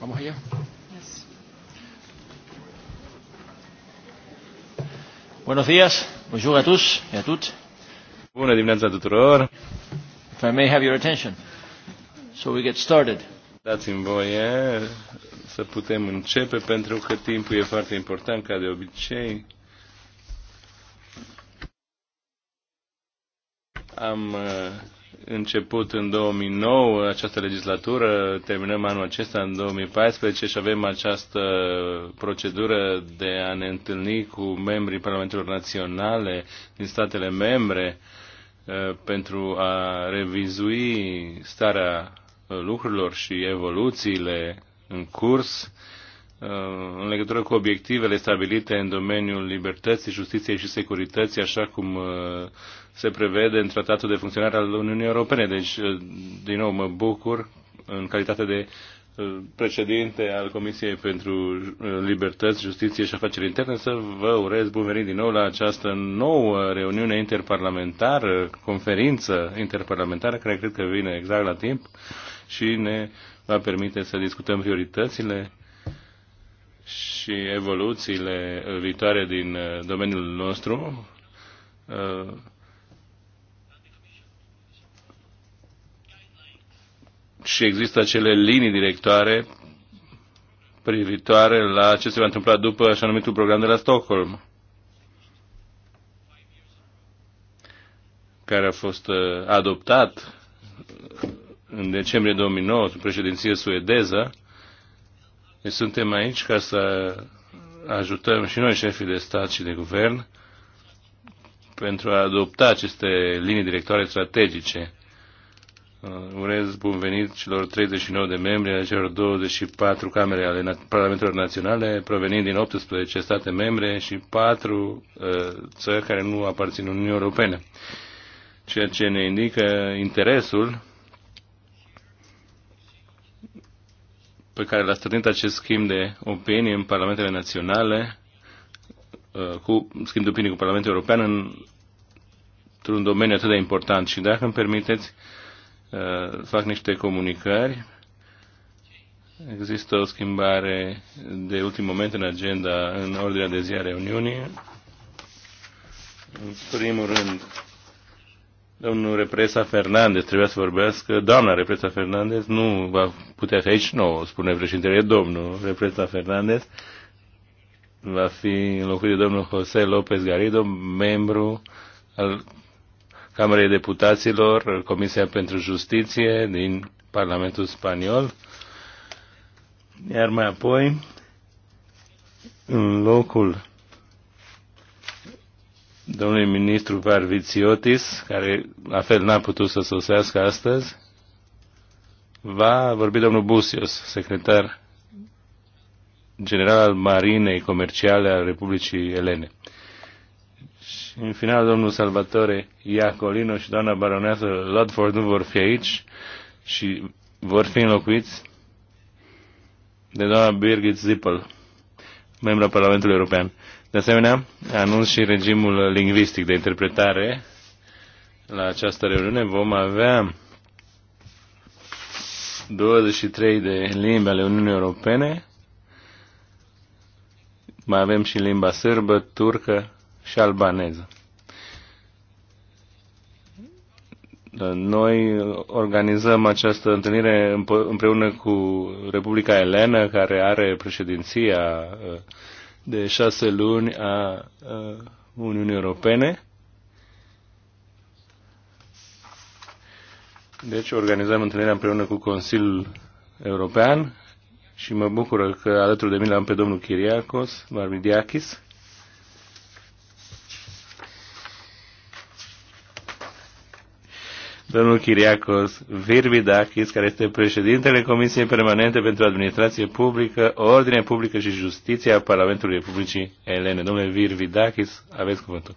Vamos allá. Yes. Buenos días, bonjour à tous et à toutes. Bună dimineața tuturor. If I may have your attention, so we get started. Dați-mi voie să putem începe pentru că timpul e foarte important ca de obicei. Am uh, început în 2009 această legislatură, terminăm anul acesta în 2014 și avem această procedură de a ne întâlni cu membrii Parlamentelor Naționale din statele membre uh, pentru a revizui starea uh, lucrurilor și evoluțiile în curs Uh, în legătură cu obiectivele stabilite în domeniul libertății, justiției și securității, așa cum uh, se prevede în Tratatul de Funcționare al Uniunii Europene. Deci, uh, din nou, mă bucur în calitate de președinte al Comisiei pentru Libertăți, Justiție și Afaceri Interne să vă urez bun venit din nou la această nouă reuniune interparlamentară, conferință interparlamentară, care cred că vine exact la timp și ne va permite să discutăm prioritățile și evoluțiile viitoare din uh, domeniul nostru. Uh, și există acele linii directoare privitoare la ce se va întâmpla după așa numitul program de la Stockholm. care a fost uh, adoptat în decembrie 2009 sub președinție suedeză noi deci suntem aici ca să ajutăm și noi șefii de stat și de guvern pentru a adopta aceste linii directoare strategice. Uh, urez bun venit celor 39 de membri ale celor 24 camere ale Parlamentelor Naționale, provenind din 18 state membre și 4 uh, țări care nu aparțin Uniunii Europene, ceea ce ne indică interesul pe care l-a strânit acest schimb de opinii în parlamentele naționale, uh, cu schimb de opinii cu Parlamentul European într-un domeniu atât de important. Și dacă îmi permiteți, uh, fac niște comunicări. Există o schimbare de ultim moment în agenda, în ordinea de zi a reuniunii. În primul rând, Domnul Represa Fernandez trebuia să vorbească. Doamna Represa Fernandez nu va putea fi aici nouă, spune președintele. Domnul Represa Fernandez va fi înlocuit de domnul José López Garrido, membru al Camerei Deputaților, Comisia pentru Justiție din Parlamentul Spaniol. Iar mai apoi, în locul domnului ministru Varviciotis, care la fel n-a putut să sosească astăzi, va vorbi domnul Busios, secretar general al Marinei Comerciale a Republicii Elene. Și în final, domnul Salvatore Iacolino și doamna baroneasă Lodford nu vor fi aici și vor fi înlocuiți de doamna Birgit Zippel, membra Parlamentului European. De asemenea, anunț și regimul lingvistic de interpretare. La această reuniune vom avea 23 de limbi ale Uniunii Europene. Mai avem și limba sârbă, turcă și albaneză. Noi organizăm această întâlnire împreună cu Republica Elena, care are președinția uh, de șase luni a Uniunii Europene. Deci organizăm întâlnirea împreună cu Consiliul European și mă bucură că alături de mine am pe domnul Chiriacos Marmidiakis, domnul Chiriacos Virvidakis, care este președintele Comisiei Permanente pentru Administrație Publică, Ordine Publică și Justiție a Parlamentului Republicii Elene. Domnule Virvidakis, aveți cuvântul.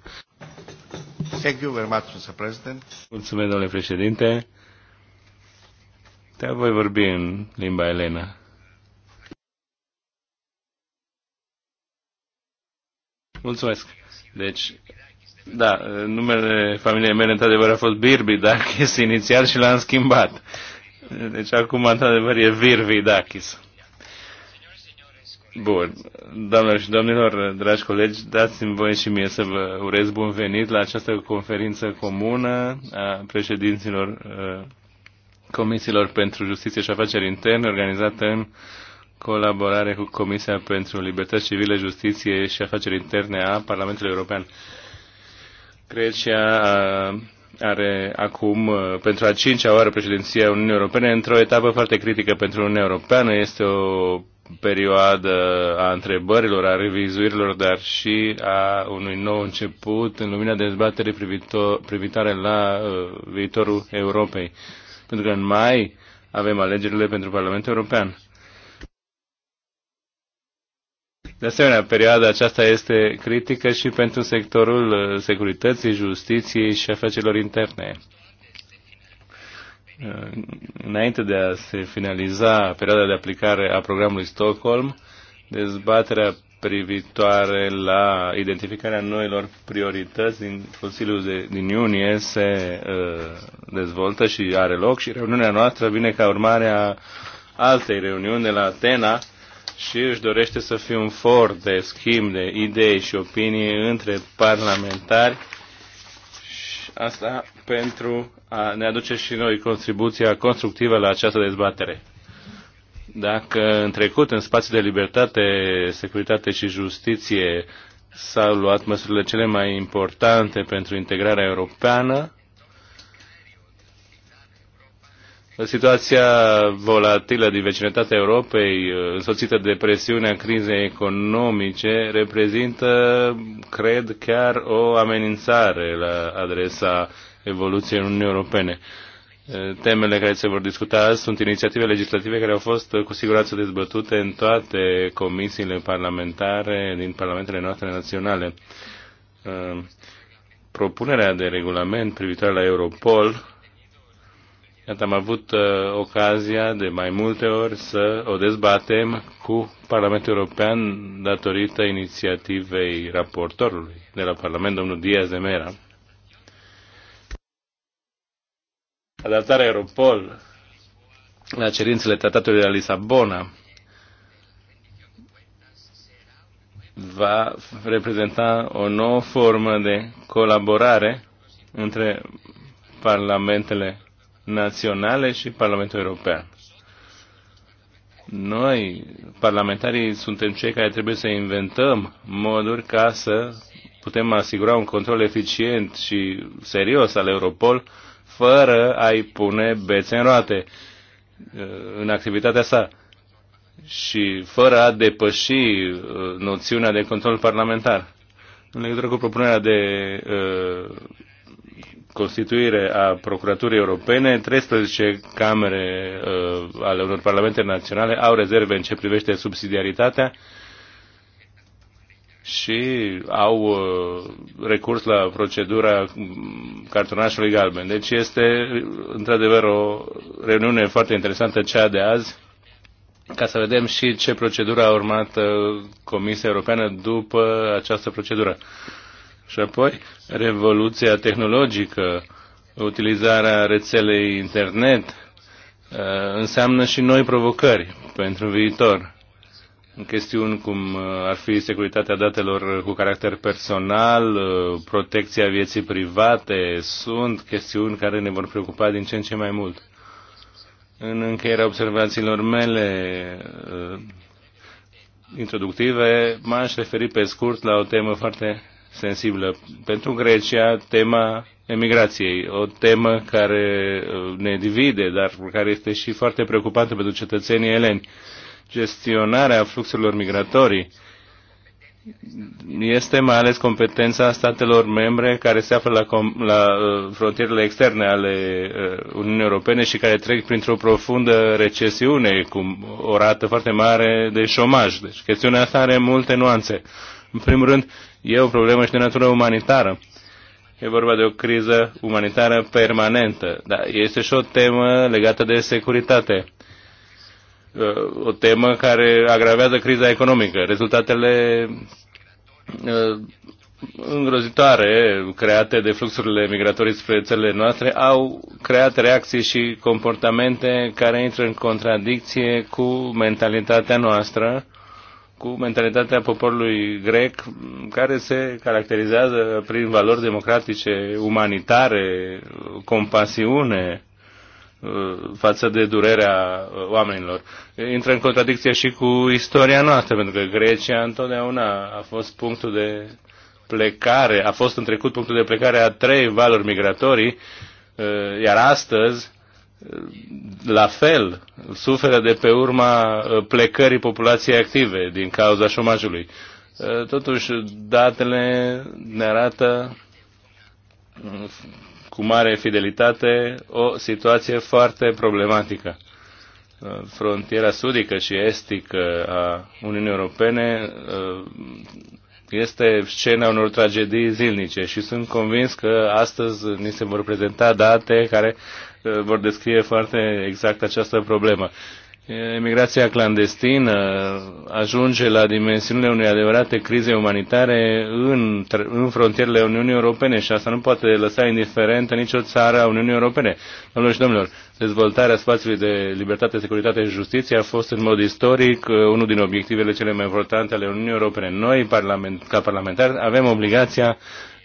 Thank you very much, Mr. President. Mulțumesc, domnule președinte. Te da, voi vorbi în limba elena. Mulțumesc. Deci, da, numele familiei mele într-adevăr a fost Birbidakis inițial și l-am schimbat. Deci acum într-adevăr e Virvidakis. Bun. Doamnelor și domnilor, dragi colegi, dați-mi voie și mie să vă urez bun venit la această conferință comună a președinților uh, Comisiilor pentru Justiție și Afaceri Interne, organizată în colaborare cu Comisia pentru Libertăți Civile, Justiție și Afaceri Interne a Parlamentului European. Grecia are acum pentru a cincea oară președinția Uniunii Europene într-o etapă foarte critică pentru Uniunea Europeană. Este o perioadă a întrebărilor, a revizuirilor, dar și a unui nou început în lumina dezbaterii privitoare la uh, viitorul Europei. Pentru că în mai avem alegerile pentru Parlamentul European. De asemenea, perioada aceasta este critică și pentru sectorul uh, securității, justiției și afacerilor interne. Uh, înainte de a se finaliza perioada de aplicare a programului Stockholm, dezbaterea privitoare la identificarea noilor priorități din Consiliul de, din iunie se uh, dezvoltă și are loc și reuniunea noastră vine ca urmare a altei reuniuni de la Atena și își dorește să fie un for de schimb de idei și opinii între parlamentari și asta pentru a ne aduce și noi contribuția constructivă la această dezbatere. Dacă în trecut, în spațiul de libertate, securitate și justiție s-au luat măsurile cele mai importante pentru integrarea europeană, situația volatilă din vecinătatea Europei, uh, însoțită de presiunea crizei economice, reprezintă, cred, chiar o amenințare la adresa evoluției Uniunii Europene. Uh, temele care se vor discuta azi sunt inițiative legislative care au fost uh, cu siguranță dezbătute în toate comisiile parlamentare din parlamentele noastre naționale. Propunerea de regulament privitoare la Europol Iată, am avut uh, ocazia de mai multe ori să o dezbatem cu Parlamentul European datorită inițiativei raportorului de la Parlament, domnul Diaz de Mera. Adaptarea Europol la cerințele tratatului de la Lisabona va reprezenta o nouă formă de colaborare între parlamentele naționale și Parlamentul European. Noi, parlamentarii, suntem cei care trebuie să inventăm moduri ca să putem asigura un control eficient și serios al Europol fără a-i pune bețe în roate uh, în activitatea sa și fără a depăși uh, noțiunea de control parlamentar. În legătură cu propunerea de uh, constituire a Procuraturii Europene, 13 camere uh, ale unor parlamente naționale au rezerve în ce privește subsidiaritatea și au uh, recurs la procedura cartonașului galben. Deci este într-adevăr o reuniune foarte interesantă cea de azi ca să vedem și ce procedură a urmat uh, Comisia Europeană după această procedură. Și apoi revoluția tehnologică, utilizarea rețelei internet, uh, înseamnă și noi provocări pentru viitor. În chestiuni cum uh, ar fi securitatea datelor cu caracter personal, uh, protecția vieții private, sunt chestiuni care ne vor preocupa din ce în ce mai mult. În încheierea observațiilor mele introductive, m-aș referi pe scurt la o temă foarte sensibilă pentru Grecia, tema emigrației, o temă care uh, ne divide, dar care este și foarte preocupantă pentru cetățenii eleni. Gestionarea fluxurilor migratorii este mai ales competența statelor membre care se află la, com- la uh, frontierele externe ale uh, Uniunii Europene și care trec printr-o profundă recesiune cu o rată foarte mare de șomaj. Deci chestiunea asta are multe nuanțe. În primul rând, E o problemă și de natură umanitară. E vorba de o criză umanitară permanentă, dar este și o temă legată de securitate. O temă care agravează criza economică. Rezultatele îngrozitoare create de fluxurile migratorii spre țările noastre au creat reacții și comportamente care intră în contradicție cu mentalitatea noastră cu mentalitatea poporului grec, care se caracterizează prin valori democratice, umanitare, compasiune uh, față de durerea uh, oamenilor. Intră în contradicție și cu istoria noastră, pentru că Grecia întotdeauna a fost punctul de plecare, a fost în trecut punctul de plecare a trei valori migratorii, uh, iar astăzi la fel, suferă de pe urma uh, plecării populației active din cauza șomajului. Uh, totuși, datele ne arată mm, cu mare fidelitate o situație foarte problematică. Uh, frontiera sudică și estică a Uniunii Europene este scena unor tragedii zilnice și sunt convins că astăzi ni se vor prezenta date care Exact, uh, vor descrie foarte exact această problemă. Emigrația clandestină uh, ajunge la dimensiunile unei adevărate crize umanitare în, în frontierele Uniunii Europene și asta nu poate lăsa indiferentă nicio țară a Uniunii Europene. Domnilor și domnilor, dezvoltarea spațiului de libertate, securitate și justiție a fost în mod istoric uh, unul din obiectivele cele mai importante ale Uniunii Europene. Noi, parlament, ca parlamentari, avem obligația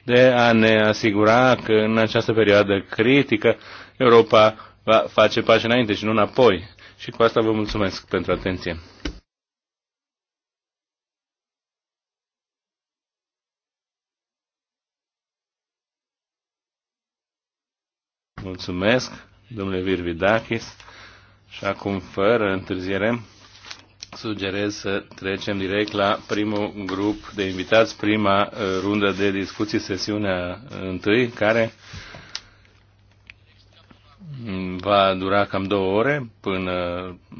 de a ne asigura că în această perioadă critică Europa va face pași înainte și nu înapoi. Și cu asta vă mulțumesc pentru atenție. Mulțumesc, domnule Virvidakis. Și acum, fără întârziere, sugerez să trecem direct la primul grup de invitați, prima uh, rundă de discuții, sesiunea uh, întâi, care va dura cam două ore până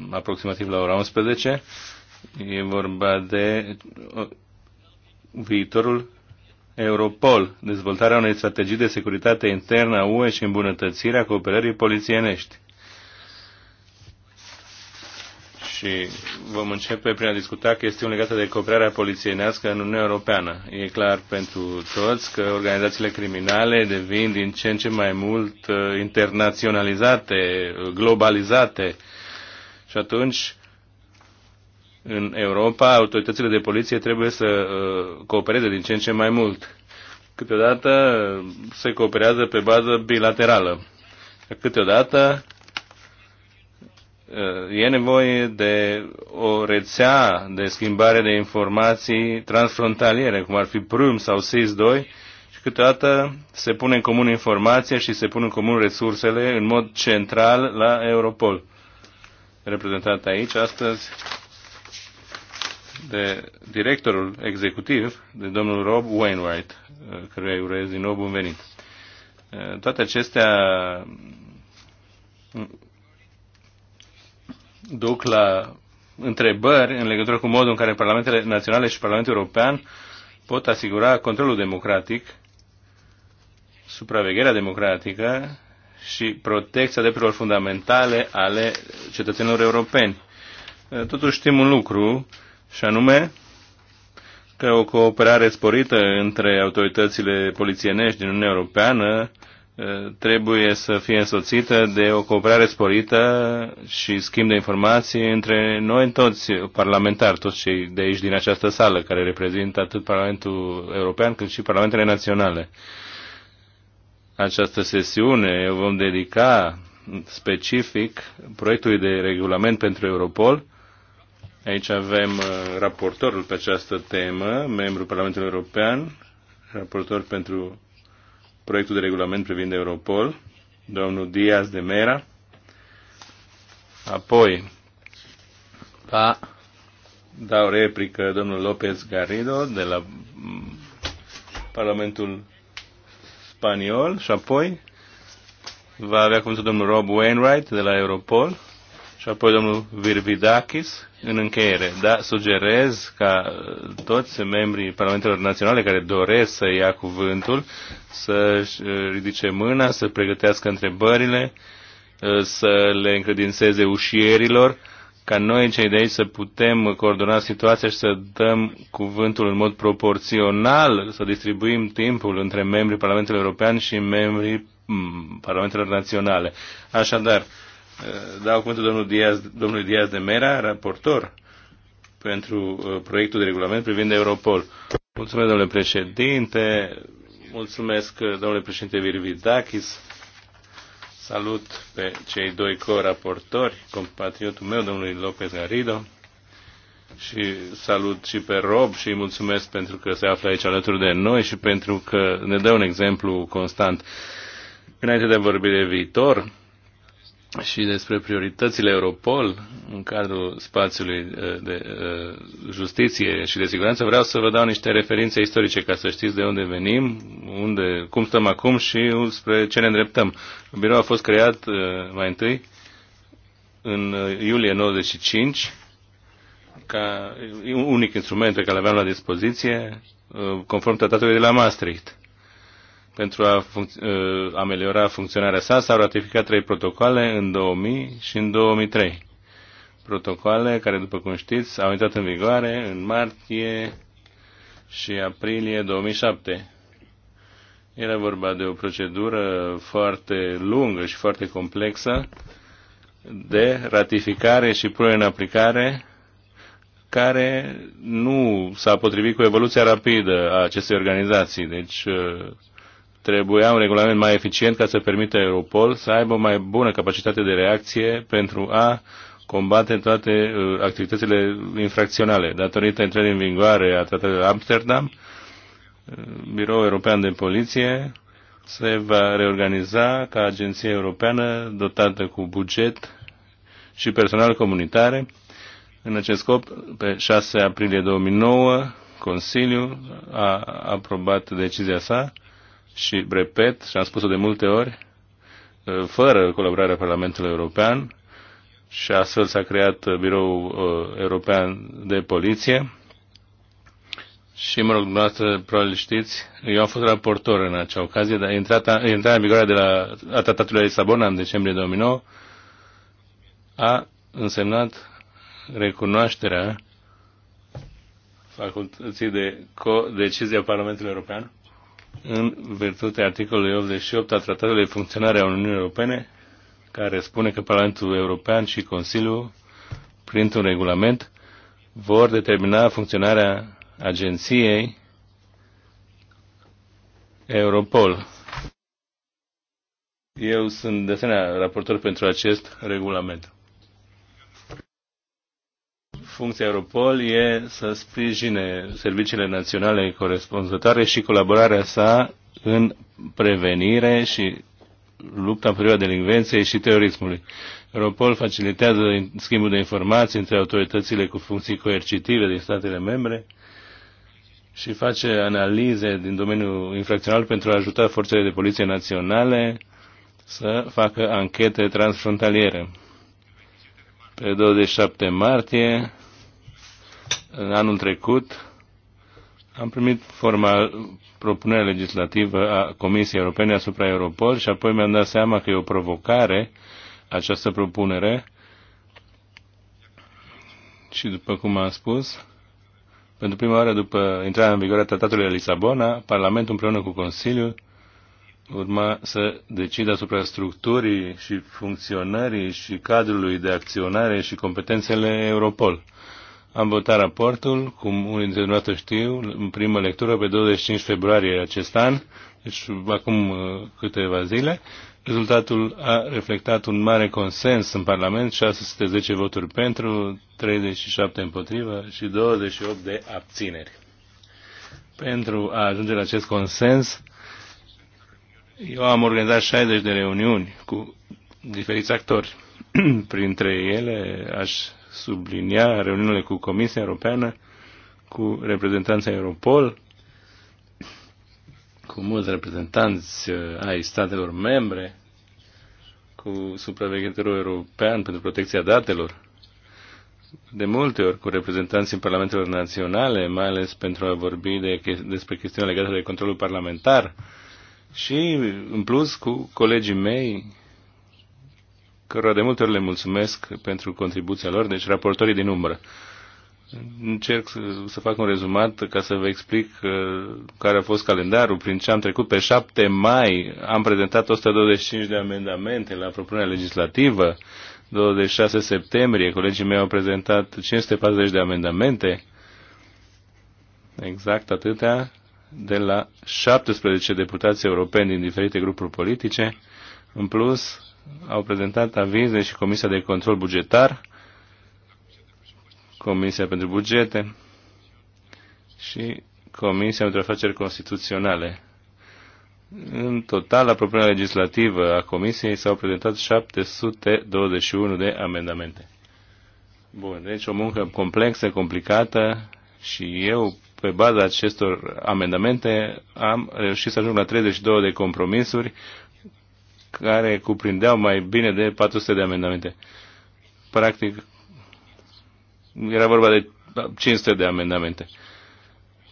aproximativ la ora 11. E vorba de viitorul Europol, dezvoltarea unei strategii de securitate internă a UE și îmbunătățirea cooperării polițienești. și vom începe prin a discuta chestiuni legate de cooperarea polițienească în Uniunea Europeană. E clar pentru toți că organizațiile criminale devin din ce în ce mai mult uh, internaționalizate, uh, globalizate și atunci în Europa autoritățile de poliție trebuie să uh, coopereze din ce în ce mai mult. Câteodată se cooperează pe bază bilaterală. Câteodată Eh, e nevoie de o rețea de schimbare de informații transfrontaliere, cum ar fi PRUM sau SIS-2, și câteodată se pune în comun informația și se pun în comun resursele în mod central la Europol. Reprezentat aici astăzi de directorul executiv, de domnul Rob Wainwright, eh, căruia îi urez din nou bun venit. Eh, toate acestea duc la întrebări în legătură cu modul în care parlamentele naționale și Parlamentul European pot asigura controlul democratic, supravegherea democratică și protecția drepturilor fundamentale ale cetățenilor europeni. Totuși știm un lucru, și anume că o cooperare sporită între autoritățile polițienești din Uniunea Europeană trebuie să fie însoțită de o cooperare sporită și schimb de informații între noi toți parlamentari, toți cei de aici din această sală, care reprezintă atât Parlamentul European cât și Parlamentele Naționale. Această sesiune o vom dedica specific proiectului de regulament pentru Europol. Aici avem uh, raportorul pe această temă, membru Parlamentului European, raportor pentru proiectul de regulament privind Europol, domnul Diaz de Mera, apoi va da o replică domnul López Garrido de la mm, Parlamentul Spaniol și apoi va avea cuvântul domnul Rob Wainwright de la Europol și apoi domnul Virvidakis în încheiere. Da, sugerez ca uh, toți membrii Parlamentelor Naționale care doresc să ia cuvântul să uh, ridice mâna, să pregătească întrebările, uh, să le încredințeze ușierilor, ca noi cei de aici să putem coordona situația și să dăm cuvântul în mod proporțional, să distribuim timpul între membrii Parlamentului European și membrii mm, Parlamentelor Naționale. Așadar, Eh, dau cuvântul domnul Diaz, domnului Diaz de Mera, raportor pentru eh, proiectul de regulament privind Europol. Mulțumesc, domnule președinte. Mulțumesc, eh, domnule președinte Virvidakis. Salut pe cei doi co-raportori, compatriotul meu, domnului Lopez Garrido, și salut și pe Rob și îi mulțumesc pentru că se află aici alături de noi și pentru că ne dă un exemplu constant. Înainte de a vorbi de viitor, și despre prioritățile Europol în cadrul spațiului uh, de uh, justiție și de siguranță, vreau să vă dau niște referințe istorice ca să știți de unde venim, unde, cum stăm acum și spre ce ne îndreptăm. Biroul a fost creat uh, mai întâi în iulie 95 ca unic instrument pe care l aveam la dispoziție conform tratatului de la Maastricht pentru a func- uh, ameliora funcționarea sa, s-au ratificat trei protocoale în 2000 și în 2003. Protocoale care, după cum știți, au intrat în vigoare în martie și aprilie 2007. Era vorba de o procedură foarte lungă și foarte complexă de ratificare și punere în aplicare care nu s-a potrivit cu evoluția rapidă a acestei organizații. Deci uh, Trebuia un regulament mai eficient ca să permită Europol să aibă mai bună capacitate de reacție pentru a combate toate uh, activitățile infracționale. Datorită intrării în vigoare a tratatului Amsterdam, uh, Biroul European de Poliție se va reorganiza ca agenție europeană dotată cu buget și personal comunitare. În acest scop, pe 6 aprilie 2009, Consiliul a aprobat decizia sa și, repet, și am spus-o de multe ori, uh, fără colaborarea Parlamentului European și astfel s-a creat uh, Biroul uh, European de Poliție. Și, mă rog, dumneavoastră, probabil știți, eu am fost raportor în acea ocazie, dar intrarea intrarea în vigoare de la a tratatului de Lisabona în decembrie 2009 a însemnat recunoașterea facultății de co-decizie a Parlamentului European în virtutea articolului 88 a Tratatului de Funcționare a Uniunii Europene, care spune că Parlamentul European și Consiliul, printr-un regulament, vor determina funcționarea agenției Europol. Eu sunt de asemenea raportor pentru acest regulament funcția Europol e să sprijine serviciile naționale corespunzătoare și colaborarea sa în prevenire și lupta împotriva delinvenței și terorismului. Europol facilitează schimbul de informații între autoritățile cu funcții coercitive din statele membre și face analize din domeniul infracțional pentru a ajuta forțele de poliție naționale să facă anchete transfrontaliere. Pe 27 martie în anul trecut am primit formal propunerea legislativă a Comisiei Europene asupra Europol și apoi mi-am dat seama că e o provocare această propunere și după cum am spus, pentru prima oară după intrarea în vigoare a Tratatului de Lisabona, Parlamentul împreună cu Consiliul urma să decidă asupra structurii și funcționării și cadrului de acționare și competențele Europol. Am votat raportul, cum unii dintre dumneavoastră știu, în primă lectură pe 25 februarie acest an, deci acum uh, câteva zile. Rezultatul a reflectat un mare consens în Parlament, 610 voturi pentru, 37 împotrivă și 28 de abțineri. Pentru a ajunge la acest consens, eu am organizat 60 de reuniuni cu diferiți actori. Printre ele aș sublinia reuniunile cu Comisia Europeană, cu reprezentanța Europol, cu mulți reprezentanți uh, ai statelor membre, cu supraveghetorul european pentru protecția datelor, de multe ori cu reprezentanții parlamentelor naționale, mai ales pentru a vorbi de, despre chestiuni legate de controlul parlamentar și, în plus, cu colegii mei cărora de multe ori le mulțumesc pentru contribuția lor, deci raportorii din umbră. Încerc să fac un rezumat ca să vă explic uh, care a fost calendarul, prin ce am trecut. Pe 7 mai am prezentat 125 de amendamente la propunerea legislativă. 26 septembrie colegii mei au prezentat 540 de amendamente. Exact atâtea de la 17 deputați europeni din diferite grupuri politice. În plus, au prezentat avize și Comisia de Control Bugetar, Comisia pentru Bugete și Comisia pentru Afaceri Constituționale. În total, la propunerea legislativă a Comisiei s-au prezentat 721 de amendamente. Bun, deci o muncă complexă, complicată și eu, pe baza acestor amendamente, am reușit să ajung la 32 de compromisuri care cuprindeau mai bine de 400 de amendamente. Practic, era vorba de 500 de amendamente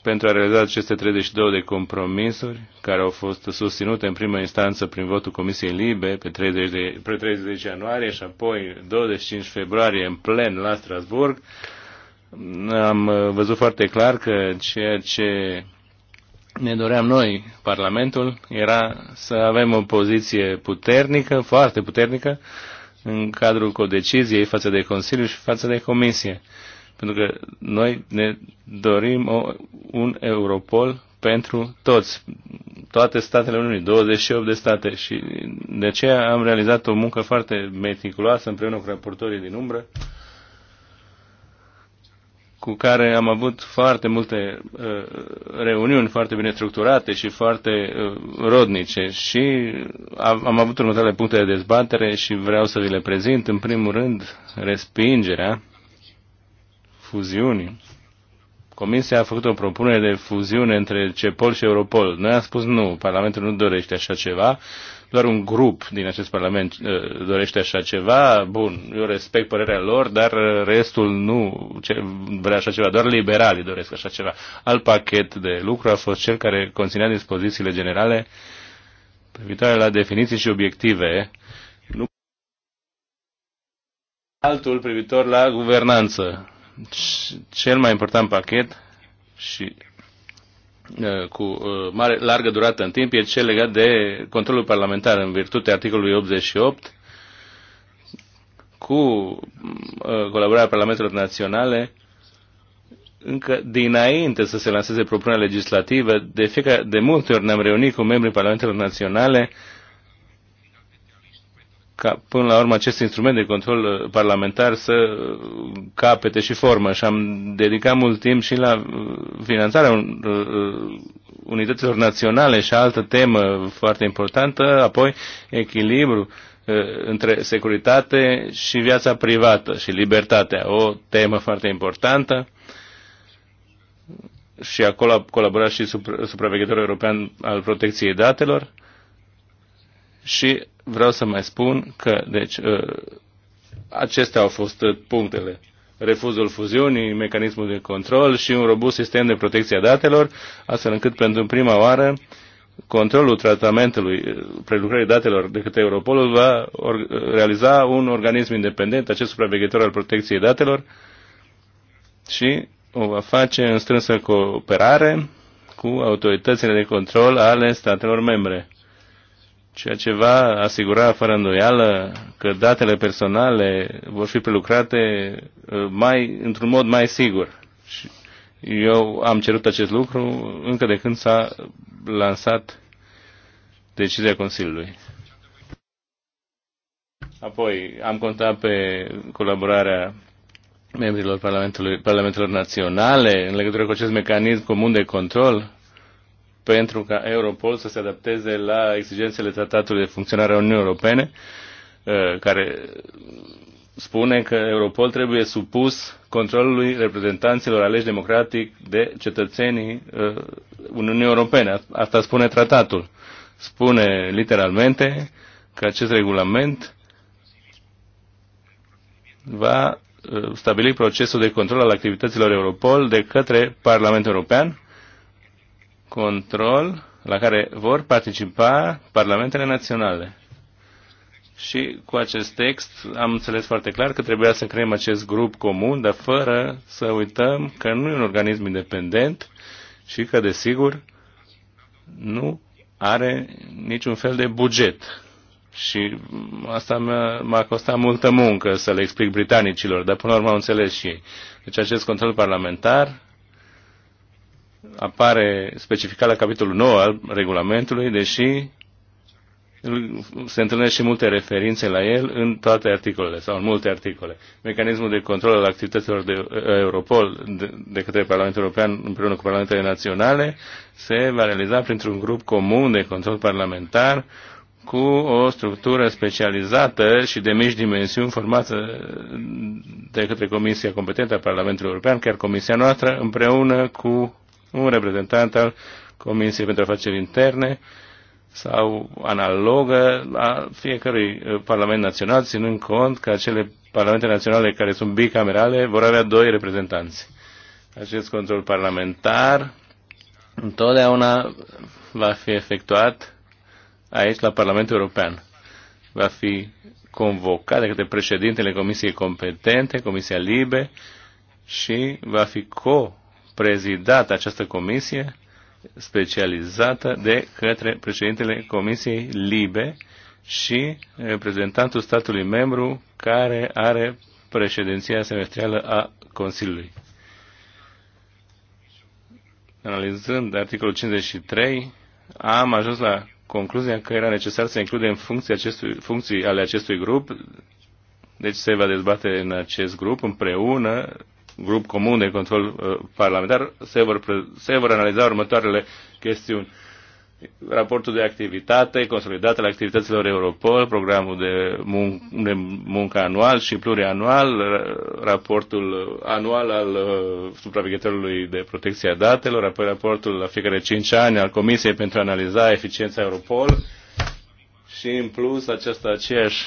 pentru a realiza aceste 32 de compromisuri care au fost susținute în prima instanță prin votul Comisiei Libe pe 30, de, pe 30 de ianuarie și apoi 25 februarie în plen la Strasburg, am văzut foarte clar că ceea ce ne doream noi, Parlamentul, era să avem o poziție puternică, foarte puternică, în cadrul codeciziei față de Consiliu și față de Comisie. Pentru că noi ne dorim o, un Europol pentru toți, toate statele Uniunii, 28 de state și de aceea am realizat o muncă foarte meticuloasă împreună cu raportorii din umbră cu care am avut foarte multe uh, reuniuni foarte bine structurate și foarte uh, rodnice și am, am avut următoarele puncte de dezbatere și vreau să vi le prezint. În primul rând, respingerea fuziunii Comisia a făcut o propunere de fuziune între CEPOL și Europol. Noi am spus nu, Parlamentul nu dorește așa ceva, doar un grup din acest Parlament uh, dorește așa ceva. Bun, eu respect părerea lor, dar restul nu vrea așa ceva, doar liberalii doresc așa ceva. Alt pachet de lucru a fost cel care conținea dispozițiile generale privitoare la definiții și obiective. Nu altul privitor la guvernanță cel mai important pachet și uh, cu uh, mare, largă durată în timp e cel legat de controlul parlamentar în virtutea articolului 88 cu uh, colaborarea Parlamentelor Naționale încă dinainte să se lanseze propunerea legislativă, de, fiecare, de multe ori ne-am reunit cu membrii Parlamentelor Naționale uh, ca până la urmă acest instrument de control uh, parlamentar să uh, capete și formă și am dedicat mult timp și la uh, finanțarea unităților naționale și altă temă foarte importantă, apoi echilibru între securitate și viața privată și libertatea, o temă foarte importantă și acolo a colaborat și supraveghetorul european al protecției datelor și vreau să mai spun că, deci, ă, acestea au fost punctele. Refuzul fuziunii, mecanismul de control și un robust sistem de protecție a datelor, astfel încât pentru prima oară controlul tratamentului, prelucrării datelor de către Europolul va realiza un organism independent, acest supraveghetor al protecției datelor și o va face în strânsă cooperare cu autoritățile de control ale statelor membre ceea ce va asigura fără îndoială că datele personale vor fi prelucrate uh, mai, într-un mod mai sigur. Și eu am cerut acest lucru încă de când s-a lansat decizia Consiliului. Apoi am contat pe colaborarea membrilor Parlamentului, Parlamentelor Naționale în legătură cu acest mecanism comun de control pentru ca Europol să se adapteze la exigențele tratatului de funcționare a Uniunii Europene, uh, care spune că Europol trebuie supus controlului reprezentanților aleși democratic de cetățenii uh, Uniunii Europene. Asta spune tratatul. Spune literalmente că acest regulament va uh, stabili procesul de control al activităților Europol de către Parlamentul European control la care vor participa parlamentele naționale. Și cu acest text am înțeles foarte clar că trebuia să creăm acest grup comun, dar fără să uităm că nu e un organism independent și că, desigur, nu are niciun fel de buget. Și asta m-a costat multă muncă să le explic britanicilor, dar până la urmă au înțeles și ei. Deci acest control parlamentar apare specificat la capitolul 9 al regulamentului, deși se întâlnesc și multe referințe la el în toate articolele sau în multe articole. Mecanismul de control al activităților de ă, Europol de, de către Parlamentul European împreună cu Parlamentele Naționale se va realiza printr-un grup comun de control parlamentar cu o structură specializată și de mici dimensiuni formată de către Comisia Competentă a Parlamentului European, chiar Comisia noastră, împreună cu un reprezentant al Comisiei pentru Afaceri Interne sau analogă la fiecărui uh, Parlament Național, ținând cont că acele Parlamente Naționale care sunt bicamerale vor avea doi reprezentanți. Acest control parlamentar întotdeauna va fi efectuat aici la Parlamentul European. Va fi convocat de către președintele Comisiei Competente, Comisia Libe și va fi co prezidat această comisie specializată de către președintele Comisiei Libe și reprezentantul statului membru care are președinția semestrială a Consiliului. Analizând articolul 53, am ajuns la concluzia că era necesar să includem funcții, acestui, funcții ale acestui grup, deci se va dezbate în acest grup împreună grup comun de control uh, parlamentar, se vor, se vor analiza următoarele chestiuni raportul de activitate, consolidatele activităților Europol, programul de, mun- de muncă anual și plurianual, raportul anual al uh, supraveghetorului de protecție a datelor, apoi raportul la fiecare 5 ani al Comisiei pentru a analiza eficiența Europol și în plus această aceeași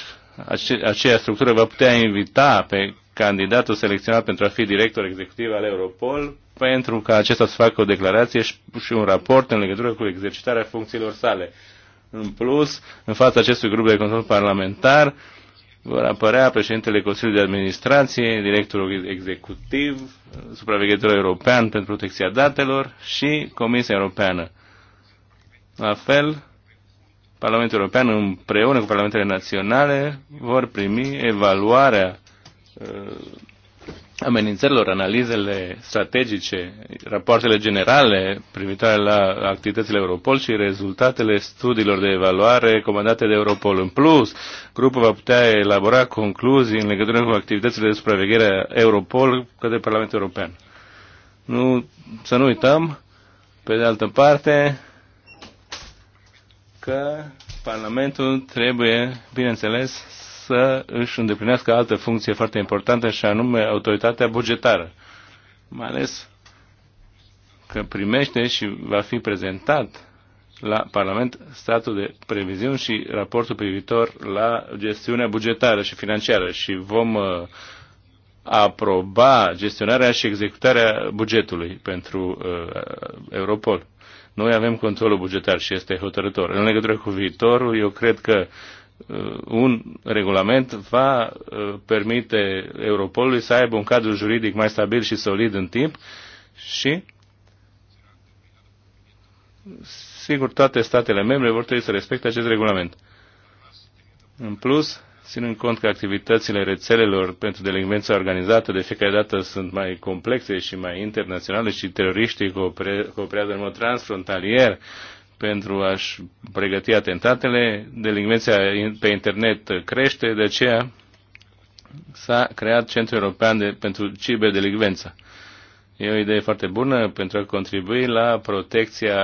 ace, structură va putea invita pe candidatul selecționat pentru a fi director executiv al Europol pentru ca acesta să facă o declarație și un raport în legătură cu exercitarea funcțiilor sale. În plus, în fața acestui grup de control parlamentar, vor apărea președintele Consiliului de Administrație, directorul executiv, supraveghetorul european pentru protecția datelor și Comisia Europeană. La fel, Parlamentul European împreună cu Parlamentele Naționale vor primi evaluarea Uh, amenințărilor, analizele strategice, rapoartele generale privitoare la activitățile Europol și rezultatele studiilor de evaluare comandate de Europol. În plus, grupul va putea elabora concluzii în legătură cu activitățile de supraveghere a Europol către Parlamentul European. Nu, să nu uităm, pe de altă parte, că Parlamentul trebuie, bineînțeles, să își îndeplinească altă funcție foarte importantă și anume autoritatea bugetară. Mai ales că primește și va fi prezentat la Parlament statul de previziuni și raportul privitor la gestiunea bugetară și financiară și vom uh, aproba gestionarea și executarea bugetului pentru uh, Europol. Noi avem controlul bugetar și este hotărător. În legătură cu viitorul, eu cred că Uh, un regulament va uh, permite Europolului să aibă un cadru juridic mai stabil și solid în timp și sigur toate statele membre vor trebui să respecte acest regulament. În plus, ținând cont că activitățile rețelelor pentru delinvența organizată de fiecare dată sunt mai complexe și mai internaționale și teroriștii cooperează în mod transfrontalier pentru a-și pregăti atentatele. Delinvenția pe internet crește, de aceea s-a creat Centrul European de, pentru Ciberdelinvență. E o idee foarte bună pentru a contribui la protecția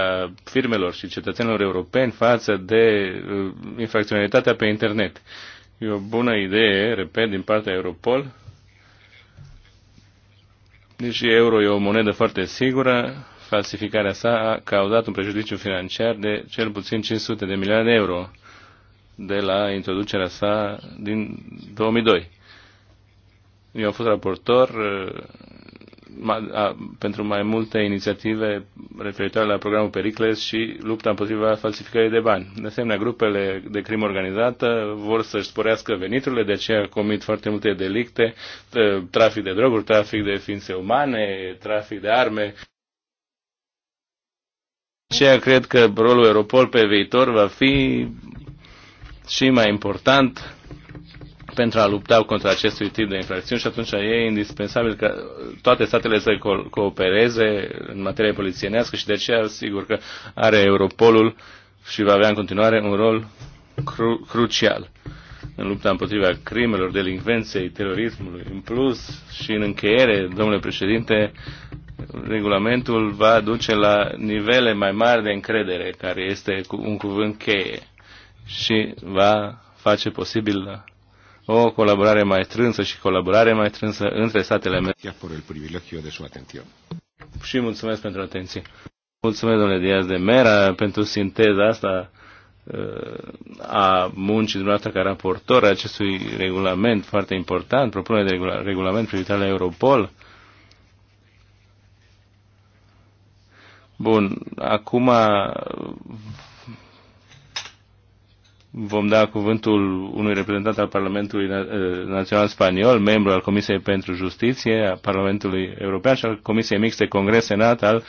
firmelor și cetățenilor europeni față de uh, infracționalitatea pe internet. E o bună idee, repet, din partea Europol. Deci euro e o monedă foarte sigură falsificarea sa a cauzat un prejudiciu financiar de cel puțin 500 de milioane de euro de la introducerea sa din 2002. Eu am fost raportor uh, pentru mai multe inițiative referitoare la programul Pericles și lupta împotriva falsificării de bani. De asemenea, grupele de crimă organizată vor să-și sporească veniturile, de aceea comit foarte multe delicte, uh, trafic de droguri, trafic de ființe umane, trafic de arme aceea cred că rolul Europol pe viitor va fi și mai important pentru a lupta contra acestui tip de infracțiuni și atunci e indispensabil ca toate statele să co- coopereze în materie polițienească și de aceea sigur că are Europolul și va avea în continuare un rol cru- crucial în lupta împotriva crimelor, delincvenței, terorismului. În plus și în încheiere, domnule președinte, regulamentul va duce la nivele mai mari de încredere, care este un cuvânt cheie și va face posibil o colaborare mai strânsă și colaborare mai strânsă între statele membre. el de Și mulțumesc pentru atenție. Mulțumesc, domnule Diaz de Mera, pentru sinteza asta uh, a muncii dumneavoastră ca raportor a acestui regulament foarte important, propunere de regulament privitor la Europol Bun, acum uh, vom da cuvântul unui reprezentant al Parlamentului uh, Național Spaniol, membru al Comisiei pentru Justiție, a Parlamentului European și al Comisiei Mixte Congres-Senat al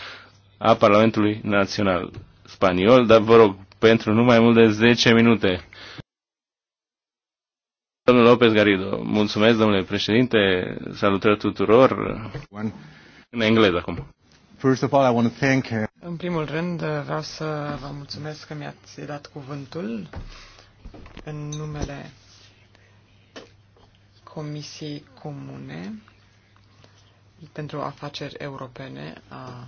a Parlamentului Național Spaniol, dar vă rog, pentru nu mai mult de 10 minute. Domnul López Garrido, mulțumesc, domnule președinte, salutări tuturor. În engleză acum. First of all, I want to thank În primul rând, vreau să vă mulțumesc că mi-ați dat cuvântul în numele Comisiei Comune pentru Afaceri Europene a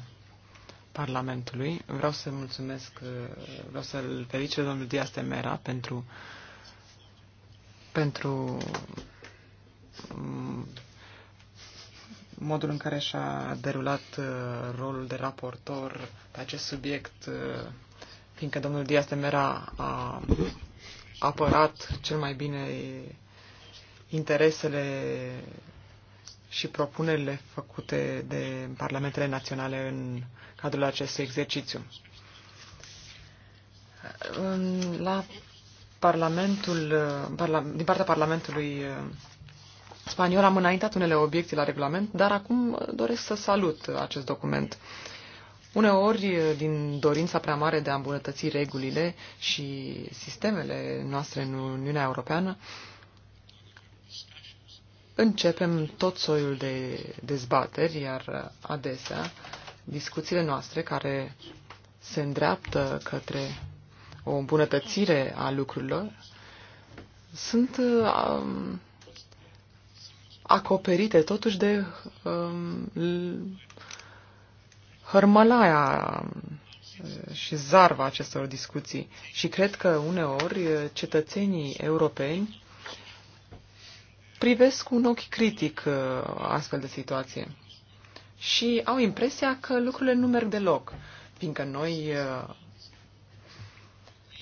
Parlamentului. Vreau să mulțumesc, vreau să-l felicit domnul Dias Mera pentru, pentru modul în care și-a derulat uh, rolul de raportor pe acest subiect, uh, fiindcă domnul Diaz de Mera a apărat cel mai bine interesele și propunerile făcute de parlamentele naționale în cadrul acestui exercițiu. La Parlamentul, din partea Parlamentului uh, spaniol am înaintat unele obiecții la regulament, dar acum doresc să salut acest document. Uneori, din dorința prea mare de a îmbunătăți regulile și sistemele noastre în Uniunea Europeană, începem tot soiul de dezbateri, iar adesea discuțiile noastre care se îndreaptă către o îmbunătățire a lucrurilor sunt acoperite totuși de um, hărmălaia uh, și zarva acestor discuții. Și cred că uneori uh, cetățenii europeni privesc cu un ochi critic uh, astfel de situație și au impresia că lucrurile nu merg deloc, fiindcă noi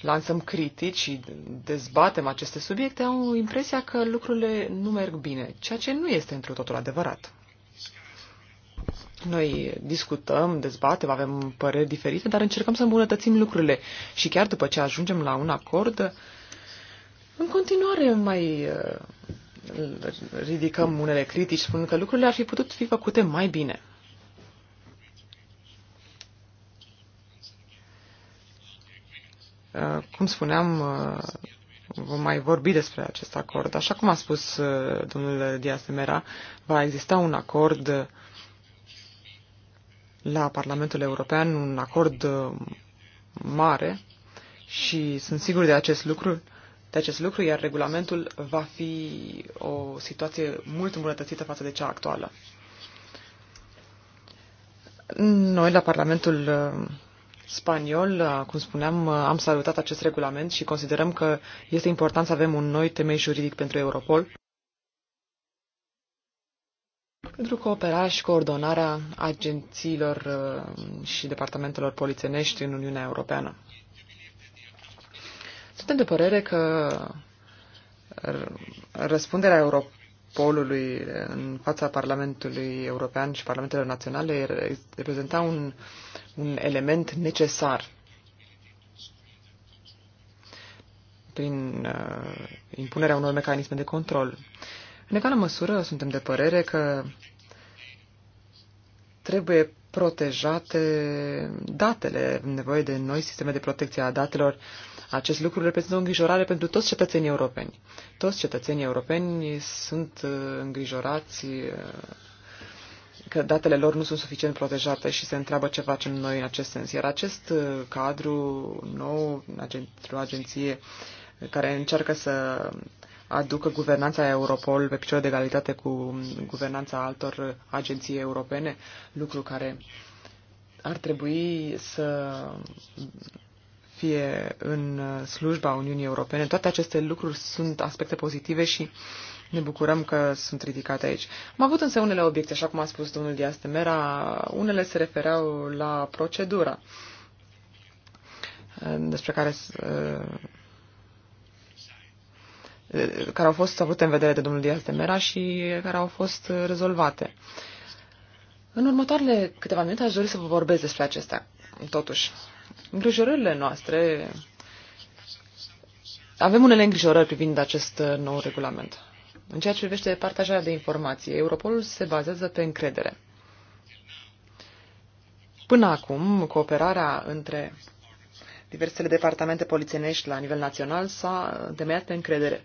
lansăm critici și dezbatem aceste subiecte, au impresia că lucrurile nu merg bine, ceea ce nu este într totul adevărat. Noi discutăm, dezbatem, avem păreri diferite, dar încercăm să îmbunătățim lucrurile și chiar după ce ajungem la un acord, în continuare mai uh, ridicăm unele critici, spunând că lucrurile ar fi putut fi făcute mai bine. Uh, cum spuneam, uh, vom mai vorbi despre acest acord. Așa cum a spus uh, domnul Diaz de Mera, va exista un acord la Parlamentul European, un acord mare și sunt sigur de acest lucru, de acest lucru, iar regulamentul va fi o situație mult îmbunătățită față de cea actuală. Noi la Parlamentul spaniol, uh, cum spuneam, uh, am salutat acest regulament și considerăm că este important să avem un noi temei juridic pentru Europol pentru cooperarea și coordonarea agențiilor uh, și departamentelor polițienești în Uniunea Europeană. Suntem de părere că răspunderea Europolului în fața Parlamentului European și Parlamentelor Naționale reprezenta un un element necesar. prin uh, impunerea unor mecanisme de control. În egală măsură, suntem de părere că trebuie protejate datele, nevoie de noi sisteme de protecție a datelor. Acest lucru reprezintă o îngrijorare pentru toți cetățenii europeni. Toți cetățenii europeni sunt uh, îngrijorați uh, că datele lor nu sunt suficient protejate și se întreabă ce facem noi în acest sens. Iar acest uh, cadru nou, o agenție care încearcă să aducă guvernanța Europol pe picior de egalitate cu guvernanța altor agenții europene, lucru care ar trebui să fie în slujba Uniunii Europene. Toate aceste lucruri sunt aspecte pozitive și ne bucurăm că sunt ridicate aici. Am avut însă unele obiecte, așa cum a spus domnul Dias Temera, unele se refereau la procedura uh, despre care uh, care au fost avute în vedere de domnul Dias de Mera și care au fost rezolvate. În următoarele câteva minute aș dori să vă vorbesc despre acestea. Totuși, îngrijorările noastre avem unele îngrijorări privind acest nou regulament. În ceea ce privește partajarea de informații, Europolul se bazează pe încredere. Până acum, cooperarea între diversele departamente polițienești la nivel național s-a temeiat pe încredere.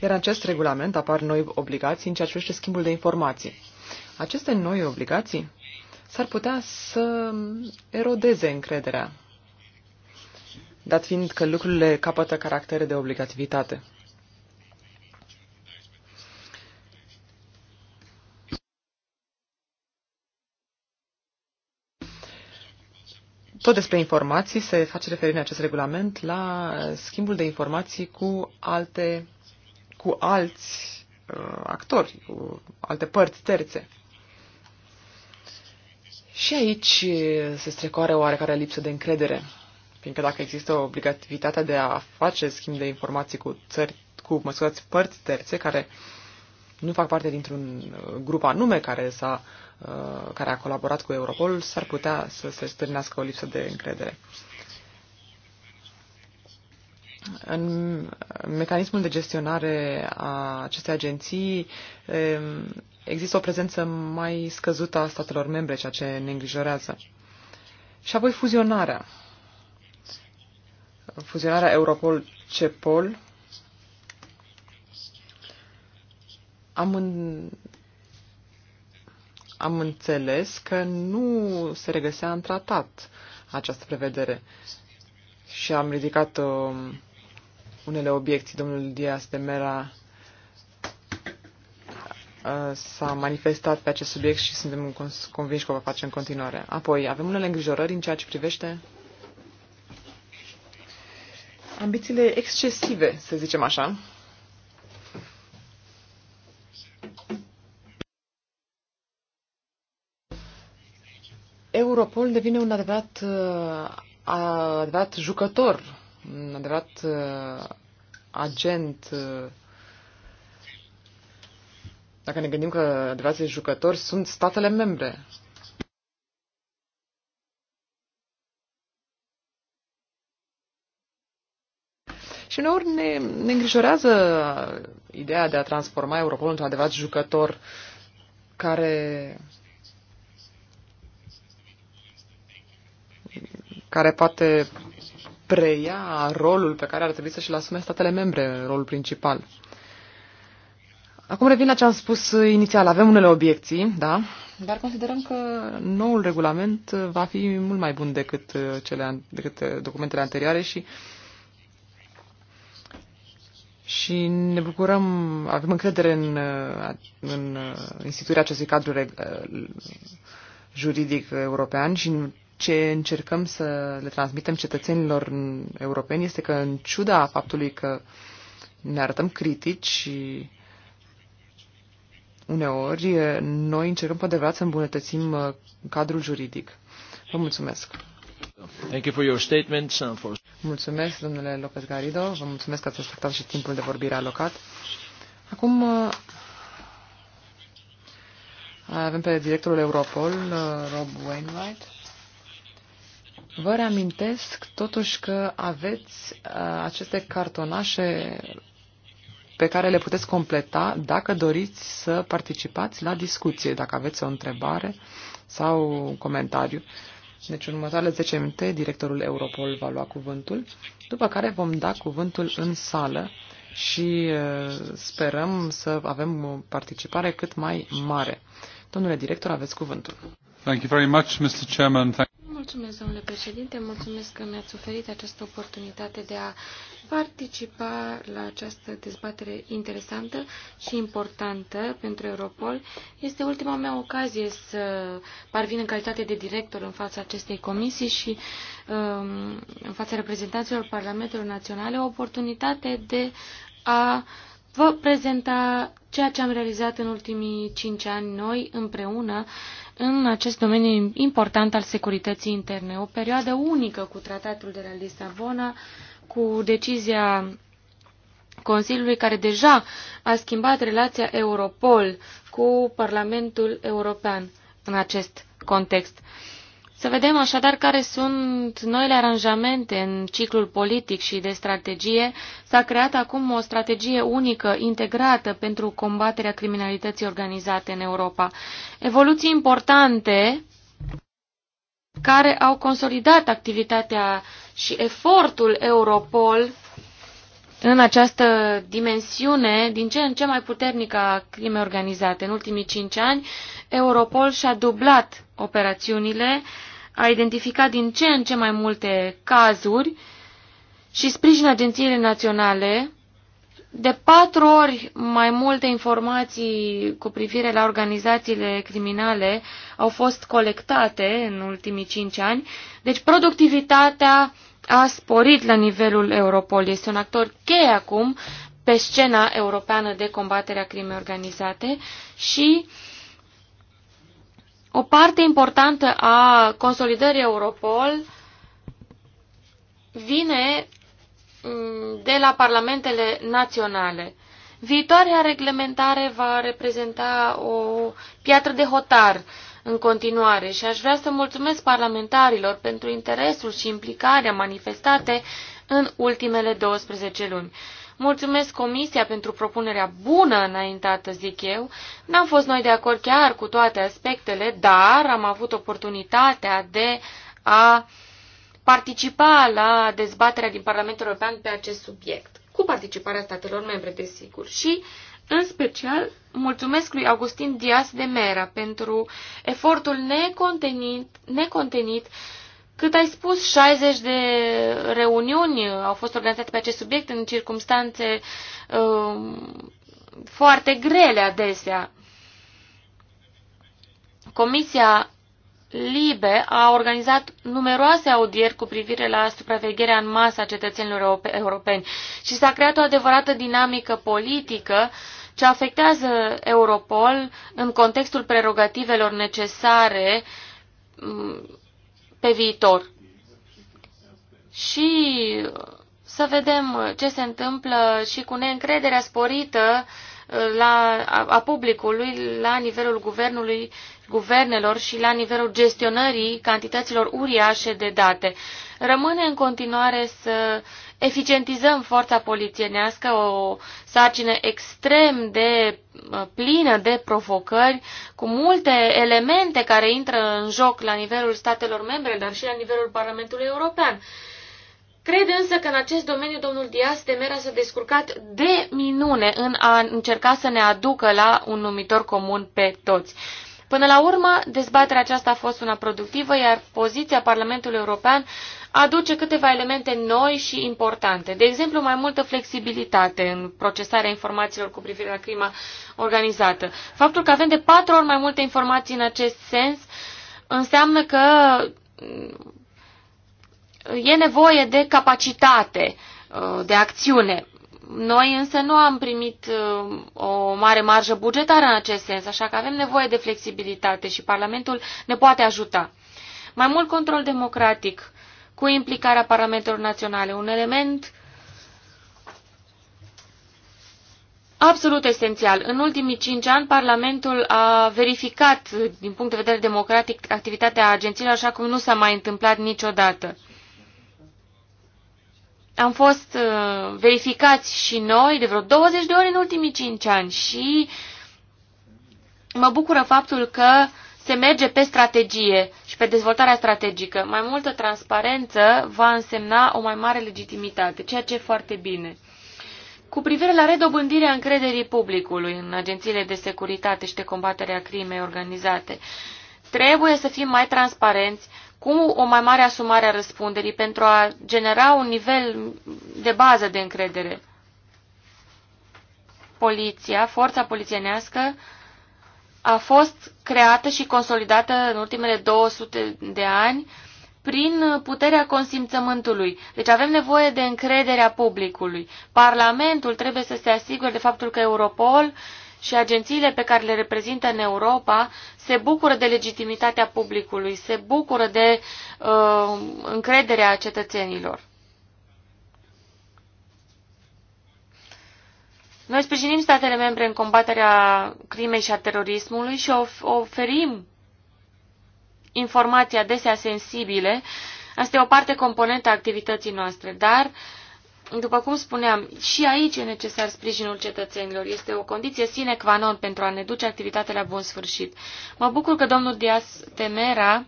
Iar acest regulament apar noi obligații în ceea ce privește schimbul de informații. Aceste noi obligații s-ar putea să erodeze încrederea dat fiind că lucrurile capătă caractere de obligativitate. Tot despre informații se face referire în acest regulament la schimbul de informații cu alte cu alți uh, actori, cu alte părți terțe. Și aici se strecoare oarecare lipsă de încredere. Fiindcă dacă există obligativitatea de a face schimb de informații cu țări, cu, măsurați părți terțe care nu fac parte dintr-un uh, grup anume care, s-a, uh, care a colaborat cu Europol, s-ar putea să se stârnească o lipsă de încredere. În mecanismul de gestionare a acestei agenții um, există o prezență mai scăzută a statelor membre, ceea ce ne îngrijorează. Și apoi fuzionarea fuzionarea Europol-CEPOL, am, în... am înțeles că nu se regăsea în tratat această prevedere și am ridicat uh, unele obiecții. Domnul Diaz de Mera uh, s-a manifestat pe acest subiect și suntem convinși că o va face în continuare. Apoi, avem unele îngrijorări în ceea ce privește ambițiile excesive, să zicem așa. Europol devine un adevărat, uh, adevărat jucător, un adevărat uh, agent. Uh. Dacă ne gândim că adevărații jucători sunt statele membre, Și uneori ne, ne îngrijorează ideea de a transforma Europolul într-un adevărat jucător care care poate preia rolul pe care ar trebui să și-l asume statele membre, rolul principal. Acum revin la ce am spus inițial. Avem unele obiecții, da, dar considerăm că noul regulament va fi mult mai bun decât, cele, decât documentele anterioare și uh, și ne bucurăm, avem încredere în, în instituirea acestui cadru juridic european și ce încercăm să le transmitem cetățenilor europeni este că, în ciuda faptului că ne arătăm critici și uneori, noi încercăm pe adevărat să îmbunătățim uh, cadrul juridic. Vă mulțumesc! Thank you for your statements and for Mulțumesc, domnule Lopez Garido. Vă mulțumesc că ați respectat și timpul de vorbire alocat. Acum uh, avem pe directorul Europol, uh, Rob Wainwright. Vă reamintesc totuși că aveți uh, aceste cartonașe pe care le puteți completa dacă doriți să participați la discuție, dacă aveți o întrebare sau un comentariu. Deci în următoarele 10 minute directorul Europol va lua cuvântul, după care vom da cuvântul în sală și sperăm să avem o participare cât mai mare. Domnule director, aveți cuvântul. Thank you very much, Mr. Chairman. Thank Mulțumesc, domnule președinte, mulțumesc că mi-ați oferit această oportunitate de a participa la această dezbatere interesantă și importantă pentru Europol. Este ultima mea ocazie să parvin în calitate de director în fața acestei comisii și um, în fața reprezentanților Parlamentelor Naționale o oportunitate de a vă prezenta ceea ce am realizat în ultimii cinci ani noi împreună în acest domeniu important al securității interne. O perioadă unică cu tratatul de la Lisabona, cu decizia Consiliului care deja a schimbat relația Europol cu Parlamentul European în acest context. Să vedem așadar care sunt noile aranjamente în ciclul politic și de strategie. S-a creat acum o strategie unică, integrată pentru combaterea criminalității organizate în Europa. Evoluții importante care au consolidat activitatea și efortul Europol în această dimensiune din ce în ce mai puternică a crimei organizate. În ultimii cinci ani, Europol și-a dublat operațiunile, a identificat din ce în ce mai multe cazuri și sprijină agențiile naționale de patru ori mai multe informații cu privire la organizațiile criminale au fost colectate în ultimii cinci ani, deci productivitatea a sporit la nivelul Europol. Este un actor cheie acum pe scena europeană de combatere a crimei organizate și uh, o parte importantă a consolidării Europol vine mm, de la parlamentele naționale. Viitoarea reglementare va reprezenta o piatră de hotar în continuare și aș vrea să mulțumesc parlamentarilor pentru interesul și implicarea manifestate în ultimele 12 luni. Mulțumesc Comisia pentru propunerea bună înaintată, zic eu. N-am fost noi de acord chiar cu toate aspectele, dar am avut oportunitatea de a participa la dezbaterea din Parlamentul European pe acest subiect, cu participarea statelor membre, desigur. Și în special, mulțumesc lui Augustin Dias de Mera pentru efortul necontenit, necontenit cât ai spus, 60 de reuniuni au fost organizate pe acest subiect în circunstanțe uh, um, foarte grele adesea. Comisia Libe a organizat numeroase audieri cu privire la supravegherea în masă a cetățenilor europeni și s-a creat o adevărată dinamică politică ce afectează Europol în contextul prerogativelor necesare um, pe viitor. Și să vedem ce se întâmplă și cu neîncrederea sporită uh, la, a, a publicului la nivelul guvernului, guvernelor și la nivelul gestionării cantităților uriașe de date. Rămâne în continuare să eficientizăm forța polițienească, o sarcină extrem de uh, plină de provocări, cu multe elemente care intră în joc la nivelul statelor membre, dar și la nivelul Parlamentului European. Cred însă că în acest domeniu domnul Dias de Mera s-a descurcat de minune în a încerca să ne aducă la un numitor comun pe toți. Până la urmă, dezbaterea aceasta a fost una productivă, iar poziția Parlamentului European aduce câteva elemente noi și importante. De exemplu, mai multă flexibilitate în procesarea informațiilor cu privire la crima organizată. Faptul că avem de patru ori mai multe informații în acest sens înseamnă că e nevoie de capacitate uh, de acțiune. Noi însă nu am primit uh, o mare marjă bugetară în acest sens, așa că avem nevoie de flexibilitate și Parlamentul ne poate ajuta. Mai mult control democratic cu implicarea parametrilor naționale. Un element absolut esențial. În ultimii cinci ani, Parlamentul a verificat, din punct de vedere democratic, activitatea agențiilor, așa cum nu s-a mai întâmplat niciodată. Am fost uh, verificați și noi de vreo 20 de ori în ultimii cinci ani și mă bucură faptul că uh, se merge pe strategie și pe dezvoltarea strategică. Mai multă transparență va însemna o mai mare legitimitate, ceea ce e foarte bine. Cu privire la redobândirea încrederii publicului în agențiile de securitate și de combatere a crimei organizate, trebuie să fim mai transparenți cu o mai mare asumare a răspunderii pentru a genera un nivel de bază de încredere. Poliția, forța polițienească, a fost creată și consolidată în ultimele 200 de ani prin puterea consimțământului. Deci avem nevoie de încrederea publicului. Parlamentul trebuie să se asigure de faptul că Europol și agențiile pe care le reprezintă în Europa se bucură de legitimitatea publicului, se bucură de uh, încrederea cetățenilor. Noi sprijinim statele membre în combaterea crimei și a terorismului și oferim informații adesea sensibile. Asta e o parte componentă a activității noastre, dar, după cum spuneam, și aici e necesar sprijinul cetățenilor. Este o condiție sine qua non pentru a ne duce activitatea la bun sfârșit. Mă bucur că domnul Dias Temera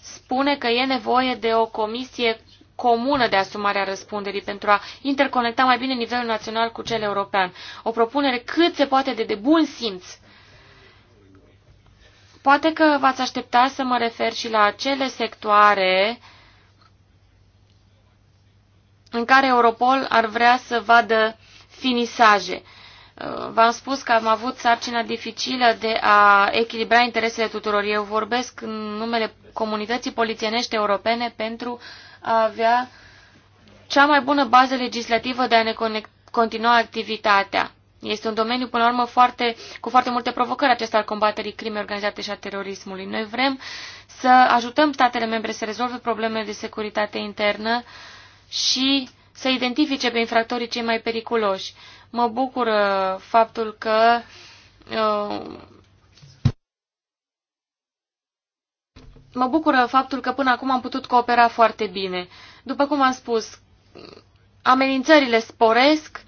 spune că e nevoie de o comisie comună de asumare a răspunderii pentru a interconecta mai bine nivelul național cu cel european. O propunere cât se poate de, de bun simț. Poate că v-ați aștepta să mă refer și la acele sectoare în care Europol ar vrea să vadă finisaje. V-am spus că am avut sarcina dificilă de a echilibra interesele tuturor. Eu vorbesc în numele comunității polițienești europene pentru uh, a avea cea mai bună bază legislativă de a ne continua activitatea. Este un domeniu, până la urmă, foarte, cu foarte multe provocări acesta al combaterii crimei organizate și a terorismului. Noi vrem să ajutăm statele membre să rezolve problemele de securitate internă și să identifice pe infractorii cei mai periculoși. Mă bucură faptul că uh, mă bucură faptul că până acum am putut coopera foarte bine. După cum am spus, amenințările sporesc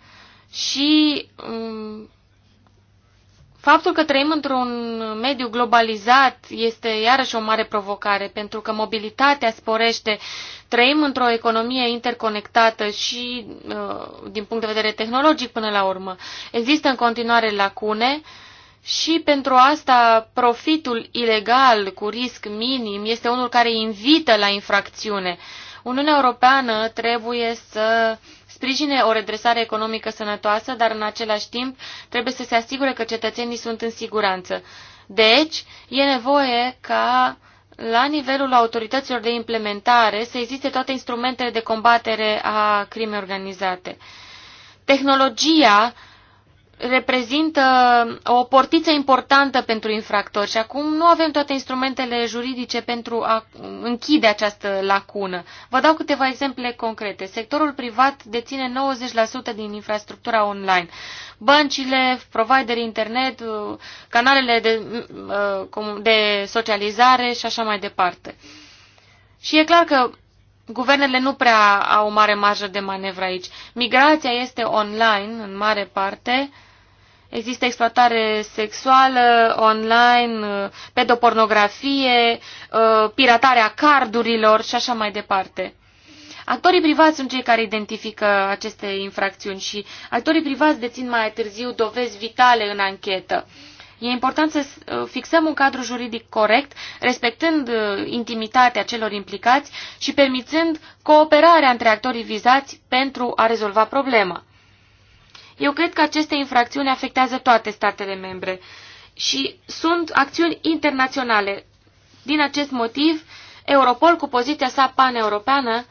și um, faptul că trăim într-un mediu globalizat este iarăși o mare provocare, pentru că mobilitatea sporește, trăim într-o economie interconectată și uh, din punct de vedere tehnologic până la urmă. Există în continuare lacune uh, și pentru asta profitul ilegal cu risc minim este unul care invită la infracțiune. Uniunea Europeană trebuie să sprijine o redresare economică sănătoasă, dar în același timp trebuie să se asigure că cetățenii sunt în siguranță. Deci, e nevoie ca la nivelul autorităților de implementare să existe toate instrumentele de combatere a crimei organizate. Tehnologia reprezintă o portiță importantă pentru infractori și acum nu avem toate instrumentele juridice pentru a închide această lacună. Vă dau câteva exemple concrete. Sectorul privat deține 90% din infrastructura online. Băncile, providerii internet, canalele de, de socializare și așa mai departe. Și e clar că guvernele nu prea au o mare marjă de manevră aici. Migrația este online, în mare parte, Există exploatare sexuală, online, pedopornografie, uh, piratarea cardurilor și așa mai departe. Actorii privați sunt cei care identifică aceste infracțiuni și actorii privați dețin mai târziu dovezi vitale în anchetă. E important să uh, fixăm un cadru juridic corect, respectând uh, intimitatea celor implicați și permițând cooperarea între actorii vizați pentru a rezolva problema. Eu cred că aceste infracțiuni afectează toate statele membre și sunt acțiuni internaționale. Din acest motiv, Europol, cu poziția sa paneuropeană,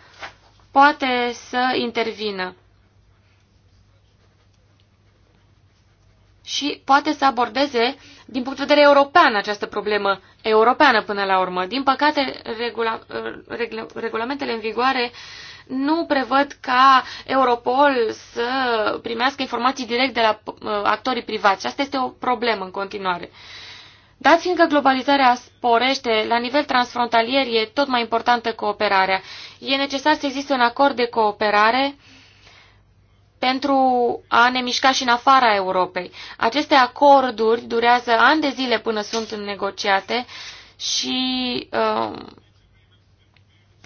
poate să intervină. și poate să abordeze din punct de vedere european această problemă europeană până la urmă. Din păcate, regula, regla, regulamentele în vigoare nu prevăd ca Europol să primească informații direct de la uh, actorii privați asta este o problemă în continuare. Dat fiindcă globalizarea sporește, la nivel transfrontalier e tot mai importantă cooperarea. E necesar să existe un acord de cooperare pentru a ne mișca și în afara Europei. Aceste acorduri durează ani de zile până sunt negociate și uh,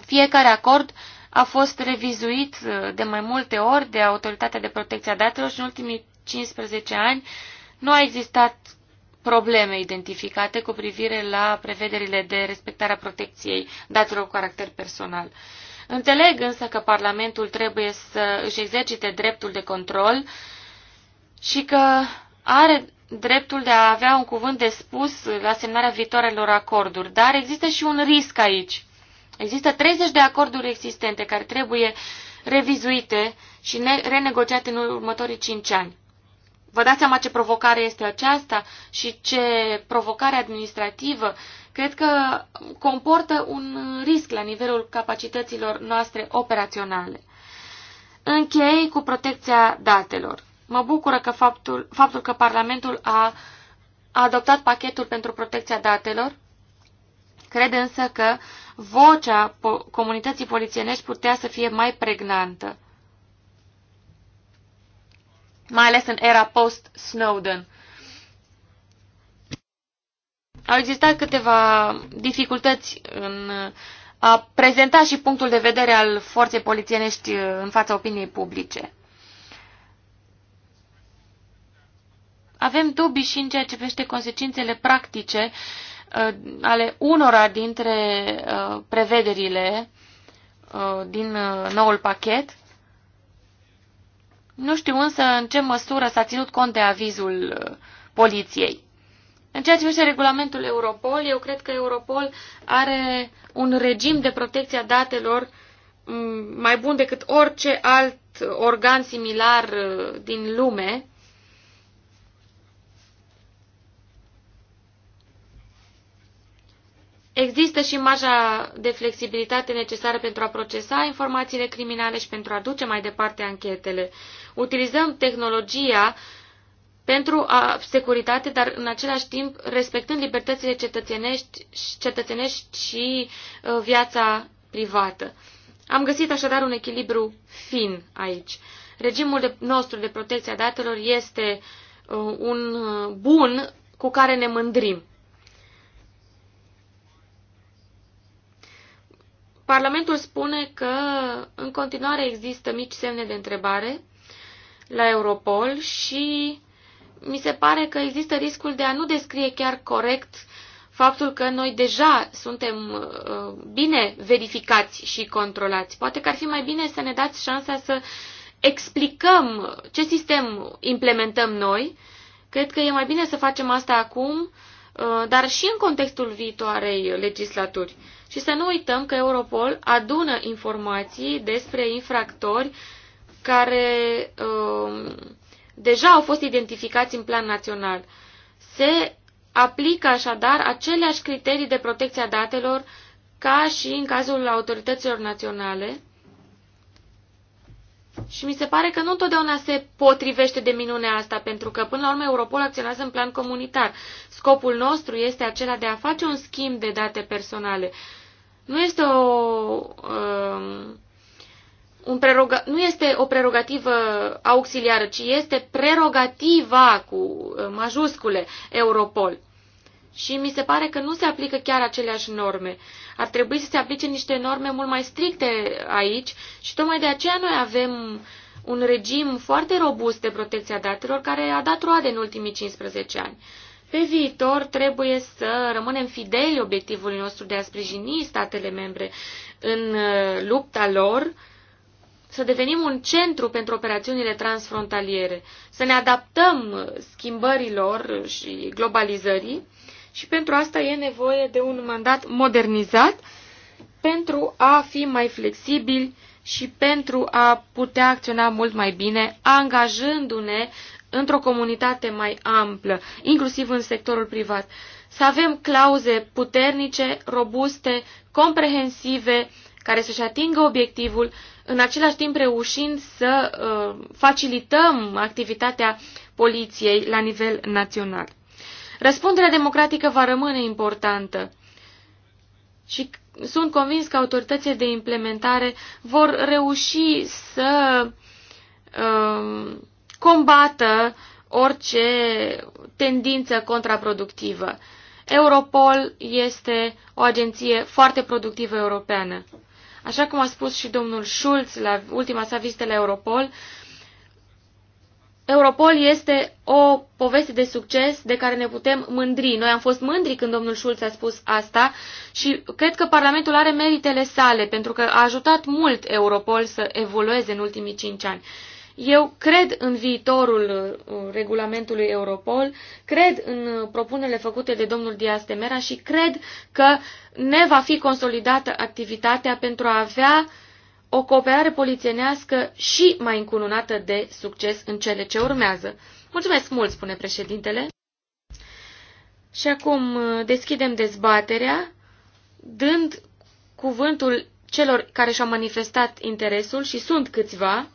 fiecare acord a fost revizuit uh, de mai multe ori de Autoritatea de Protecție a Datelor și în ultimii 15 ani nu a existat probleme identificate cu privire la prevederile de respectare a protecției datelor cu caracter personal. Înțeleg însă că Parlamentul trebuie să își exercite dreptul de control și că are dreptul de a avea un cuvânt de spus la semnarea viitoarelor acorduri, dar există și un risc aici. Există 30 de acorduri existente care trebuie revizuite și renegociate în următorii 5 ani. Vă dați seama ce provocare este aceasta și ce provocare administrativă cred că comportă un risc la nivelul capacităților noastre operaționale. Închei cu protecția datelor. Mă bucură că faptul, faptul că Parlamentul a adoptat pachetul pentru protecția datelor. Cred însă că vocea po comunității polițienești putea să fie mai pregnantă. Mai ales în era post-Snowden. Au existat câteva dificultăți în a prezenta și punctul de vedere al forței polițienești în fața opiniei publice. Avem dubii și în ceea ce privește consecințele practice uh, Uh, ale unora dintre uh, prevederile uh, din noul pachet. Nu știu însă în ce măsură s-a ținut cont de avizul poliției. În ceea ce privește regulamentul Europol, eu cred că Europol are un regim de protecție a datelor mm, mai bun decât orice alt organ similar din lume Există și marja de flexibilitate necesară pentru a procesa informațiile criminale și pentru a duce mai departe anchetele. Utilizăm tehnologia pentru a, securitate, dar în același timp respectând libertățile cetățenești, cetățenești și a, uh, viața privată. Am găsit așadar un echilibru fin aici. Regimul de, nostru de protecție a datelor este a, uh, un uh, bun cu care ne mândrim. Parlamentul spune că în continuare există mici semne de întrebare la Europol și mi se pare că există riscul de a nu descrie chiar corect faptul că noi deja suntem uh, bine verificați și controlați. Poate că ar fi mai bine să ne dați șansa să explicăm ce sistem implementăm noi. Cred că e mai bine să facem asta acum Uh, dar și în contextul viitoarei legislaturi. Și să nu uităm că Europol adună informații despre infractori care uh, deja au fost identificați în plan național. Se aplică așadar aceleași criterii de protecție a datelor ca și în cazul autorităților naționale și mi se pare că nu întotdeauna se potrivește de minunea asta, pentru că până la urmă Europol acționează în plan comunitar. Scopul nostru este acela de a face un schimb de date personale. Nu este o, um, un preroga- nu este o prerogativă auxiliară, ci este prerogativa cu uh, majuscule Europol și mi se pare că nu se aplică chiar aceleași norme. Ar trebui să se aplice niște norme mult mai stricte aici și tocmai de aceea noi avem un regim foarte robust de protecția datelor care a dat roade în ultimii 15 ani. Pe viitor trebuie să rămânem fideli obiectivului nostru de a sprijini statele membre în uh, lupta lor, să devenim un centru pentru operațiunile transfrontaliere, să ne adaptăm schimbărilor și globalizării și pentru asta e nevoie de un mandat modernizat pentru a fi mai flexibil și pentru a putea acționa mult mai bine, angajându-ne într-o comunitate mai amplă, inclusiv în sectorul privat. Să avem clauze puternice, robuste, comprehensive, care să-și atingă obiectivul, în același timp reușind să uh, facilităm activitatea poliției la nivel național. Răspunderea democratică va rămâne importantă și sunt convins că autoritățile de implementare vor reuși să um, combată orice tendință contraproductivă. Europol este o agenție foarte productivă europeană. Așa cum a spus și domnul Schulz la ultima sa vizită la Europol, Europol este o poveste de succes de care ne putem mândri. Noi am fost mândri când domnul Schulz a spus asta și cred că Parlamentul are meritele sale pentru că a ajutat mult Europol să evolueze în ultimii cinci ani. Eu cred în viitorul uh, regulamentului Europol, cred în uh, propunerile făcute de domnul Diaz Temera și cred că ne va fi consolidată activitatea pentru a avea uh, o cooperare polițienească și mai încununată de succes în cele ce urmează. Mulțumesc mult, spune președintele. Și acum uh, deschidem dezbaterea, dând cuvântul celor care și-au manifestat interesul și sunt câțiva.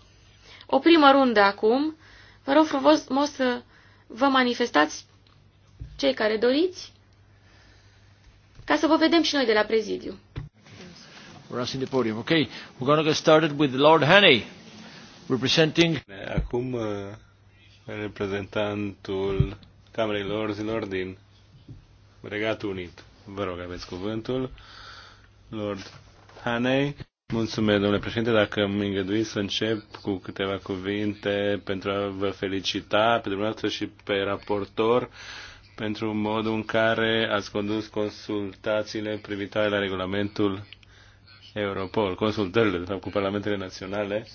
O primă rundă acum. Vă rog frumos să vă manifestați cei care doriți, ca să vă vedem și noi de la prezidiu for the podium. Okay, we're going to get started with Lord Haney, representing... Acum, uh, reprezentantul Camerei Lorzilor din Regatul Unit. Vă rog, aveți cuvântul. Lord Haney. Mulțumesc, domnule președinte, dacă îmi îngăduiți să încep cu câteva cuvinte pentru a vă felicita pe dumneavoastră și pe raportor pentru modul în care ați condus consultațiile privitoare la regulamentul Europol, consultările de fapt, cu parlamentele naționale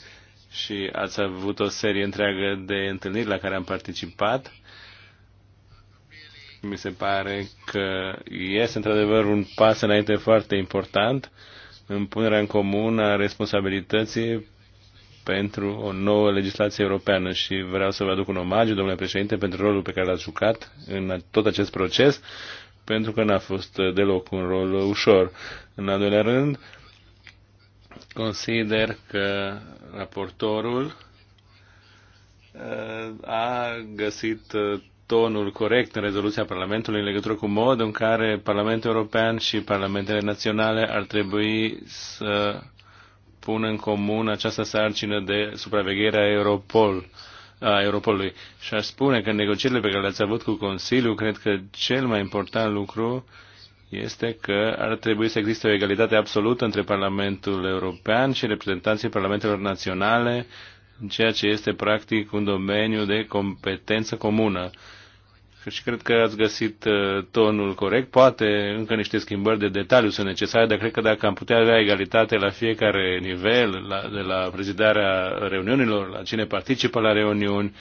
și ați avut o serie întreagă de întâlniri la care am participat. Mi se pare că este într-adevăr un pas înainte foarte important în punerea în comun a responsabilității pentru o nouă legislație europeană și vreau să vă aduc un omagiu, domnule președinte, pentru rolul pe care l-ați jucat în tot acest proces, pentru că n-a fost deloc un rol ușor. În al doilea rând, Consider că raportorul uh, a găsit uh, tonul corect în rezoluția Parlamentului în legătură cu modul în care Parlamentul European și Parlamentele Naționale ar trebui să pună în comun această sarcină de supraveghere a Europol a Europolului. Și aș spune că în negocierile pe care le-ați avut cu Consiliul, cred că cel mai important lucru uh, este că ar trebui să existe o egalitate absolută între Parlamentul European și reprezentanții Parlamentelor Naționale, în ceea ce este practic un domeniu de competență comună. Și cred că ați găsit uh, tonul corect. Poate încă niște schimbări de detaliu sunt necesare, dar cred că dacă am putea avea egalitate la fiecare nivel, la, de la prezidarea reuniunilor, la cine participă la reuniuni,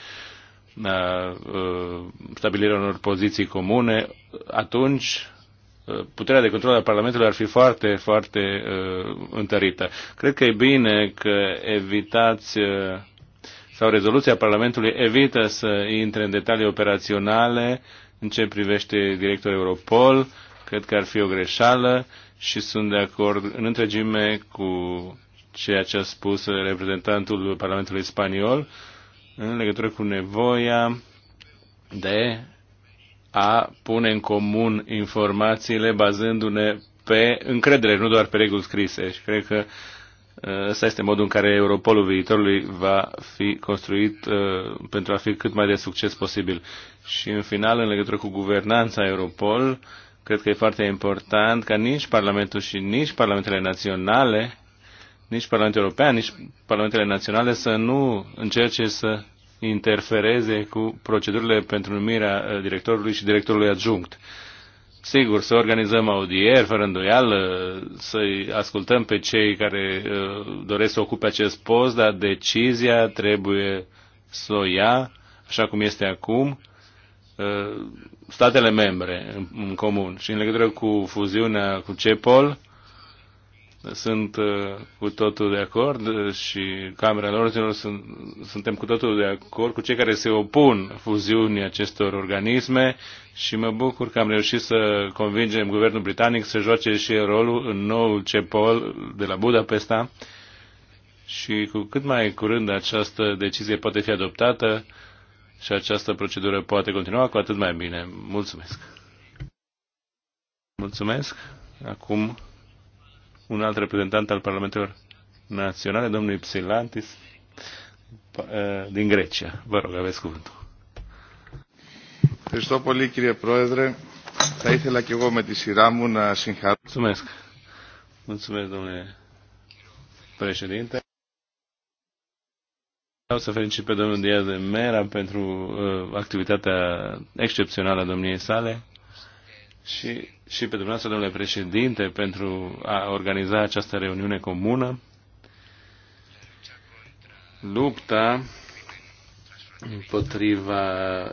la uh, stabilirea unor poziții comune, atunci puterea de control a Parlamentului ar fi foarte, foarte uh, întărită. Cred că e bine că evitați uh, sau rezoluția Parlamentului evită să intre în detalii operaționale în ce privește directorul Europol. Cred că ar fi o greșeală și sunt de acord în întregime cu ceea ce a spus reprezentantul Parlamentului Spaniol în legătură cu nevoia de a pune în comun informațiile bazându-ne pe încredere, nu doar pe reguli scrise. Și cred că uh, ăsta este modul în care Europolul viitorului va fi construit uh, pentru a fi cât mai de succes posibil. Și în final, în legătură cu guvernanța Europol, cred că e foarte important ca nici Parlamentul și nici Parlamentele naționale, nici Parlamentul European, nici Parlamentele naționale să nu încerce să interfereze cu procedurile pentru numirea uh, directorului și directorului adjunct. Sigur, să organizăm audieri, fără îndoială, să-i ascultăm pe cei care uh, doresc să ocupe acest post, dar decizia trebuie să o ia, așa cum este acum, uh, statele membre în comun. Și în legătură cu fuziunea cu CEPOL, sunt uh, cu totul de acord uh, și Camera Lordilor sunt, suntem cu totul de acord cu cei care se opun fuziunii acestor organisme și mă bucur că am reușit să convingem guvernul britanic să joace și rolul în noul CEPOL de la Budapesta și cu cât mai curând această decizie poate fi adoptată și această procedură poate continua, cu atât mai bine. Mulțumesc! Mulțumesc! Acum un alt reprezentant al Parlamentelor Naționale, domnul Ipsilantis, eh, din Grecia. Vă rog, aveți cuvântul. Ευχαριστώ πολύ κύριε Πρόεδρε. Θα ήθελα και εγώ με τη σειρά μου να συγχαρώ. Mulțumesc. Mulțumesc, domnule președinte. Vreau să felicit pe domnul Diaz de Mera pentru uh, activitatea excepțională a domniei sale și, și pe dumneavoastră, domnule președinte, pentru a organiza această reuniune comună. Lupta împotriva eh,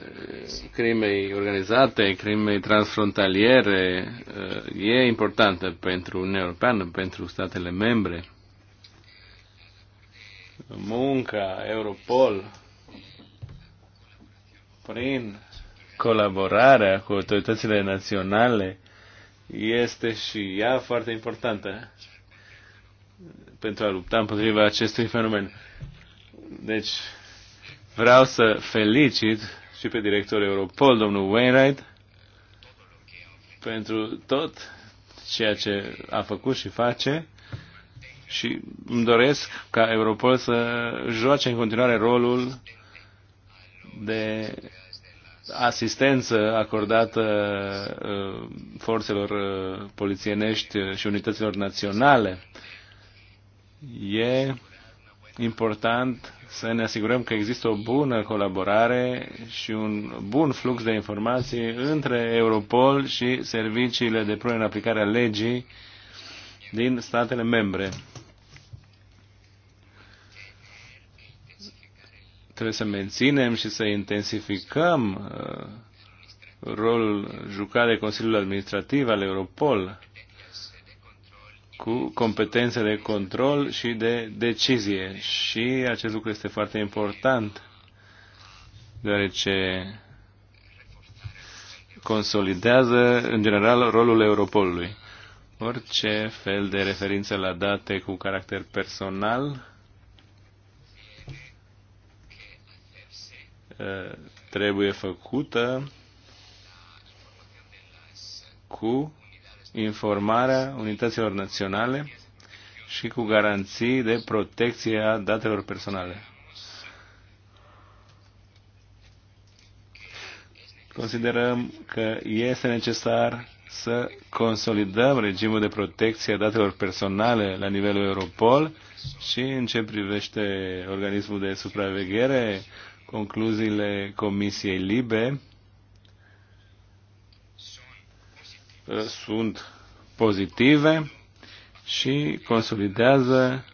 crimei organizate, crimei transfrontaliere, eh, e importantă pentru Uniunea Europeană, pentru statele membre. Munca, Europol, prin colaborarea cu autoritățile naționale este și ea foarte importantă pentru a lupta împotriva acestui fenomen. Deci, vreau să felicit și pe directorul Europol, domnul Wainwright, pentru tot ceea ce a făcut și face și îmi doresc ca Europol să joace în continuare rolul de asistență acordată uh, forțelor uh, polițienești și unităților naționale. E important să ne asigurăm că există o bună colaborare și un bun flux de informații între Europol și serviciile de punere în aplicare a legii din statele membre. trebuie să menținem și să intensificăm uh, rolul jucat de Consiliul Administrativ al Europol cu competențe de control și de decizie. Și acest lucru este foarte important, deoarece consolidează, în general, rolul Europolului. Orice fel de referință la date cu caracter personal trebuie făcută cu informarea unităților naționale și cu garanții de protecție a datelor personale. Considerăm că este necesar să consolidăm regimul de protecție a datelor personale la nivelul Europol și în ce privește organismul de supraveghere, concluziile Comisiei Libe uh, sunt pozitive și consolidează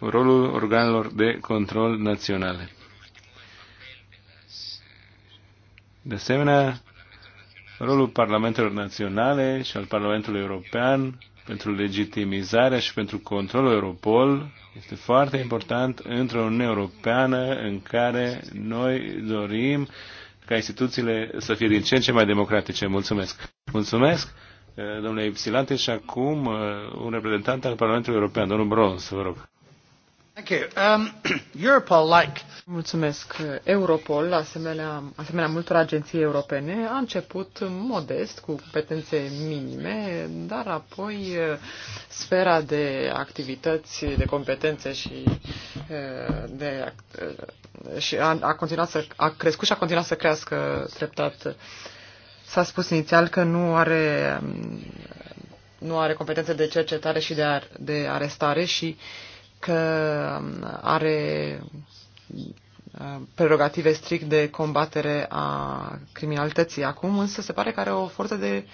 rolul organelor de control naționale. De asemenea, rolul parlamentelor naționale și al Parlamentului European pentru legitimizarea și pentru controlul Europol este foarte important într-o Uniune Europeană în care noi dorim ca instituțiile să fie din ce în ce mai democratice. Mulțumesc! Mulțumesc, eh, domnule Ipsilante, și acum eh, un reprezentant al Parlamentului European, domnul Brons, vă rog. Thank you. Um, Europol, like... Mulțumesc. Europol, asemenea, asemenea multor agenții europene, a început modest, cu competențe minime, dar apoi uh, sfera de activități, de competențe și, uh, de, uh, și a, a, continuat să, a crescut și a continuat să crească treptat. S-a spus inițial că nu are, um, nu are competențe de cercetare și de, ar, de arestare și uh, că are uh, prerogative strict de combatere a criminalității acum, însă se pare că are o forță de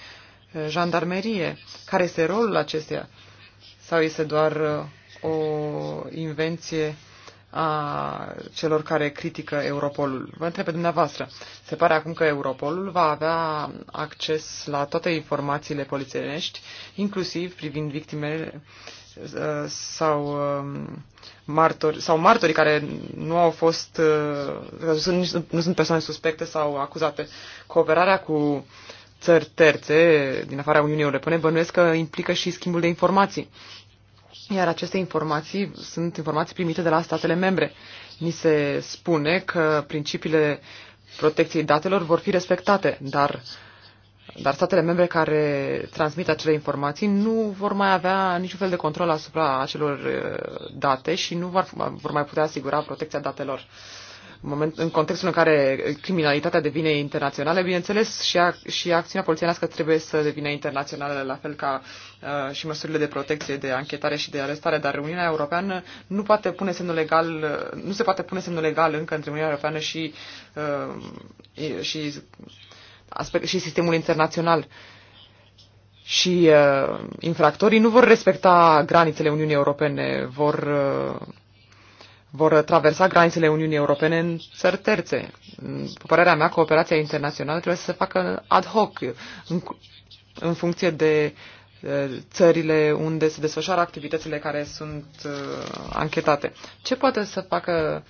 uh, jandarmerie. Care este rolul acesteia? Sau este doar uh, o invenție a celor care critică Europolul. Vă întreb pe dumneavoastră, se pare acum că Europolul va avea acces la toate informațiile polițienești, inclusiv privind victimele uh, sau um, martori, sau martorii care nu au fost, uh, nu sunt persoane suspecte sau acuzate. Cooperarea cu țări terțe din afara Uniunii Europene bănuiesc că implică și schimbul de informații. Iar aceste informații sunt informații primite de la statele membre. Ni se spune că principiile protecției datelor vor fi respectate, dar, dar statele membre care transmit acele informații nu vor mai avea niciun fel de control asupra acelor uh, date și nu vor, vor mai putea asigura protecția datelor moment, în contextul în care criminalitatea devine internațională, bineînțeles, și, ac- și acțiunea polițienească trebuie să devină internațională, la fel ca uh, și măsurile de protecție, de anchetare și de arestare, dar Uniunea Europeană nu poate pune semnul legal, uh, nu se poate pune semnul legal încă între Uniunea Europeană și, uh, și, aspect, și sistemul internațional. Și uh, infractorii nu vor respecta granițele Uniunii Europene, vor uh, vor traversa granițele Uniunii Europene în țări terțe. După părerea mea, cooperația internațională trebuie să se facă ad hoc, în, în funcție de eh, țările unde se desfășoară activitățile care sunt uh, anchetate. Ce poate să facă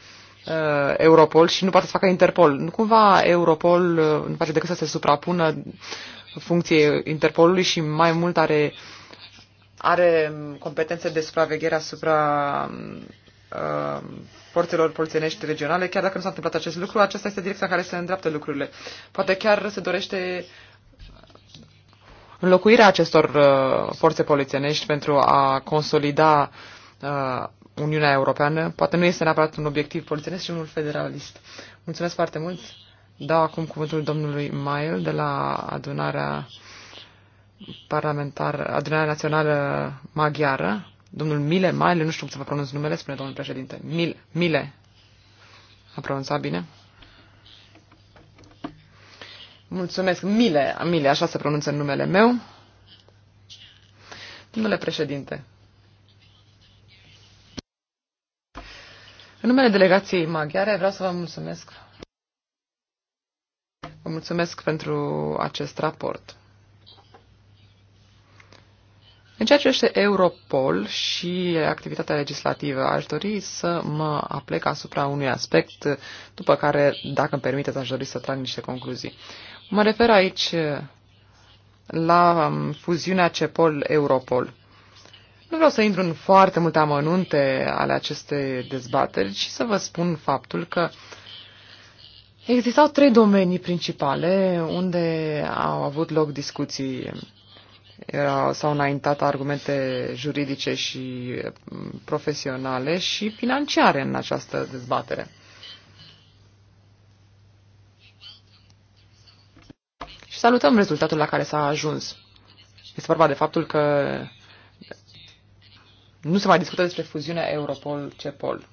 uh, Europol și nu poate să facă Interpol? Nu cumva Europol uh, nu face decât să se suprapună funcției Interpolului și mai mult are, are competențe de supraveghere asupra forțelor um, polițienești regionale, chiar dacă nu s-a întâmplat acest lucru, aceasta este direcția care se îndreaptă lucrurile. Poate chiar se dorește înlocuirea acestor uh, forțe polițienești pentru a consolida uh, Uniunea Europeană. Poate nu este neapărat un obiectiv polițienesc, ci unul federalist. Mulțumesc foarte mult. Dau acum cuvântul domnului Mail de la adunarea parlamentară, adunarea națională maghiară domnul Mile Maile, nu știu cum să vă pronunț numele, spune domnul președinte. Mile, Mile. A pronunțat bine? Mulțumesc. Mile, Mile, așa se pronunță numele meu. Domnule președinte, în numele delegației maghiare vreau să vă mulțumesc. Vă mulțumesc pentru acest raport. În ceea ce este Europol și activitatea legislativă, aș dori să mă aplec asupra unui aspect, după care, dacă îmi permiteți, aș dori să trag niște concluzii. Mă refer aici la um, fuziunea CEPOL-Europol. Nu vreau să intru în foarte multe amănunte ale acestei dezbateri, ci să vă spun faptul că existau trei domenii principale unde au avut loc discuții s-au înaintat argumente juridice și mm, profesionale și financiare în această dezbatere. Și salutăm rezultatul la care s-a ajuns. Este vorba de faptul că nu se mai discută despre fuziunea Europol-Cepol.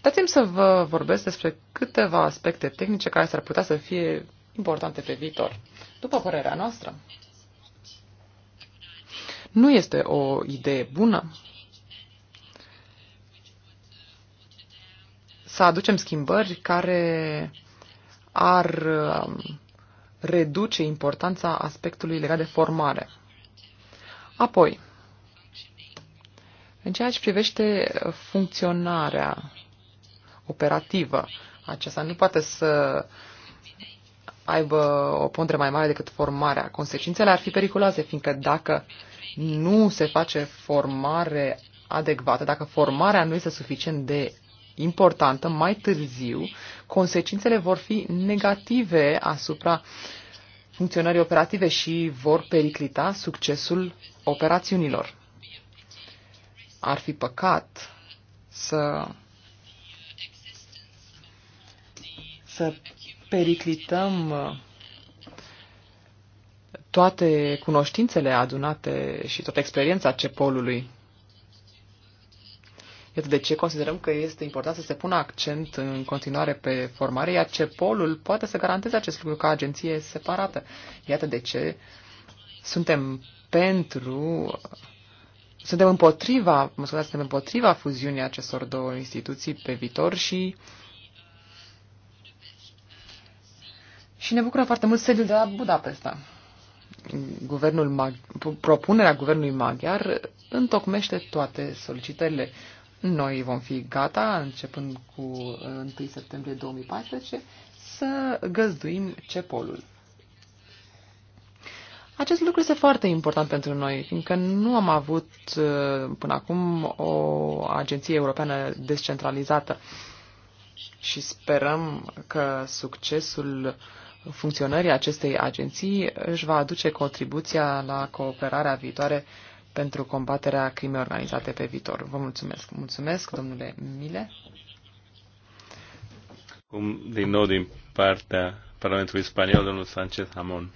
Dați-mi să vă vorbesc despre câteva aspecte tehnice care s-ar putea să fie importante pe viitor. După părerea noastră, nu este o idee bună să aducem schimbări care ar um, reduce importanța aspectului legat de formare. Apoi, în ceea ce privește funcționarea operativă, aceasta nu poate să aibă o pondere mai mare decât formarea. Consecințele ar fi periculoase, fiindcă dacă nu se face formare adecvată, dacă formarea nu este suficient de importantă, mai târziu, consecințele vor fi negative asupra funcționării operative și vor periclita succesul operațiunilor. Ar fi păcat să, să periclităm uh, toate cunoștințele adunate și toată experiența cepolului. Iată de ce considerăm că este important să se pună accent în continuare pe formare, iar cepolul poate să garanteze acest lucru ca agenție separată. Iată de ce suntem pentru suntem împotriva, mă scuzați, suntem împotriva fuziunii acestor două instituții pe viitor și Și ne bucură foarte mult sediul de la Budapesta. Guvernul Mag- propunerea guvernului maghiar întocmește toate solicitările. Noi vom fi gata, începând cu 1 uh, septembrie 2014, să găzduim cepolul. Acest lucru este foarte important pentru noi, fiindcă nu am avut uh, până acum o agenție europeană descentralizată și sperăm că succesul uh, funcționării acestei agenții își va aduce contribuția la cooperarea viitoare pentru combaterea crimei organizate pe viitor. Vă mulțumesc. Mulțumesc, domnule Mile. Cum din nou din partea Parlamentului Spaniol, domnul Sanchez Hamon.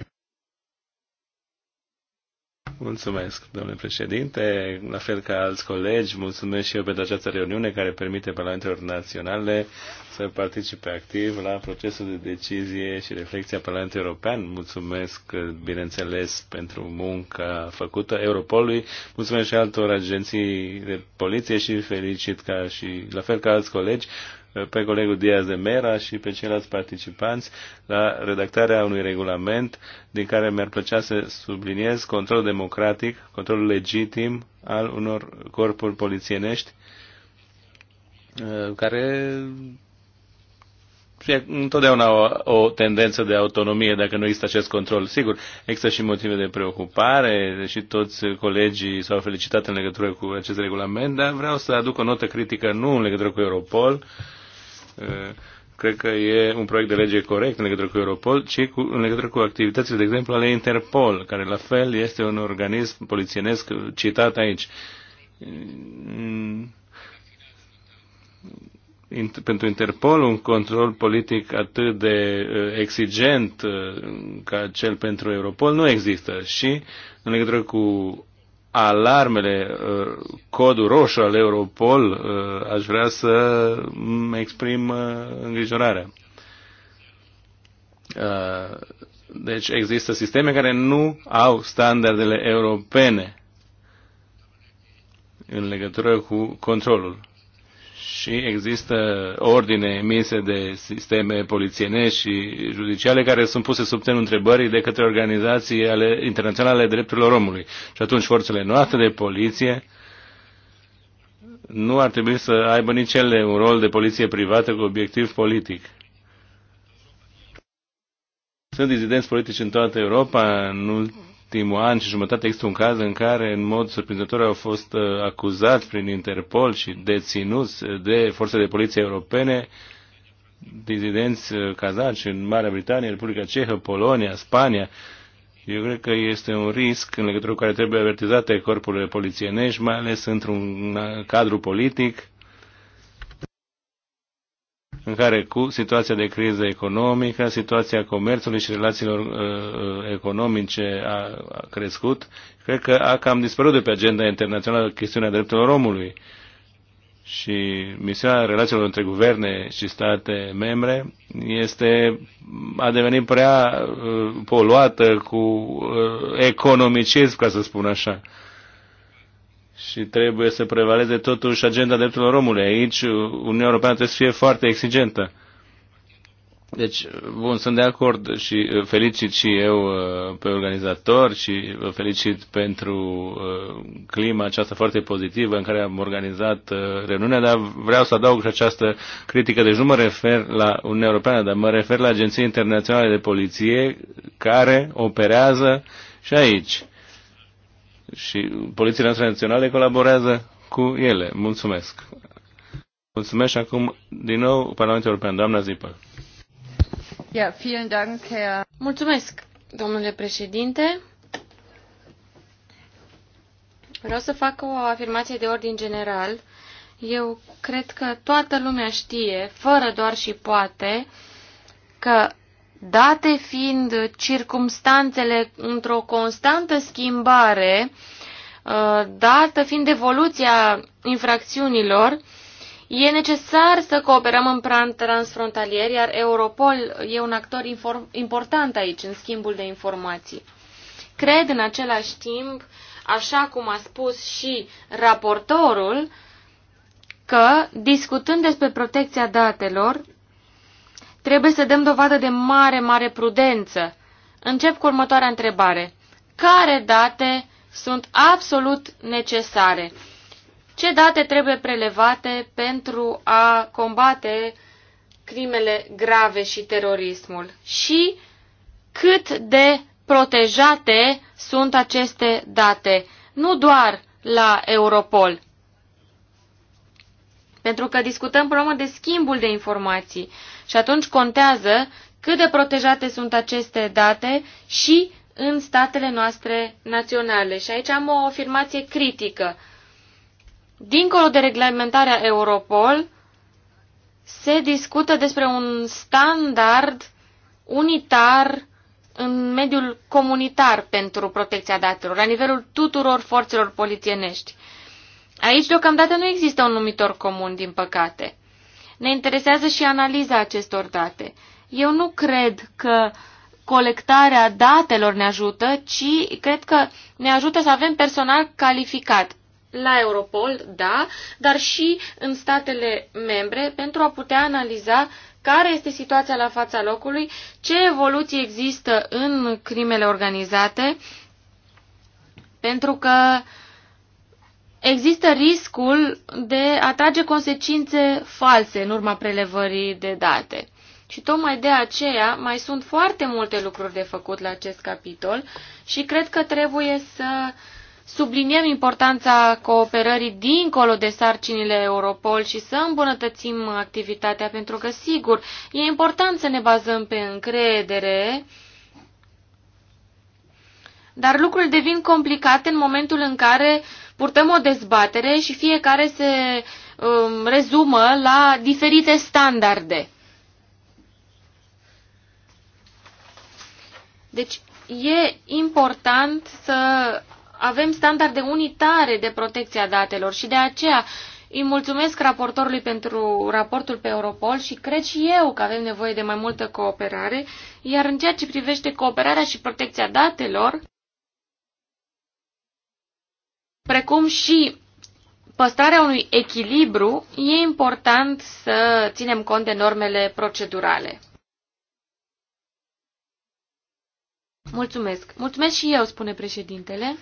Mulțumesc, domnule președinte. La fel ca alți colegi, mulțumesc și eu pentru această reuniune care permite Parlamentelor Naționale să participe activ la procesul de decizie și reflexia Parlamentului European. Mulțumesc, bineînțeles, pentru munca făcută Europolului. Mulțumesc și altor agenții de poliție și felicit ca și, la fel ca alți colegi, pe colegul Diaz de Mera și pe ceilalți participanți la redactarea unui regulament din care mi-ar plăcea să subliniez controlul democratic, controlul legitim al unor corpuri polițienești uh, care întotdeauna o, o tendență de autonomie dacă nu există acest control. Sigur, există și motive de preocupare și toți colegii s-au felicitat în legătură cu acest regulament, dar vreau să aduc o notă critică nu în legătură cu Europol, cred că e un proiect de lege corect în legătură cu Europol, ci cu, în legătură cu activitățile, de exemplu, ale Interpol, care la fel este un organism polițienesc citat aici. Pentru Interpol, un control politic atât de exigent ca cel pentru Europol nu există și în legătură cu alarmele, uh, codul roșu al Europol, uh, aș vrea să exprim uh, îngrijorarea. Deci există sisteme care nu au standardele europene în legătură cu controlul și există ordine emise de sisteme polițienești și judiciale care sunt puse sub semnul întrebării de către organizații ale, internaționale ale drepturilor omului. Și atunci forțele noastre de poliție nu ar trebui să aibă nici ele un rol de poliție privată cu obiectiv politic. Sunt dizidenți politici în toată Europa. În ultimul an și jumătate există un caz în care, în mod surprinzător, au fost uh, acuzați prin Interpol și deținuți de forțe de poliție europene dizidenți uh, cazaci în Marea Britanie, Republica Cehă, Polonia, Spania. Eu cred că este un risc în legătură cu care trebuie avertizate corpurile polițienești, mai ales într-un cadru politic în care cu situația de criză economică, situația comerțului și relațiilor uh, uh, economice a, a crescut, cred că a cam dispărut de pe agenda internațională chestiunea drepturilor omului. Și misiunea relațiilor între guverne și state membre este a devenit prea uh, poluată cu uh, economicism, ca să spun așa. Uh, și trebuie să prevaleze totuși agenda drepturilor omului. Aici Uniunea Europeană trebuie să fie foarte exigentă. Deci, bun, sunt de acord și uh, felicit și eu uh, pe organizator și vă felicit pentru uh, clima aceasta foarte pozitivă în care am organizat reuniunea, dar vreau să adaug și această critică. Deci nu mă refer la Uniunea Europeană, dar mă refer la agenții internaționale de poliție care operează și aici și poliția noastră națională colaborează cu ele. Mulțumesc! Mulțumesc și acum din nou Parlamentul European. Doamna Zipăl. Yeah, Dank, Herr... Mulțumesc, domnule președinte. Vreau să fac o afirmație de ordin general. Eu cred că toată lumea știe, fără doar și poate, că date fiind circumstanțele într-o constantă schimbare, uh, dată fiind evoluția infracțiunilor, e necesar să cooperăm în plan transfrontalier, iar Europol e un actor important aici în schimbul de informații. Cred în același timp, așa cum a spus și raportorul, că discutând despre protecția datelor, Trebuie să dăm dovadă de mare, mare prudență. Încep cu următoarea întrebare. Care date sunt absolut necesare? Ce date trebuie prelevate pentru a combate crimele grave și terorismul? Și cât de protejate sunt aceste date, nu doar la Europol. Pentru că discutăm problema de schimbul de informații și atunci contează cât de protejate sunt aceste date și în statele noastre naționale. Și aici am o afirmație critică. Dincolo de reglementarea Europol, se discută despre un standard unitar în mediul comunitar pentru protecția datelor, la nivelul tuturor forțelor polițienești. Aici deocamdată nu există un numitor comun, din păcate. Ne interesează și analiza acestor date. Eu nu cred că colectarea datelor ne ajută, ci cred că ne ajută să avem personal calificat la Europol, da, dar și în statele membre pentru a putea analiza care este situația la fața locului, ce evoluții există în crimele organizate, pentru că uh, există riscul de a trage consecințe false în urma prelevării de date. Și tocmai de aceea mai sunt foarte multe lucruri de făcut la acest capitol și cred că trebuie să subliniem importanța cooperării dincolo de sarcinile Europol și să îmbunătățim activitatea, pentru că, sigur, e important să ne bazăm pe încredere, dar lucrurile devin complicate în momentul în care purtăm o dezbatere și fiecare se um, rezumă la diferite standarde. Deci e important să avem standarde unitare de protecția datelor și de aceea îi mulțumesc raportorului pentru raportul pe Europol și cred și eu că avem nevoie de mai multă cooperare, iar în ceea ce privește cooperarea și protecția datelor, precum și păstrarea unui echilibru, e important să ținem cont de normele procedurale. Mulțumesc. Mulțumesc și eu, spune președintele.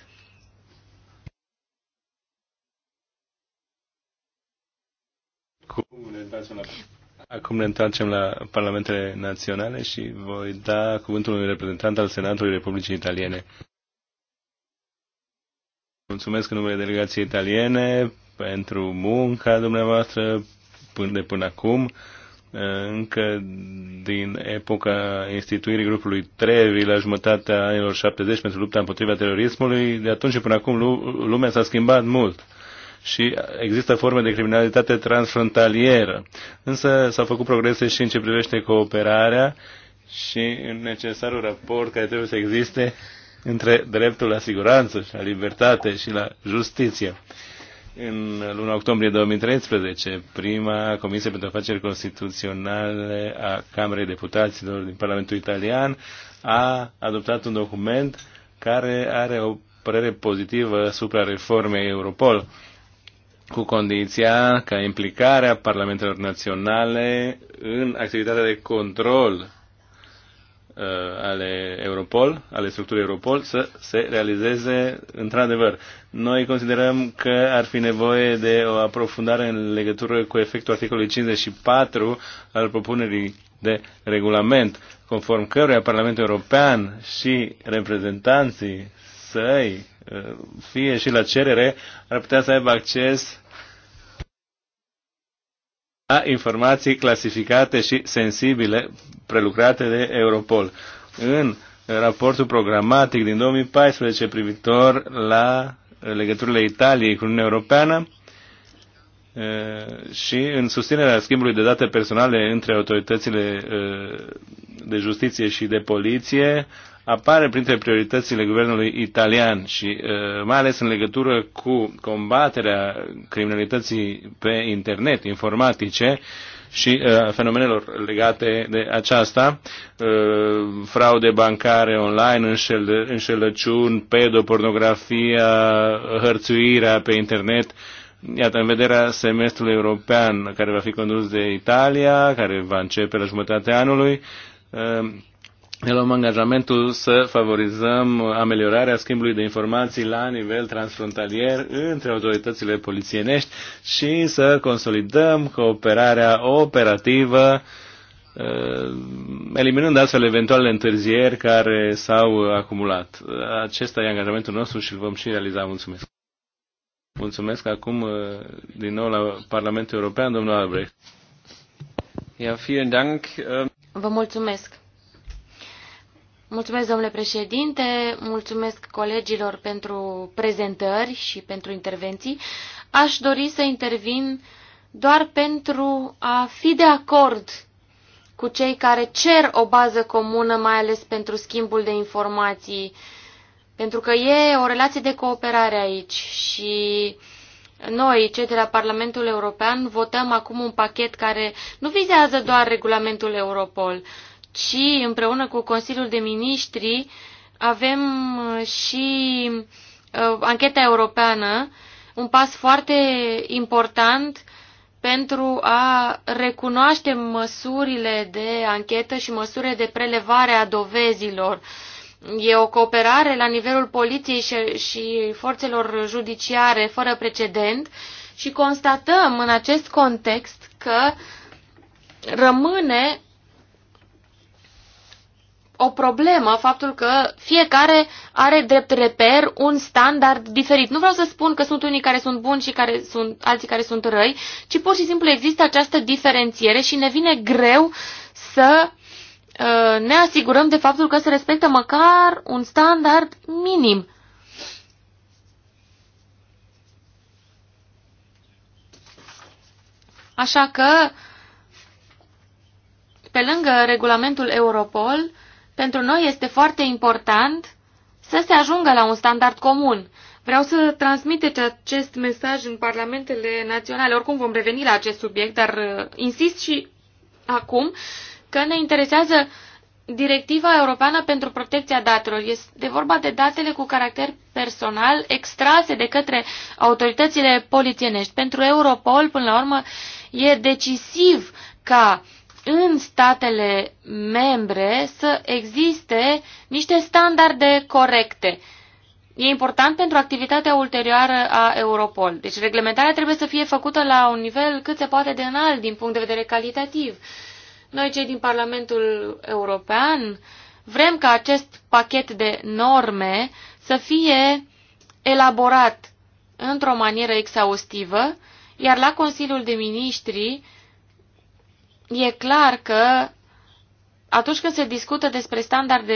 Acum ne întoarcem la, Parlamentele Naționale și voi da cuvântul unui reprezentant al Senatului Republicii Italiene. Mulțumesc în numele delegației italiene pentru munca dumneavoastră până de până acum. Încă din epoca instituirii grupului Trevi la jumătatea anilor 70 pentru lupta împotriva terorismului, de atunci până acum lumea s-a schimbat mult și există forme de criminalitate transfrontalieră. Însă s-au făcut progrese și în ce privește cooperarea și în necesarul raport care trebuie să existe între dreptul la siguranță și la libertate și la justiție. În luna octombrie 2013, prima Comisie pentru Afaceri Constituționale a Camerei Deputaților din Parlamentul Italian a adoptat un document care are o părere pozitivă asupra reformei Europol, cu condiția ca implicarea parlamentelor naționale în activitatea de control uh, ale Europol, ale structurii Europol, să se realizeze într-adevăr. Noi considerăm că ar fi nevoie de o aprofundare în legătură cu efectul articolului 54 al propunerii de regulament, conform căruia Parlamentul European și reprezentanții săi, uh, fie și la cerere, ar putea să aibă acces a informații clasificate și sensibile prelucrate de Europol. În raportul programatic din 2014 privitor la legăturile Italiei cu Uniunea Europeană și în susținerea schimbului de date personale între autoritățile de justiție și de poliție, apare printre prioritățile guvernului italian și uh, mai ales în legătură cu combaterea criminalității pe internet, informatice, și uh, fenomenelor legate de aceasta, uh, fraude bancare online, înșel, înșelăciuni, pedopornografia, hărțuirea pe internet, Iată, în vederea semestrului european care va fi condus de Italia, care va începe la jumătatea anului, uh, ne luăm angajamentul să favorizăm ameliorarea schimbului de informații la nivel transfrontalier între autoritățile polițienești și să consolidăm cooperarea operativă, eh, eliminând astfel eventuale întârzieri care s-au acumulat. Acesta e angajamentul nostru și îl vom și realiza. Mulțumesc! Mulțumesc acum eh, din nou la Parlamentul European, domnul Albrecht. Ja, vielen Dank. Vă mulțumesc! Mulțumesc, domnule președinte, mulțumesc colegilor pentru prezentări și pentru intervenții. Aș dori să intervin doar pentru a fi de acord cu cei care cer o bază comună, mai ales pentru schimbul de informații, pentru că e o relație de cooperare aici și noi, cei de la Parlamentul European, votăm acum un pachet care nu vizează doar regulamentul Europol, și împreună cu Consiliul de Ministri avem uh, și uh, ancheta europeană, un pas foarte important pentru a recunoaște măsurile de anchetă și măsurile de prelevare a dovezilor. E o cooperare la nivelul poliției și, și forțelor judiciare fără precedent și constatăm în acest context că rămâne o problemă faptul că fiecare are drept reper un standard diferit. Nu vreau să spun că sunt unii care sunt buni și care sunt, alții care sunt răi, ci pur și simplu există această diferențiere și ne vine greu să uh, ne asigurăm de faptul că se respectă măcar un standard minim. Așa că, pe lângă regulamentul Europol, uh, pentru noi este foarte important să se ajungă la un standard comun. Vreau să transmiteți deci acest mesaj în parlamentele naționale. Oricum vom reveni la acest subiect, dar uh, insist și acum că ne interesează Directiva Europeană pentru Protecția Datelor. Este vorba de datele cu caracter personal extrase de către autoritățile polițienești. Pentru Europol, până la urmă, e decisiv ca uh, în statele membre să existe niște standarde corecte. E important pentru activitatea ulterioară a Europol. Deci reglementarea trebuie să fie făcută la un nivel cât se poate de înalt din punct de vedere calitativ. Noi, cei din Parlamentul European, vrem ca acest pachet de norme să fie elaborat într-o manieră exhaustivă, iar la Consiliul de Ministri e clar că atunci când se discută despre standarde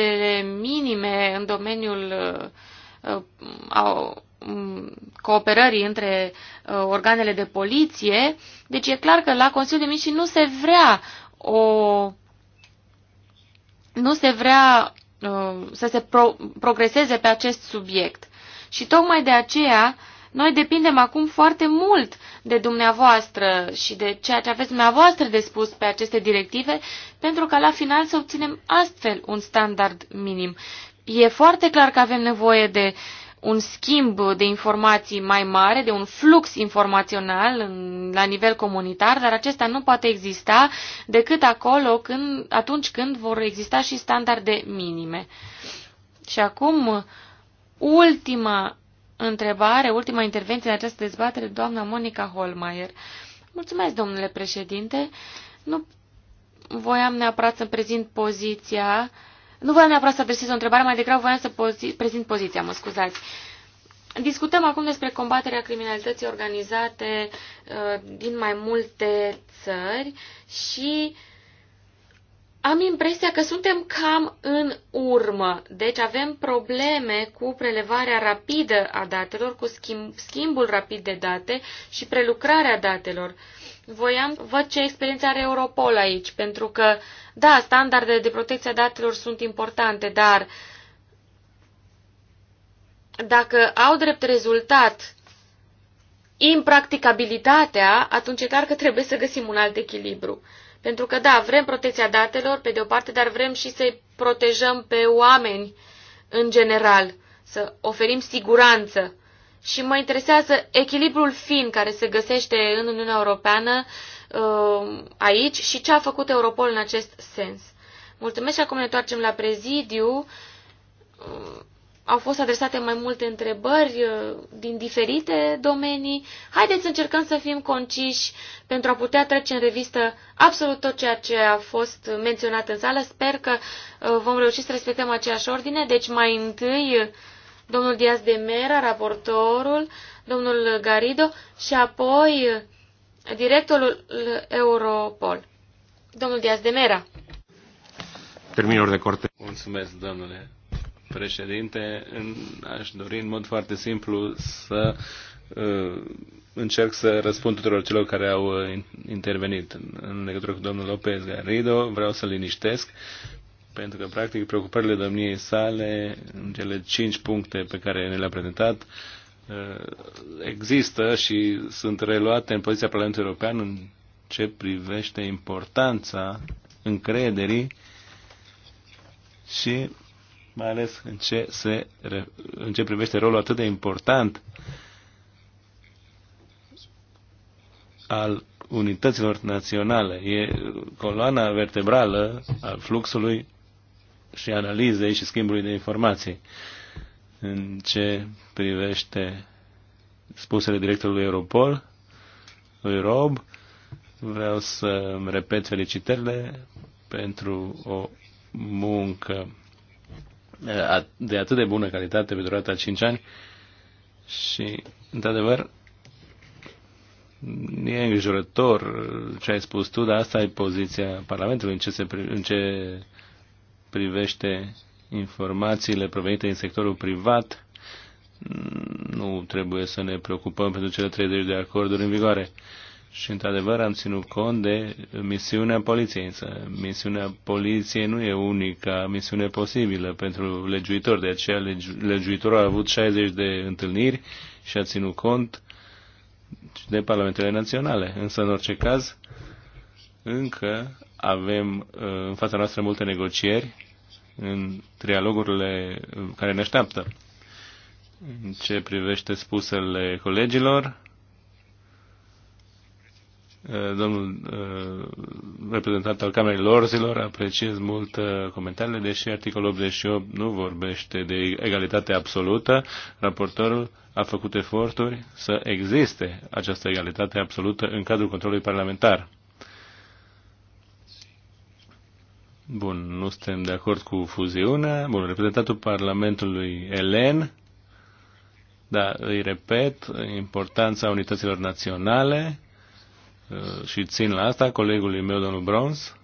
minime în domeniul uh, uh, um, cooperării între uh, organele de poliție, deci e clar că la Consiliul de Ministri nu se vrea o nu se vrea să se pro, progreseze pe acest subiect. Și tocmai de aceea noi depindem acum foarte mult de dumneavoastră și de ceea ce aveți dumneavoastră de spus pe aceste directive, pentru ca la final să obținem astfel un standard minim. E foarte clar că avem nevoie de un schimb de informații mai mare, de un flux informațional în, la nivel comunitar, dar acesta nu poate exista decât acolo când, atunci când vor exista și standarde minime. Și acum, ultima întrebare, ultima intervenție în această dezbatere, doamna Monica Holmeier. Mulțumesc, domnule președinte. Nu voiam neapărat să prezint poziția, nu voiam neapărat să adresez o întrebare, mai degrabă voiam să pozi, prezint poziția, mă scuzați. Discutăm acum despre combaterea criminalității organizate uh, din mai multe țări și uh, am impresia că suntem cam în urmă, deci avem probleme cu prelevarea rapidă a datelor, cu schimb, schimbul rapid de date și prelucrarea datelor. Voiam, văd ce experiență are Europol aici, pentru că, da, standardele de protecție a datelor sunt importante, dar dacă au drept rezultat impracticabilitatea, atunci e clar că trebuie să găsim un alt echilibru. Pentru că, da, vrem protecția datelor, pe de o parte, dar vrem și să-i protejăm pe oameni în general, să oferim siguranță. Și mă interesează echilibrul fin care se găsește în Uniunea Europeană uh, aici și ce a făcut Europol în acest sens. Mulțumesc și acum ne întoarcem la prezidiu. Uh, au fost adresate mai multe întrebări uh, din diferite domenii. Haideți să încercăm să fim conciși pentru a putea trece în revistă absolut tot ceea ce a fost menționat în sală. Sper că uh, vom reuși să respectăm aceeași ordine. Deci mai întâi domnul Diaz de Mera, raportorul, domnul Garido și apoi uh, directorul Europol. Domnul Diaz de Mera. Terminul de corte. Mulțumesc, domnule președinte, aș dori în mod foarte simplu să uh, încerc să răspund tuturor celor care au uh, intervenit în legătură cu domnul Lopez Garrido. Vreau să liniștesc pentru că, practic, preocupările domniei sale, în cele cinci puncte pe care ne le-a prezentat, uh, există și sunt reluate în poziția Parlamentului European în ce privește importanța încrederii și mai ales în ce, se, în ce privește rolul atât de important al unităților naționale. E coloana vertebrală al fluxului și analizei și schimbului de informații în ce privește spusele directorului Europol, lui Rob. Vreau să mi repet felicitările pentru o muncă de atât de bună calitate pe durata 5 ani și, într-adevăr, e îngrijorător ce ai spus tu, dar asta e poziția Parlamentului în ce, se, în ce privește informațiile provenite din sectorul privat. Nu trebuie să ne preocupăm pentru cele 30 de acorduri în vigoare și, într-adevăr, am ținut cont de misiunea poliției, însă misiunea poliției nu e unica misiune posibilă pentru legiuitor, de aceea legiuitorul a avut 60 de întâlniri și a ținut cont de parlamentele naționale. Însă, în orice caz, încă avem uh, în fața noastră multe negocieri în trialogurile care ne așteaptă. În ce privește spusele colegilor, Eh, domnul eh, reprezentant al Camerei Lorzilor, apreciez mult eh, comentariile, deși articolul 88 nu vorbește de egalitate absolută. Raportorul a făcut eforturi să existe această egalitate absolută în cadrul controlului parlamentar. Bun, nu suntem de acord cu fuziunea. Bun, reprezentantul Parlamentului Elen, da, îi repet, importanța unităților naționale, Uh, și țin la asta colegului meu, domnul Brons.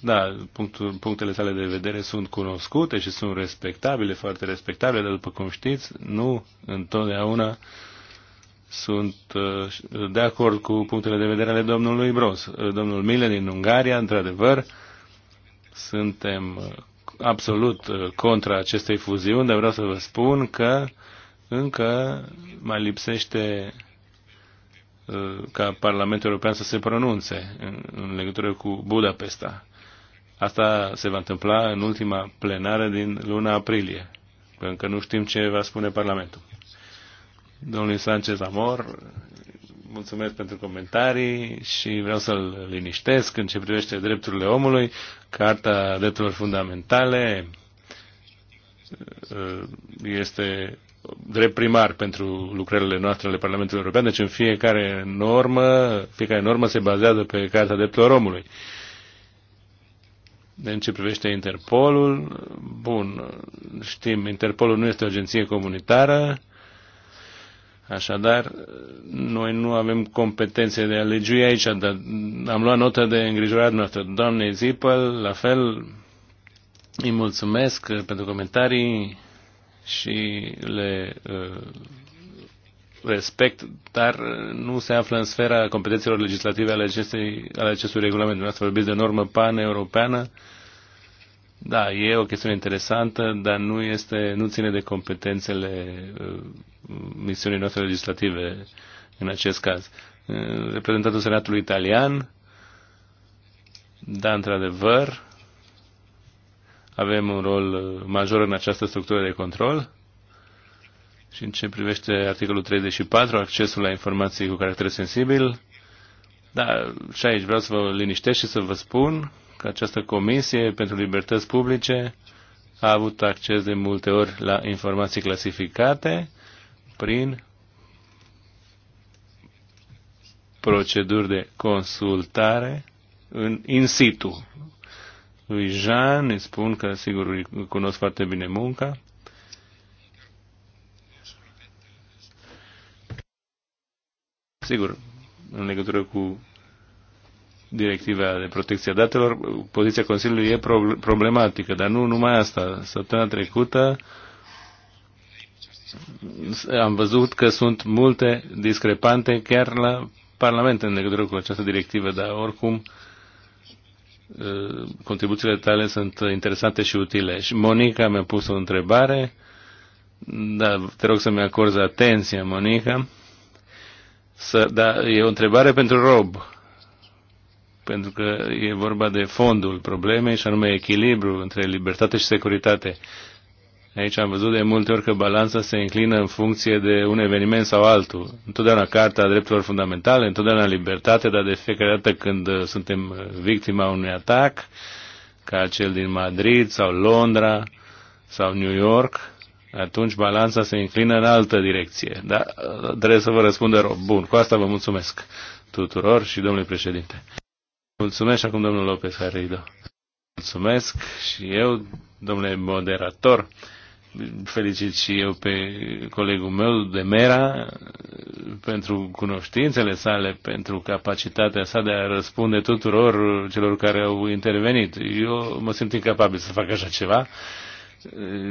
Da, punctul, punctele sale de vedere sunt cunoscute și sunt respectabile, foarte respectabile, dar după cum știți, nu întotdeauna sunt uh, de acord cu punctele de vedere ale domnului Bros. Uh, domnul Mile din Ungaria, într-adevăr, suntem absolut contra acestei fuziuni, dar vreau să vă spun că încă mai lipsește Uh, ca Parlamentul European să se pronunțe în legătură cu Budapesta. Asta se va întâmpla în ultima plenară din luna aprilie, pentru că nu știm ce va spune Parlamentul. Domnul Sanchez Amor, mulțumesc pentru comentarii și vreau să-l liniștesc în ce privește drepturile omului, Carta Drepturilor Fundamentale uh, este drept primar pentru lucrările noastre ale Parlamentului European, deci în fiecare normă, fiecare normă se bazează pe Carta Drepturilor Omului. De în ce privește Interpolul, bun, știm, Interpolul nu este o agenție comunitară, Așadar, noi nu avem competențe de a legiui aici, dar am luat notă de îngrijorare noastră. Doamne Zipăl, la fel, îi mulțumesc pentru comentarii și le uh, respect, dar nu se află în sfera competențelor legislative ale, acestei, ale acestui regulament. Dumneavoastră vorbiți de normă paneuropeană. Da, e o chestiune interesantă, dar nu, este, nu ține de competențele uh, misiunii noastre legislative în acest caz. Uh, reprezentantul Senatului Italian, da, într-adevăr, avem un rol uh, major în această structură de control. Și în ce privește articolul 34, accesul la informații cu caracter sensibil, da, și aici vreau să vă liniștesc și să vă spun că această comisie pentru libertăți publice a avut acces de multe ori la informații clasificate prin proceduri de consultare în in situ, lui Jean, îi spun că sigur îi cunosc foarte bine munca. Sigur, în legătură cu directiva de protecție a datelor, poziția Consiliului e problematică, dar nu numai asta. Săptămâna trecută am văzut că sunt multe discrepante chiar la Parlament în legătură cu această directivă, dar oricum uh, Eh, contribuțiile tale sunt interesante și utile. Și Monica mi-a pus o întrebare. Da, te rog să-mi acorzi atenție, Monica. Să, da, e o întrebare pentru Rob. Pentru că e vorba de fondul problemei și anume echilibru între libertate și securitate. Aici am văzut de multe ori că balanța se înclină în funcție de un eveniment sau altul. Întotdeauna Carta Drepturilor Fundamentale, întotdeauna libertate, dar de fiecare dată când uh, suntem uh, victima unui atac, ca cel din Madrid sau Londra sau New York, atunci balanța se înclină în altă direcție. Dar uh, trebuie să vă răspundă rog. Bun, cu asta vă mulțumesc tuturor și domnului președinte. Mulțumesc acum domnul Lopez Harido. Mulțumesc și eu, domnule moderator felicit și eu pe colegul meu de Mera pentru cunoștințele sale, pentru capacitatea sa de a răspunde tuturor celor care au intervenit. Eu mă simt incapabil să fac așa ceva.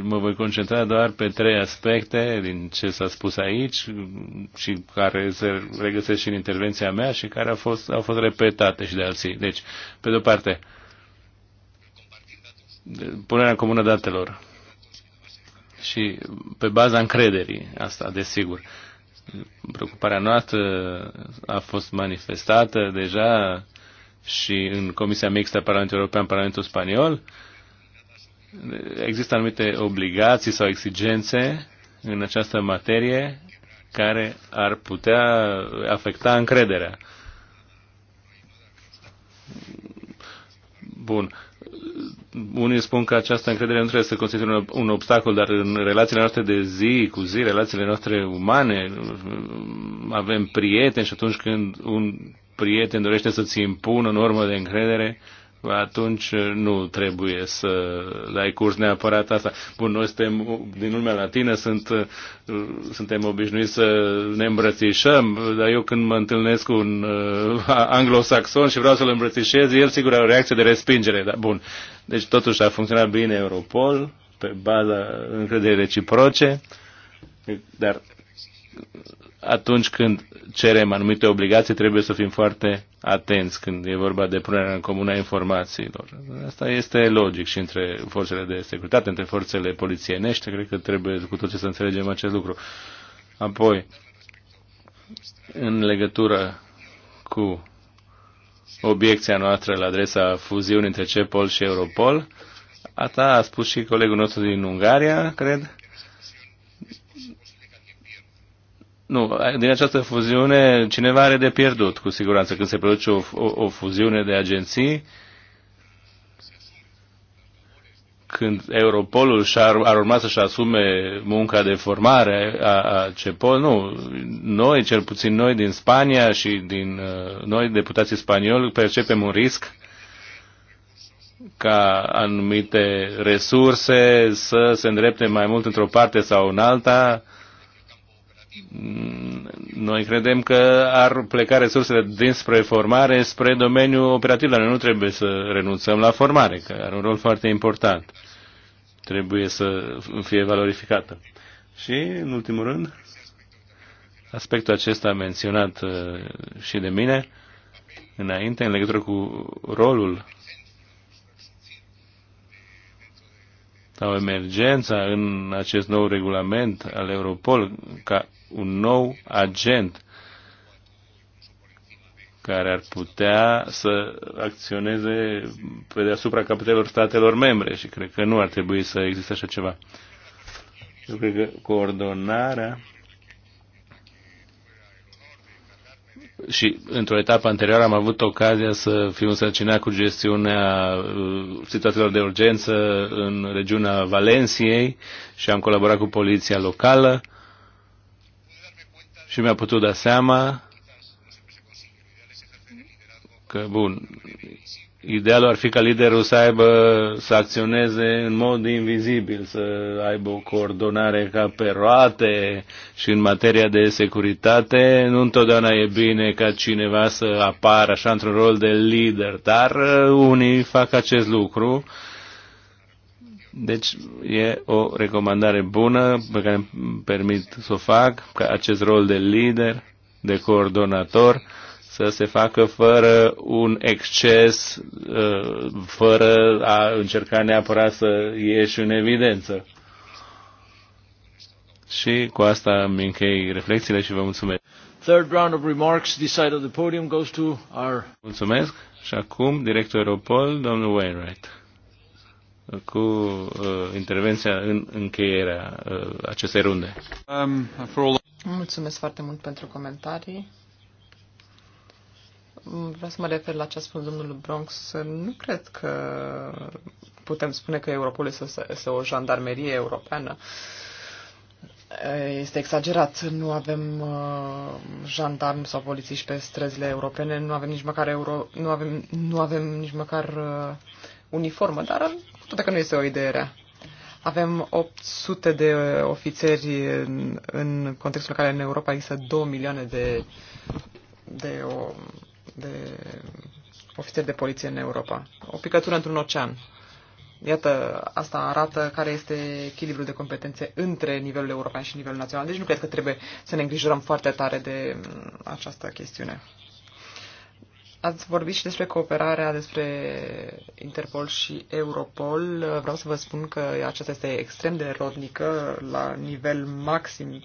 Mă voi concentra doar pe trei aspecte din ce s-a spus aici și care se regăsesc și în intervenția mea și care au fost, au fost repetate și de alții. Deci, pe de-o parte, punerea comună datelor și pe baza încrederii, asta desigur. Preocuparea noastră a fost manifestată deja și în Comisia Mixtă Parlamentului European, Parlamentul Spaniol. Există anumite obligații sau exigențe în această materie care ar putea afecta încrederea. Bun unii spun că această încredere nu trebuie să constituie un, un obstacol, dar în relațiile noastre de zi cu zi, relațiile noastre umane, avem prieteni și atunci când un prieten dorește să-ți impună o normă de încredere, uh, atunci eh, nu trebuie să dai curs neapărat asta. Bun, noi suntem din lumea latină, sunt, eh, suntem obișnuiți să ne îmbrățișăm, dar eu când mă întâlnesc cu un eh, anglosaxon și vreau să-l îmbrățișez, el sigur are o reacție de respingere, dar bun. Deci totuși a funcționat bine Europol, pe baza încrederii reciproce, dar atunci când cerem anumite obligații, trebuie să fim foarte atenți când e vorba de punerea în comună a informațiilor. Asta este logic și între forțele de securitate, între forțele polițienești, cred că trebuie cu toții să înțelegem acest lucru. Apoi, în legătură cu obiecția noastră la adresa fuziunii între CEPOL și Europol, asta a spus și colegul nostru din Ungaria, cred, Nu, din această fuziune cineva are de pierdut, cu siguranță, când se produce o, o, o fuziune de agenții, când Europolul și-ar, ar urma să-și asume munca de formare a, a CEPOL, nu, noi, cel puțin noi din Spania și din uh, noi, deputații spanioli, percepem un risc ca anumite resurse să se îndrepte mai mult într-o parte sau în alta, uh, Mm, noi credem că ar pleca resursele dinspre formare spre domeniul operativ, dar noi nu trebuie să renunțăm la formare, că are un rol foarte important. Trebuie să fie valorificată. Și, în ultimul rând, aspectul acesta menționat uh, și de mine, înainte, în legătură cu rolul sau emergența în acest nou regulament al Europol ca un nou agent care ar putea să acționeze pe deasupra capitelor statelor membre și cred că nu ar trebui să existe așa ceva. Eu cred că coordonarea și într-o etapă anterioară am avut ocazia să fiu însărcinat cu gestiunea uh, situațiilor de urgență în regiunea Valenciei și am colaborat cu poliția locală și mi-a putut da seama că, bun, idealul ar fi ca liderul să aibă, să acționeze în mod invizibil, să aibă o coordonare ca pe roate și în materia de securitate. Nu întotdeauna e bine ca cineva să apară așa într-un rol de lider, dar uh, unii fac acest lucru. Deci e o recomandare bună pe care îmi permit să o fac, ca acest rol de lider, de coordonator, să se facă fără un exces, uh, fără a încerca neapărat să ieși în evidență. Și cu asta îmi închei reflexiile și vă mulțumesc. Third round of remarks, this side of the podium goes to our... Mulțumesc. Și acum, directorul Europol, domnul Wainwright, cu uh, intervenția în încheierea uh, acestei runde. Um, all... Mulțumesc foarte mult pentru comentarii vreau să mă refer la ce a spus domnul Bronx. Nu cred că putem spune că Europol este, este o jandarmerie europeană. Este exagerat. Nu avem uh, jandarmi sau polițiști pe străzile europene, nu avem nici măcar euro, nu avem, nu avem nici măcar uh, uniformă, dar toate că nu este o idee rea. Avem 800 de ofițeri în, în contextul în care în Europa există 2 milioane de, de o, de ofițer de poliție în Europa. O picătură într-un ocean. Iată, asta arată care este echilibrul de competențe între nivelul european și nivelul național. Deci nu cred că trebuie să ne îngrijorăm foarte tare de mm, această chestiune. Ați vorbit și despre cooperarea despre Interpol și Europol. Vreau să vă spun că aceasta este extrem de rodnică la nivel maxim. Uh,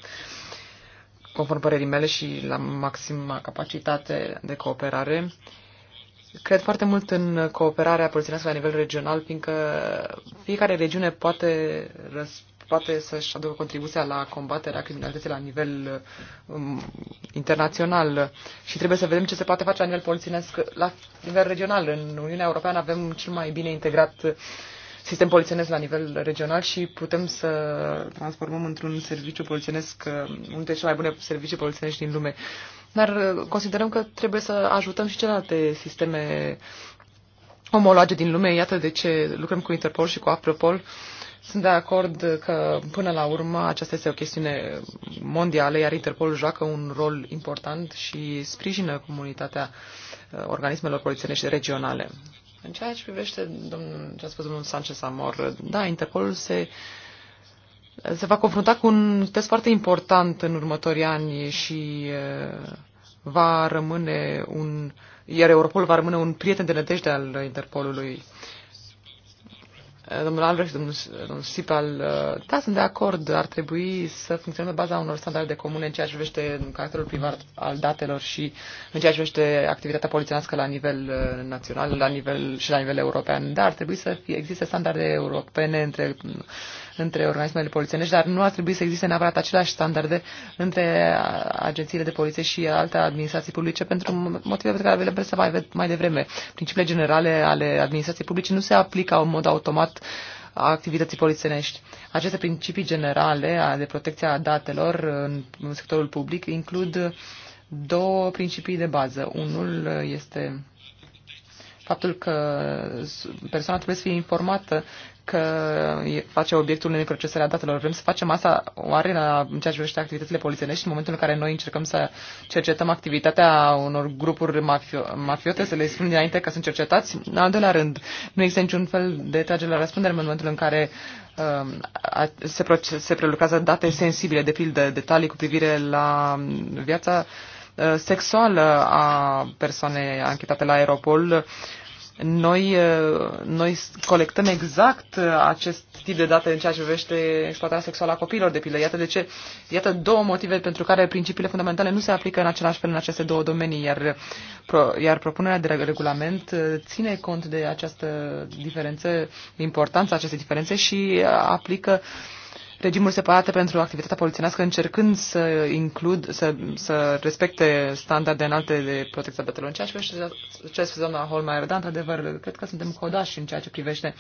conform părerii mele și la maxima capacitate de cooperare. Cred foarte mult în cooperarea polițienească la nivel regional, fiindcă fiecare regiune poate, poate să-și aducă contribuția la combaterea criminalității la nivel um, internațional și trebuie să vedem ce se poate face la nivel polițienesc, la nivel regional. În Uniunea Europeană avem cel mai bine integrat uh, sistem polițienesc la nivel regional și putem să transformăm într-un serviciu polițienesc, uh, unul dintre cele mai bune servicii polițienești din lume. Dar uh, considerăm că trebuie să ajutăm și celelalte sisteme omologe din lume. Iată de ce lucrăm cu Interpol și cu Apropol. Sunt de acord că, până la urmă, aceasta este o chestiune mondială, iar Interpol joacă un rol important și sprijină comunitatea uh, organismelor polițienești regionale. În ceea ce privește domnul, ce a spus domnul Sanchez Amor, da, Interpol se, se va confrunta cu un test foarte important în următorii ani și va rămâne un, iar Europol va rămâne un prieten de nădejde al Interpolului domnul Albrecht și domnul, domnul Sipal, uh, da, sunt de acord, ar trebui să funcționăm pe baza unor standarde comune în ceea ce privește uh, caracterul privat al datelor și în ceea ce privește activitatea polițienească la nivel uh, național la nivel, și la nivel european, dar ar trebui să fie, existe standarde europene între între organismele polițienești, dar nu ar trebui să existe neapărat aceleași standarde între agențiile de poliție și alte administrații publice pentru motive pe care le vrem să mai, mai devreme. Principiile generale ale administrației publice nu se aplică în mod automat a activității polițienești. Aceste principii generale de protecția datelor în sectorul public includ două principii de bază. Unul este faptul că persoana trebuie să fie informată că face obiectul unei procesări a datelor. Vrem să facem asta oare la, în ceea ce privește activitățile polițienești în momentul în care noi încercăm să cercetăm activitatea unor grupuri mafio- mafiote, să le spunem dinainte că sunt cercetați. În al doilea rând, nu există niciun fel de trage la răspundere în momentul în care um, se, proces, se prelucrează date sensibile, de pildă detalii cu privire la um, viața uh, sexuală a persoanei anchetate la Aeropol. Uh, noi, uh, noi colectăm exact uh, acest tip de date în ceea ce privește exploatarea sexuală a copiilor, de pildă. Iată de ce, iată două motive pentru care principiile fundamentale nu se aplică în același fel în aceste două domenii, iar, pro, iar propunerea de regulament uh, ține cont de această diferență, importanța acestei diferențe și aplică uh, regimuri separate pentru activitatea polițienească, încercând să includ, să, să respecte standarde înalte de protecția datelor. În ceea ce privește ce a doamna Holmeier, da, într-adevăr, cred că suntem codași în ceea ce privește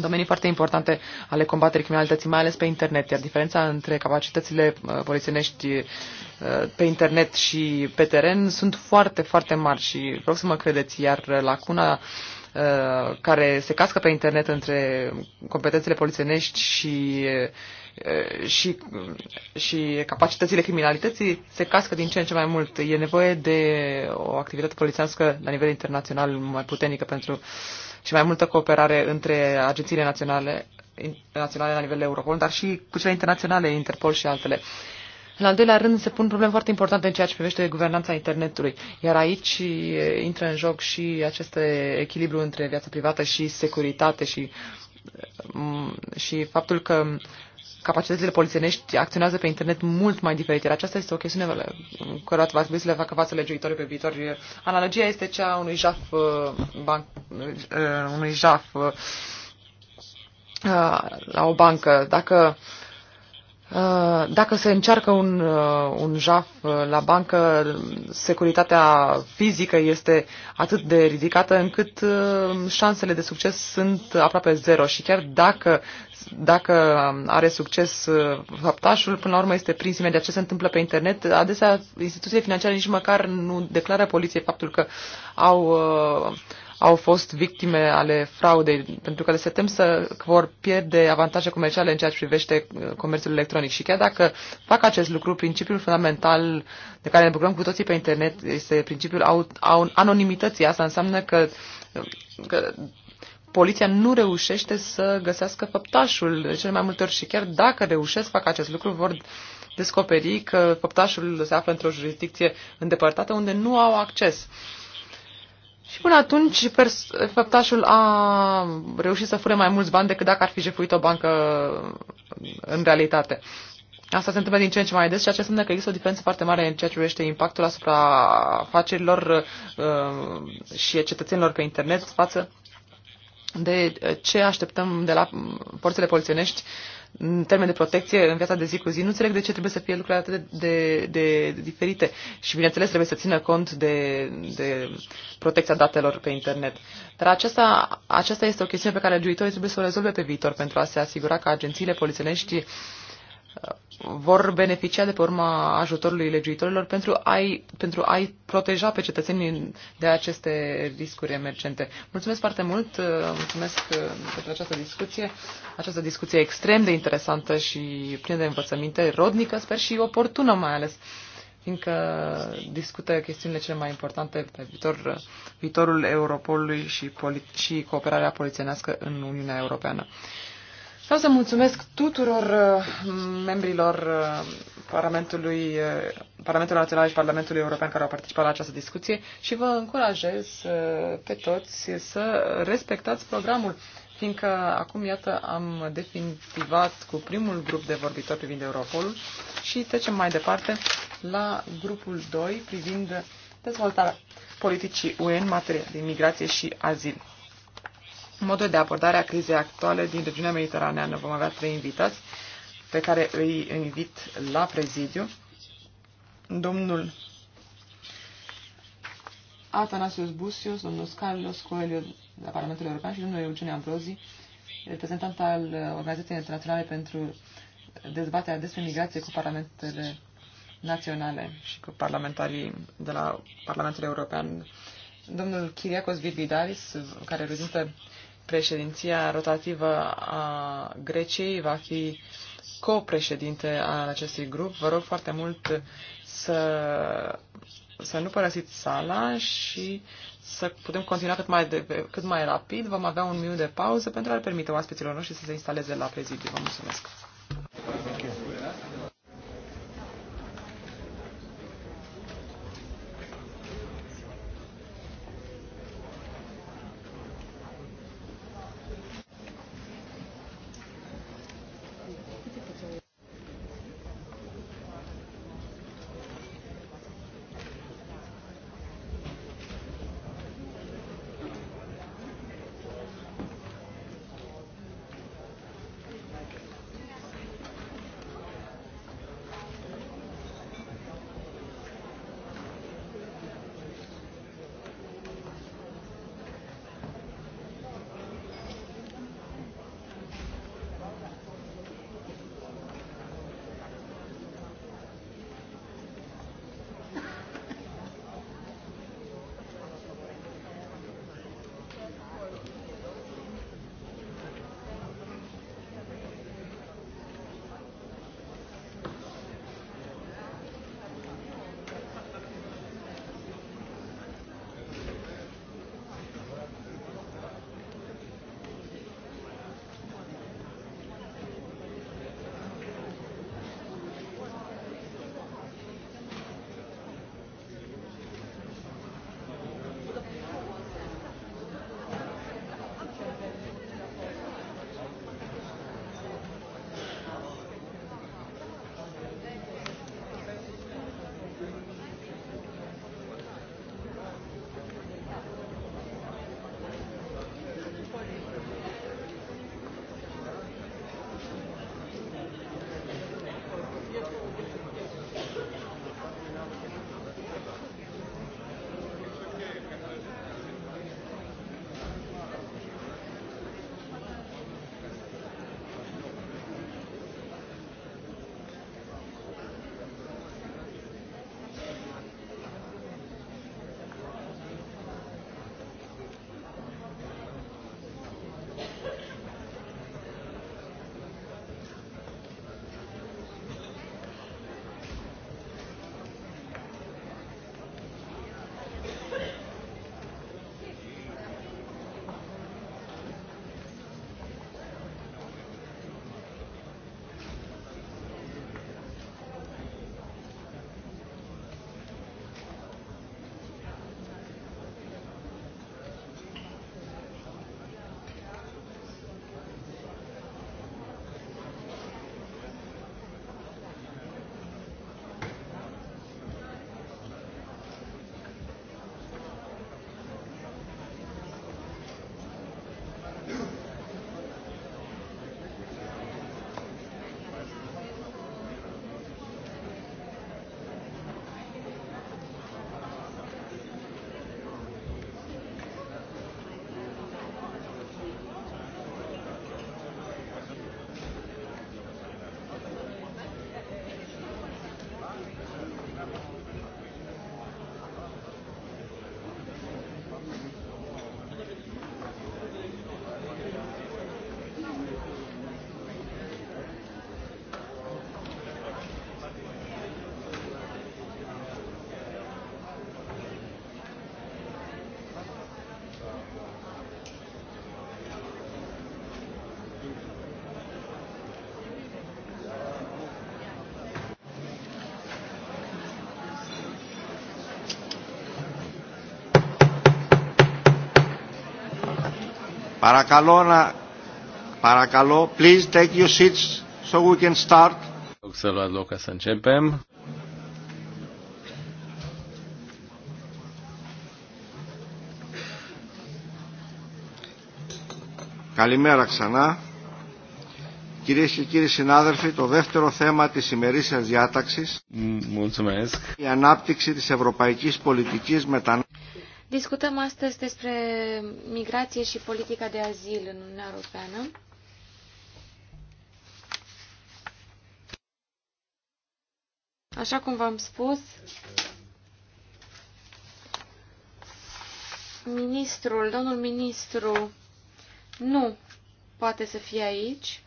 domenii foarte importante ale combaterii criminalității, mai ales pe internet, iar diferența între capacitățile uh, polițienești uh, pe internet și pe teren sunt foarte, foarte mari și vreau să mă credeți, iar lacuna Uh, care se cască pe internet între competențele polițienești și, uh, și, și capacitățile criminalității se cască din ce în ce mai mult. E nevoie de o activitate polițească la nivel internațional mai puternică pentru și mai multă cooperare între agențiile naționale, naționale la nivel european, dar și cu cele internaționale, Interpol și altele. Uh, în al doilea rând, se pun probleme foarte importante în ceea ce privește guvernanța internetului. Iar aici intră în joc și acest echilibru între viața privată și securitate și, și faptul că capacitățile polițienești acționează pe internet mult mai diferit. Iar aceasta este o chestiune care va trebui să le facă față legiuitorii pe viitor. Analogia este cea unui jaf, banc, unui jaf la o bancă. Dacă uh, Uh, dacă se încearcă un, uh, un jaf uh, la bancă, securitatea fizică este atât de ridicată încât șansele de succes sunt aproape zero și chiar dacă, dacă are succes faptașul, până la urmă este prins imediat ce se întâmplă pe internet. Adesea instituțiile financiare nici măcar nu declară poliției faptul că au au fost victime ale fraudei, pentru că le se tem să vor pierde avantaje comerciale în ceea ce privește uh, comerțul electronic. Și chiar dacă fac acest lucru, principiul fundamental de care ne bucurăm cu toții pe internet este principiul anonimității. Asta înseamnă că, uh, că poliția nu reușește să găsească făptașul de cele mai multe ori și chiar dacă reușesc fac acest lucru, vor descoperi că făptașul se află într-o jurisdicție îndepărtată unde nu au acces. Uh, și până atunci făptașul a reușit să fure mai mulți bani decât dacă ar fi jefuit o bancă în realitate. Asta se întâmplă din ce în ce mai des, ceea ce înseamnă că există o diferență foarte mare în ceea ce privește impactul asupra afacerilor uh, și cetățenilor pe internet față de ce așteptăm de la porțile polițienești în termen de protecție în viața de zi cu zi. Nu înțeleg de ce trebuie să fie lucrurile atât de, de, de diferite și, bineînțeles, trebuie să țină cont de, de protecția datelor pe internet. Dar aceasta, aceasta este o chestiune pe care juitorii trebuie să o rezolve pe viitor pentru a se asigura că agențiile polițienești vor beneficia de pe urma ajutorului legiuitorilor pentru a-i, pentru a-i proteja pe cetățenii de aceste riscuri emergente. Mulțumesc foarte mult, uh, mulțumesc uh, pentru această discuție, această discuție extrem de interesantă și plină de învățăminte, rodnică, sper și oportună mai ales fiindcă discută chestiunile cele mai importante pe viitor, viitorul Europolului și, poli- și cooperarea polițienească în Uniunea Europeană. Vreau să mulțumesc tuturor uh, membrilor uh, Parlamentului, uh, Parlamentul Național și Parlamentului European care au participat la această discuție și vă încurajez pe toți să respectați programul, fiindcă acum, iată, am definitivat cu primul grup de vorbitori privind Europolul și trecem mai departe la grupul 2 privind dezvoltarea politicii UE în materie de imigrație și azil modul de abordare a crizei actuale din regiunea mediteraneană. Vom avea trei invitați pe care îi invit la prezidiu. Domnul Atanasius Busios, domnul Carlos Coelho de la Parlamentul European și domnul Eugene Ambrozi, reprezentant al Organizației Internaționale pentru dezbaterea despre migrație cu parlamentele naționale și cu parlamentarii de la Parlamentul European. Domnul Chiriacos Virvidalis, care reprezintă Președinția rotativă a Greciei va fi copreședinte al acestui grup. Vă rog foarte mult să, să nu părăsiți sala și să putem continua cât mai, de, cât mai rapid. Vom avea un minut de pauză pentru a le permite oaspeților noștri să se instaleze la prezidiu. Vă mulțumesc! Thank you. Παρακαλώ να... Παρακαλώ, please take your seats so we can start. să luați loc ca să începem. Καλημέρα ξανά. Κυρίε και κύριοι συνάδελφοι, το δεύτερο θέμα τη ημερήσια διάταξη η ανάπτυξη τη ευρωπαϊκή πολιτική μετανάστευση Discutăm astăzi despre migrație și politica de azil în Uniunea Europeană. Așa cum v-am spus, ministrul, domnul ministru, nu poate să fie aici.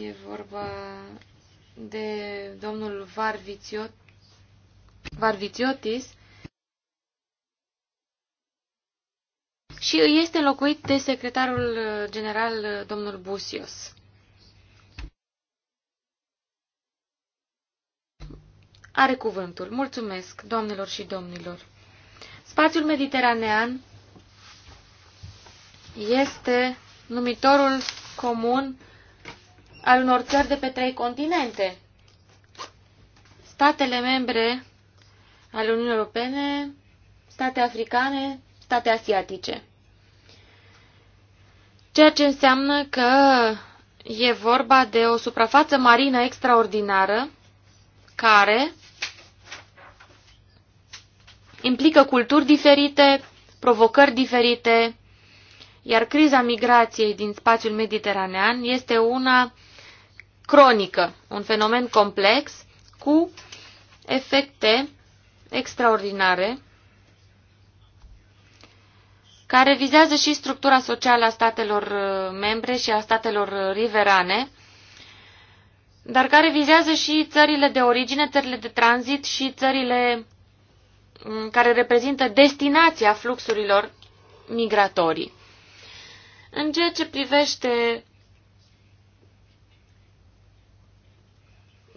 E vorba de domnul Varvițiotis, și este locuit de secretarul general domnul Busios. Are cuvântul. Mulțumesc, doamnelor și domnilor. Spațiul mediteranean este numitorul comun al unor țări de pe trei continente. Statele membre ale Uniunii Europene, state africane, state asiatice ceea ce înseamnă că e vorba de o suprafață marină extraordinară care implică culturi diferite, provocări diferite, iar criza migrației din spațiul mediteranean este una cronică, un fenomen complex cu efecte extraordinare care vizează și structura socială a statelor uh, membre și a statelor uh, riverane, dar care vizează și țările de origine, țările de tranzit și țările mm, care reprezintă destinația fluxurilor migratorii. În ceea ce privește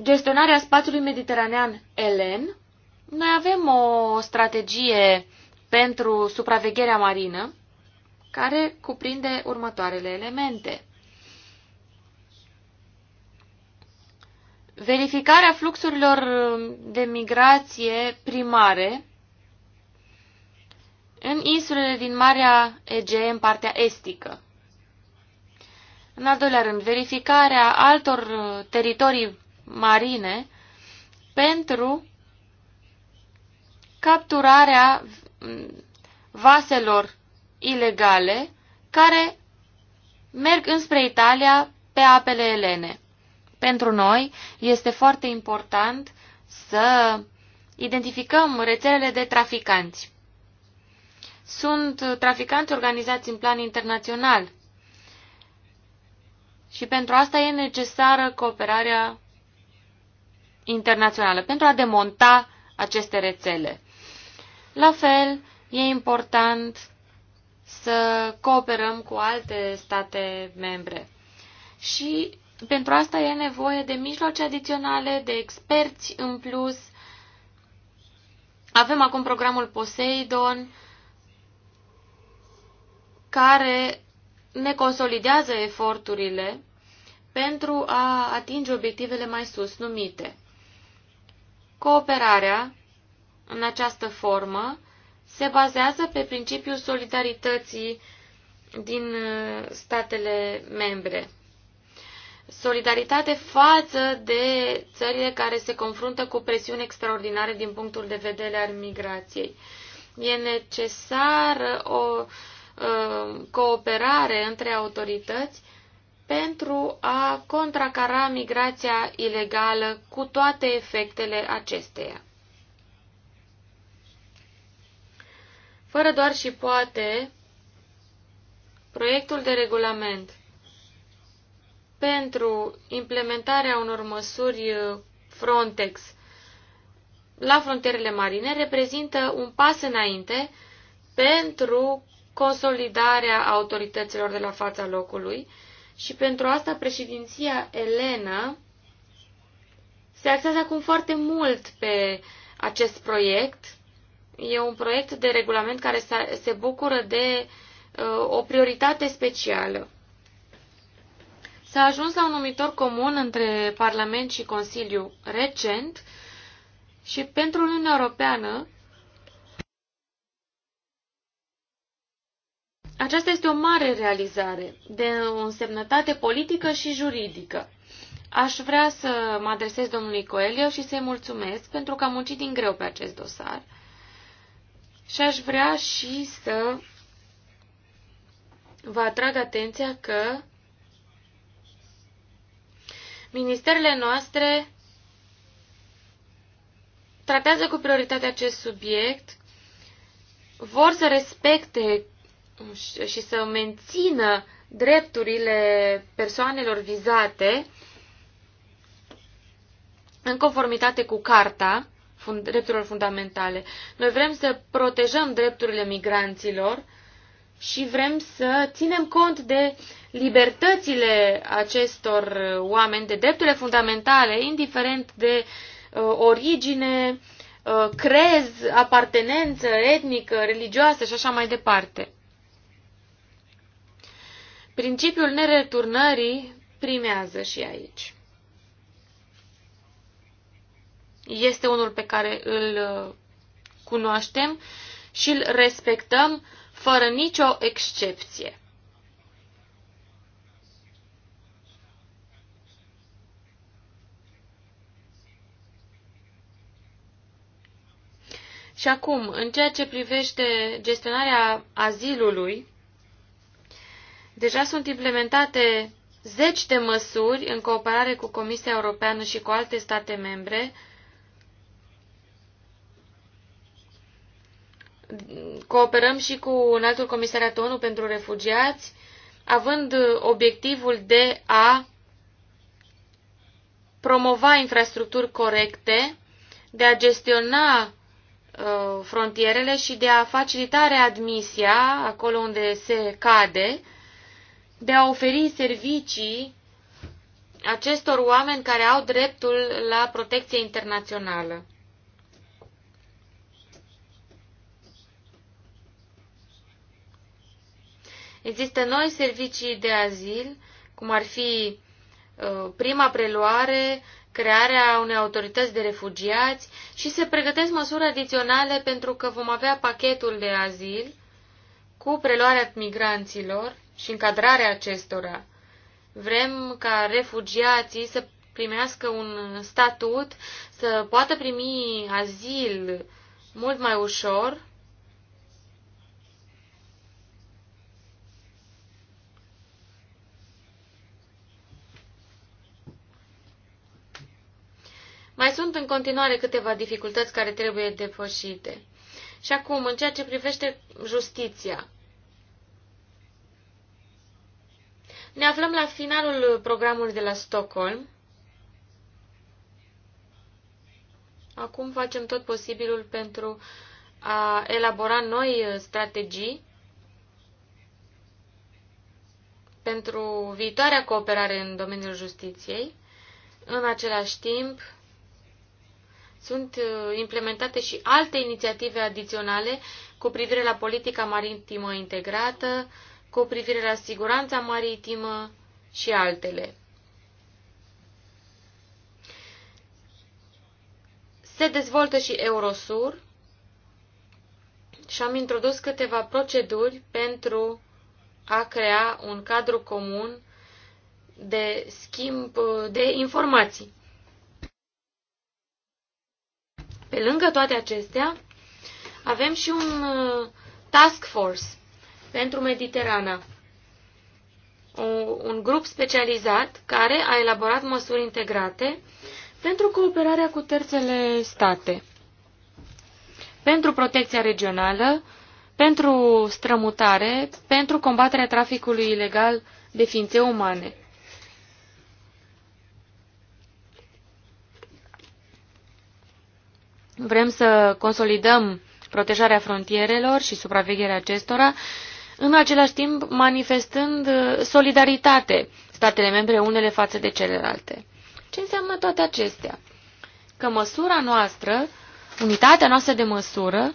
gestionarea spațiului mediteranean elen, noi avem o strategie pentru supravegherea marină, care cuprinde următoarele elemente. Verificarea fluxurilor de migrație primare în insulele din Marea Egee, în partea estică. În al doilea rând, verificarea altor teritorii marine pentru capturarea Mm, vaselor ilegale care merg înspre Italia pe apele elene. Pentru noi este foarte important să identificăm rețelele de traficanți. Sunt traficanți organizați în plan internațional și pentru asta e necesară cooperarea internațională, pentru a demonta aceste rețele. La fel, e important să cooperăm cu alte state membre. Și pentru asta e nevoie de mijloace adiționale, de experți în plus. Avem acum programul Poseidon, care ne consolidează eforturile pentru a atinge obiectivele mai sus numite. Cooperarea în această formă se bazează pe principiul solidarității din uh, statele membre. Solidaritate față de țările care se confruntă cu presiuni extraordinare din punctul de vedere al migrației. E necesară o uh, cooperare între autorități pentru a contracara migrația ilegală cu toate efectele acesteia. Fără doar și poate, proiectul de regulament pentru implementarea unor măsuri uh, Frontex la frontierele marine reprezintă un pas înainte pentru consolidarea autorităților de la fața locului și pentru asta președinția Elena se axează acum foarte mult pe acest proiect E un proiect de regulament care se bucură de uh, o prioritate specială. S-a ajuns la un numitor comun între Parlament și Consiliu recent și pentru Uniunea Europeană aceasta este o mare realizare de o însemnătate politică și juridică. Aș vrea să mă adresez domnului Coelho și să-i mulțumesc pentru că a muncit din greu pe acest dosar. Și aș vrea și să vă atrag atenția că ministerele noastre tratează cu prioritate acest subiect, vor să respecte și să mențină drepturile persoanelor vizate în conformitate cu Carta fund, drepturilor fundamentale. Noi vrem să protejăm drepturile migranților și vrem să ținem cont de libertățile acestor oameni, de drepturile fundamentale, indiferent de uh, origine, uh, crez, apartenență etnică, religioasă și așa mai departe. Principiul nereturnării primează și aici este unul pe care îl uh, cunoaștem și îl respectăm fără nicio excepție. Și acum, în ceea ce privește gestionarea azilului, deja sunt implementate zeci de măsuri în cooperare cu Comisia Europeană și cu alte state membre, cooperăm și cu înaltul comisariat ONU pentru refugiați, având obiectivul de a promova infrastructuri corecte, de a gestiona uh, frontierele și de a facilita readmisia acolo unde se cade, de a oferi servicii acestor oameni care au dreptul la protecție internațională. Există noi servicii de azil, cum ar fi uh, prima preluare, crearea unei autorități de refugiați și se pregătesc măsuri adiționale pentru că vom avea pachetul de azil cu preluarea migranților și încadrarea acestora. Vrem ca refugiații să primească un statut, să poată primi azil mult mai ușor Mai sunt în continuare câteva dificultăți care trebuie depășite. Și acum, în ceea ce privește justiția. Ne aflăm la finalul programului de la Stockholm. Acum facem tot posibilul pentru a elabora noi strategii pentru viitoarea cooperare în domeniul justiției. În același timp, sunt uh, implementate și alte inițiative adiționale cu privire la politica maritimă integrată, cu privire la siguranța maritimă și altele. Se dezvoltă și Eurosur și am introdus câteva proceduri pentru a crea un cadru comun de schimb uh, de informații. Pe lângă toate acestea, avem și un uh, task force pentru Mediterana, un grup specializat care a elaborat măsuri integrate pentru cooperarea cu terțele state, pentru protecția regională, pentru strămutare, pentru combaterea traficului ilegal de ființe umane. Vrem să consolidăm protejarea frontierelor și supravegherea acestora, în același timp manifestând uh, solidaritate statele membre unele față de celelalte. Ce înseamnă toate acestea? Că măsura noastră, unitatea noastră de măsură,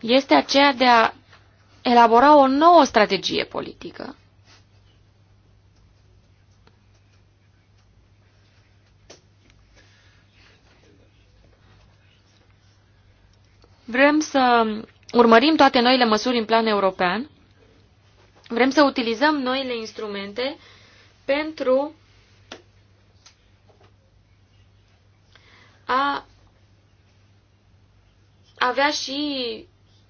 este aceea de a elabora o nouă strategie politică. Vrem să urmărim toate noile măsuri în plan european. Vrem să utilizăm noile instrumente pentru a avea și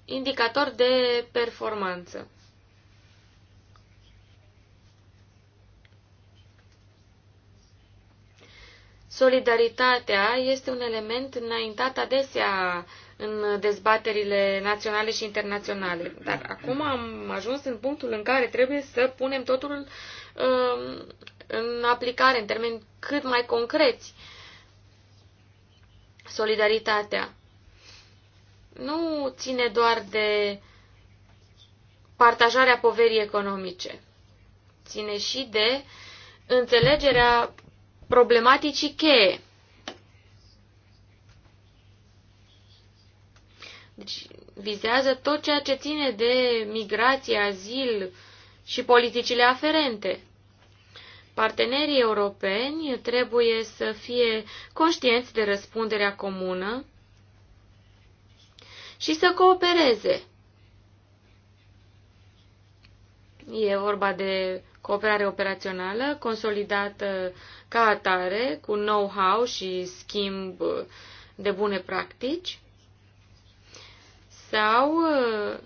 indicator de performanță. Solidaritatea este un element înaintat adesea în dezbaterile naționale și internaționale. Dar acum am ajuns în punctul în care trebuie să punem totul um, în aplicare, în termeni cât mai concreți. Solidaritatea nu ține doar de partajarea poverii economice, ține și de înțelegerea problematicii cheie Deci vizează tot ceea ce ține de migrație, azil și politicile aferente. Partenerii europeni trebuie să fie conștienți de răspunderea comună și să coopereze. E vorba de cooperare operațională consolidată ca atare, cu know-how și schimb de bune practici sau uh,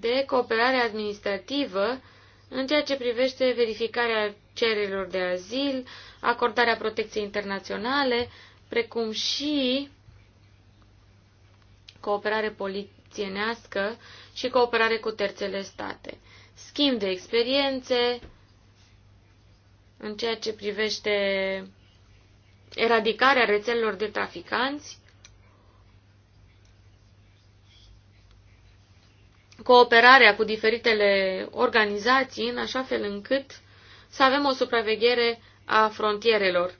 de cooperare administrativă în ceea ce privește verificarea cererilor de azil, acordarea protecției internaționale, precum și cooperare polițienească și cooperare cu terțele state. Schimb de experiențe în ceea ce privește eradicarea rețelelor de traficanți, cooperarea cu diferitele organizații în așa fel încât să avem o supraveghere a frontierelor.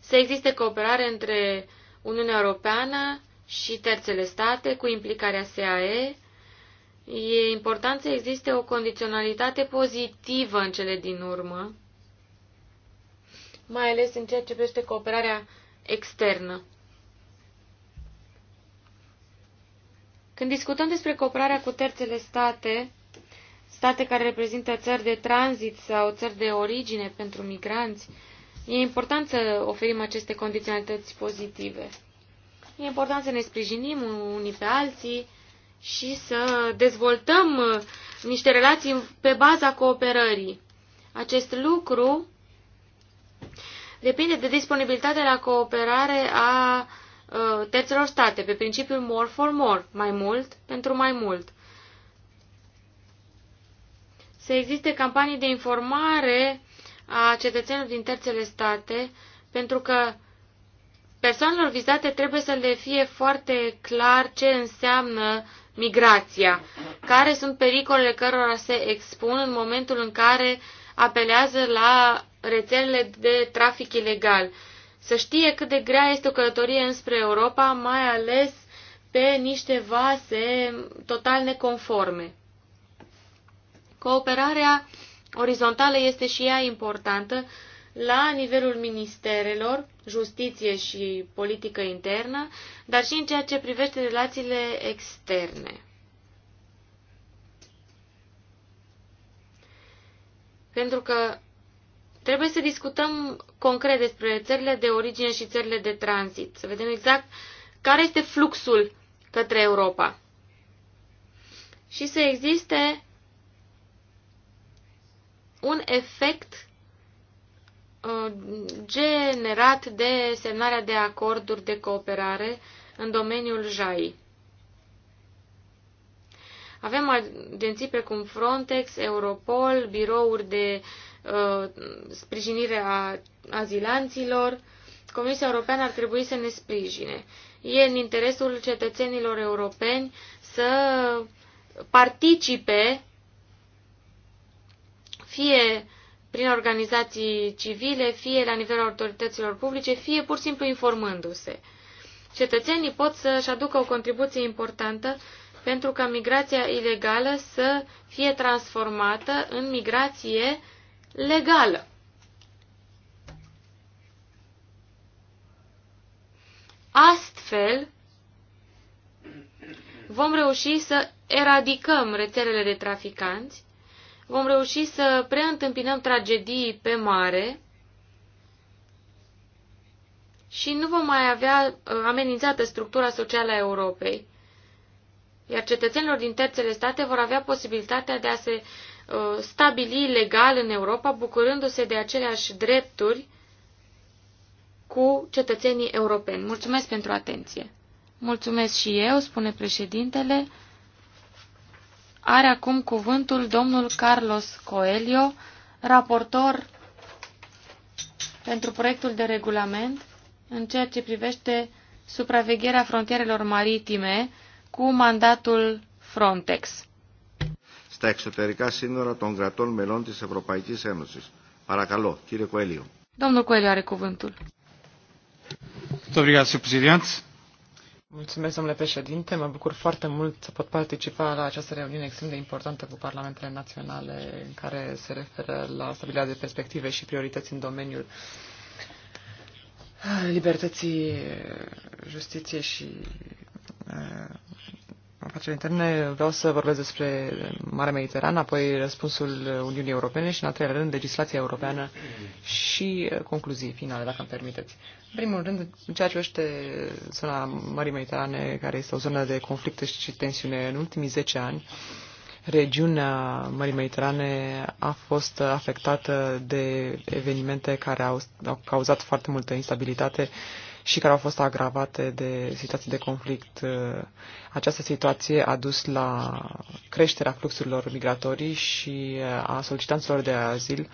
Să existe cooperare între Uniunea Europeană și terțele state cu implicarea SAE. E important să existe o condiționalitate pozitivă în cele din urmă, mai ales în ceea ce privește cooperarea externă. Când discutăm despre cooperarea cu terțele state, state care reprezintă țări de tranzit sau țări de origine pentru migranți, e important să oferim aceste condiționalități pozitive. E important să ne sprijinim unii pe alții și să dezvoltăm niște relații pe baza cooperării. Acest lucru depinde de disponibilitatea la cooperare a Uh, terțelor state, pe principiul more for more, mai mult pentru mai mult. Să existe campanii de informare a cetățenilor din terțele state, pentru că persoanelor vizate trebuie să le fie foarte clar ce înseamnă migrația, care sunt pericolele cărora se expun în momentul în care apelează la rețelele de trafic ilegal să știe cât de grea este o călătorie înspre Europa, mai ales pe niște vase total neconforme. Cooperarea orizontală este și ea importantă la nivelul ministerelor, justiție și politică internă, dar și în ceea ce privește relațiile externe. Pentru că Trebuie să discutăm concret despre țările de origine și țările de tranzit, să vedem exact care este fluxul către Europa. Și să existe un efect uh, generat de semnarea de acorduri de cooperare în domeniul JAI. Avem agenții precum Frontex, Europol, birouri de uh, Uh, sprijinirea azilanților, Comisia Europeană ar trebui să ne sprijine. E în interesul cetățenilor europeni să participe fie prin organizații civile, fie la nivelul autorităților publice, fie pur și simplu informându-se. Cetățenii pot să-și aducă o contribuție importantă pentru ca migrația ilegală să fie transformată în migrație legală. Astfel, vom reuși să eradicăm rețelele de traficanți, vom reuși să preîntâmpinăm tragedii pe mare și nu vom mai avea uh, amenințată structura socială a Europei, iar cetățenilor din terțele state vor avea posibilitatea de a se Uh, stabili legal în Europa, bucurându-se de aceleași drepturi cu cetățenii europeni. Mulțumesc pentru atenție. Mulțumesc și eu, spune președintele. Are acum cuvântul domnul Carlos Coelho, raportor pentru proiectul de regulament în ceea ce privește supravegherea frontierelor maritime cu mandatul Frontex στα εξωτερικά σύνορα των κρατών μελών της Ευρωπαϊκής Ένωσης. Παρακαλώ, κύριε Κοέλιο. Domnul Coelho are cuvântul. Mulțumesc, domnule președinte. Mă bucur foarte mult să pot participa la această reuniune extrem de importantă cu parlamentele naționale în care se referă la stabilirea de perspective și priorități în domeniul libertății, justiției și eh, afaceri interne, vreau să vorbesc despre Marea Mediterană, apoi răspunsul Uniunii Europene și, în al treilea rând, legislația europeană și concluzii finale, dacă îmi permiteți. În primul rând, în ceea ce este zona Marii Mediterane, care este o zonă de conflicte și tensiune în ultimii 10 ani, regiunea Mării Mediterane a fost afectată de evenimente care au, au cauzat foarte multă instabilitate și care au fost agravate de situații de conflict. Uh, această situație a dus la creșterea fluxurilor migratorii și uh, a solicitanților de azil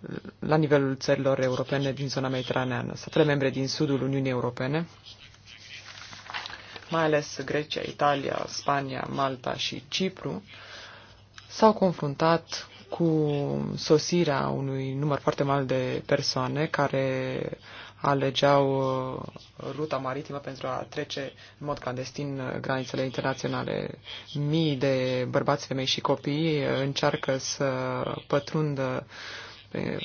uh, la nivelul țărilor europene din zona mediteraneană. Statele membre din sudul Uniunii Europene, mai ales Grecia, Italia, Spania, Malta și Cipru, s-au confruntat cu sosirea unui număr foarte mare de persoane care alegeau uh, ruta maritimă pentru a trece în mod clandestin uh, granițele internaționale. Mii de bărbați, femei și copii uh, încearcă să pătrundă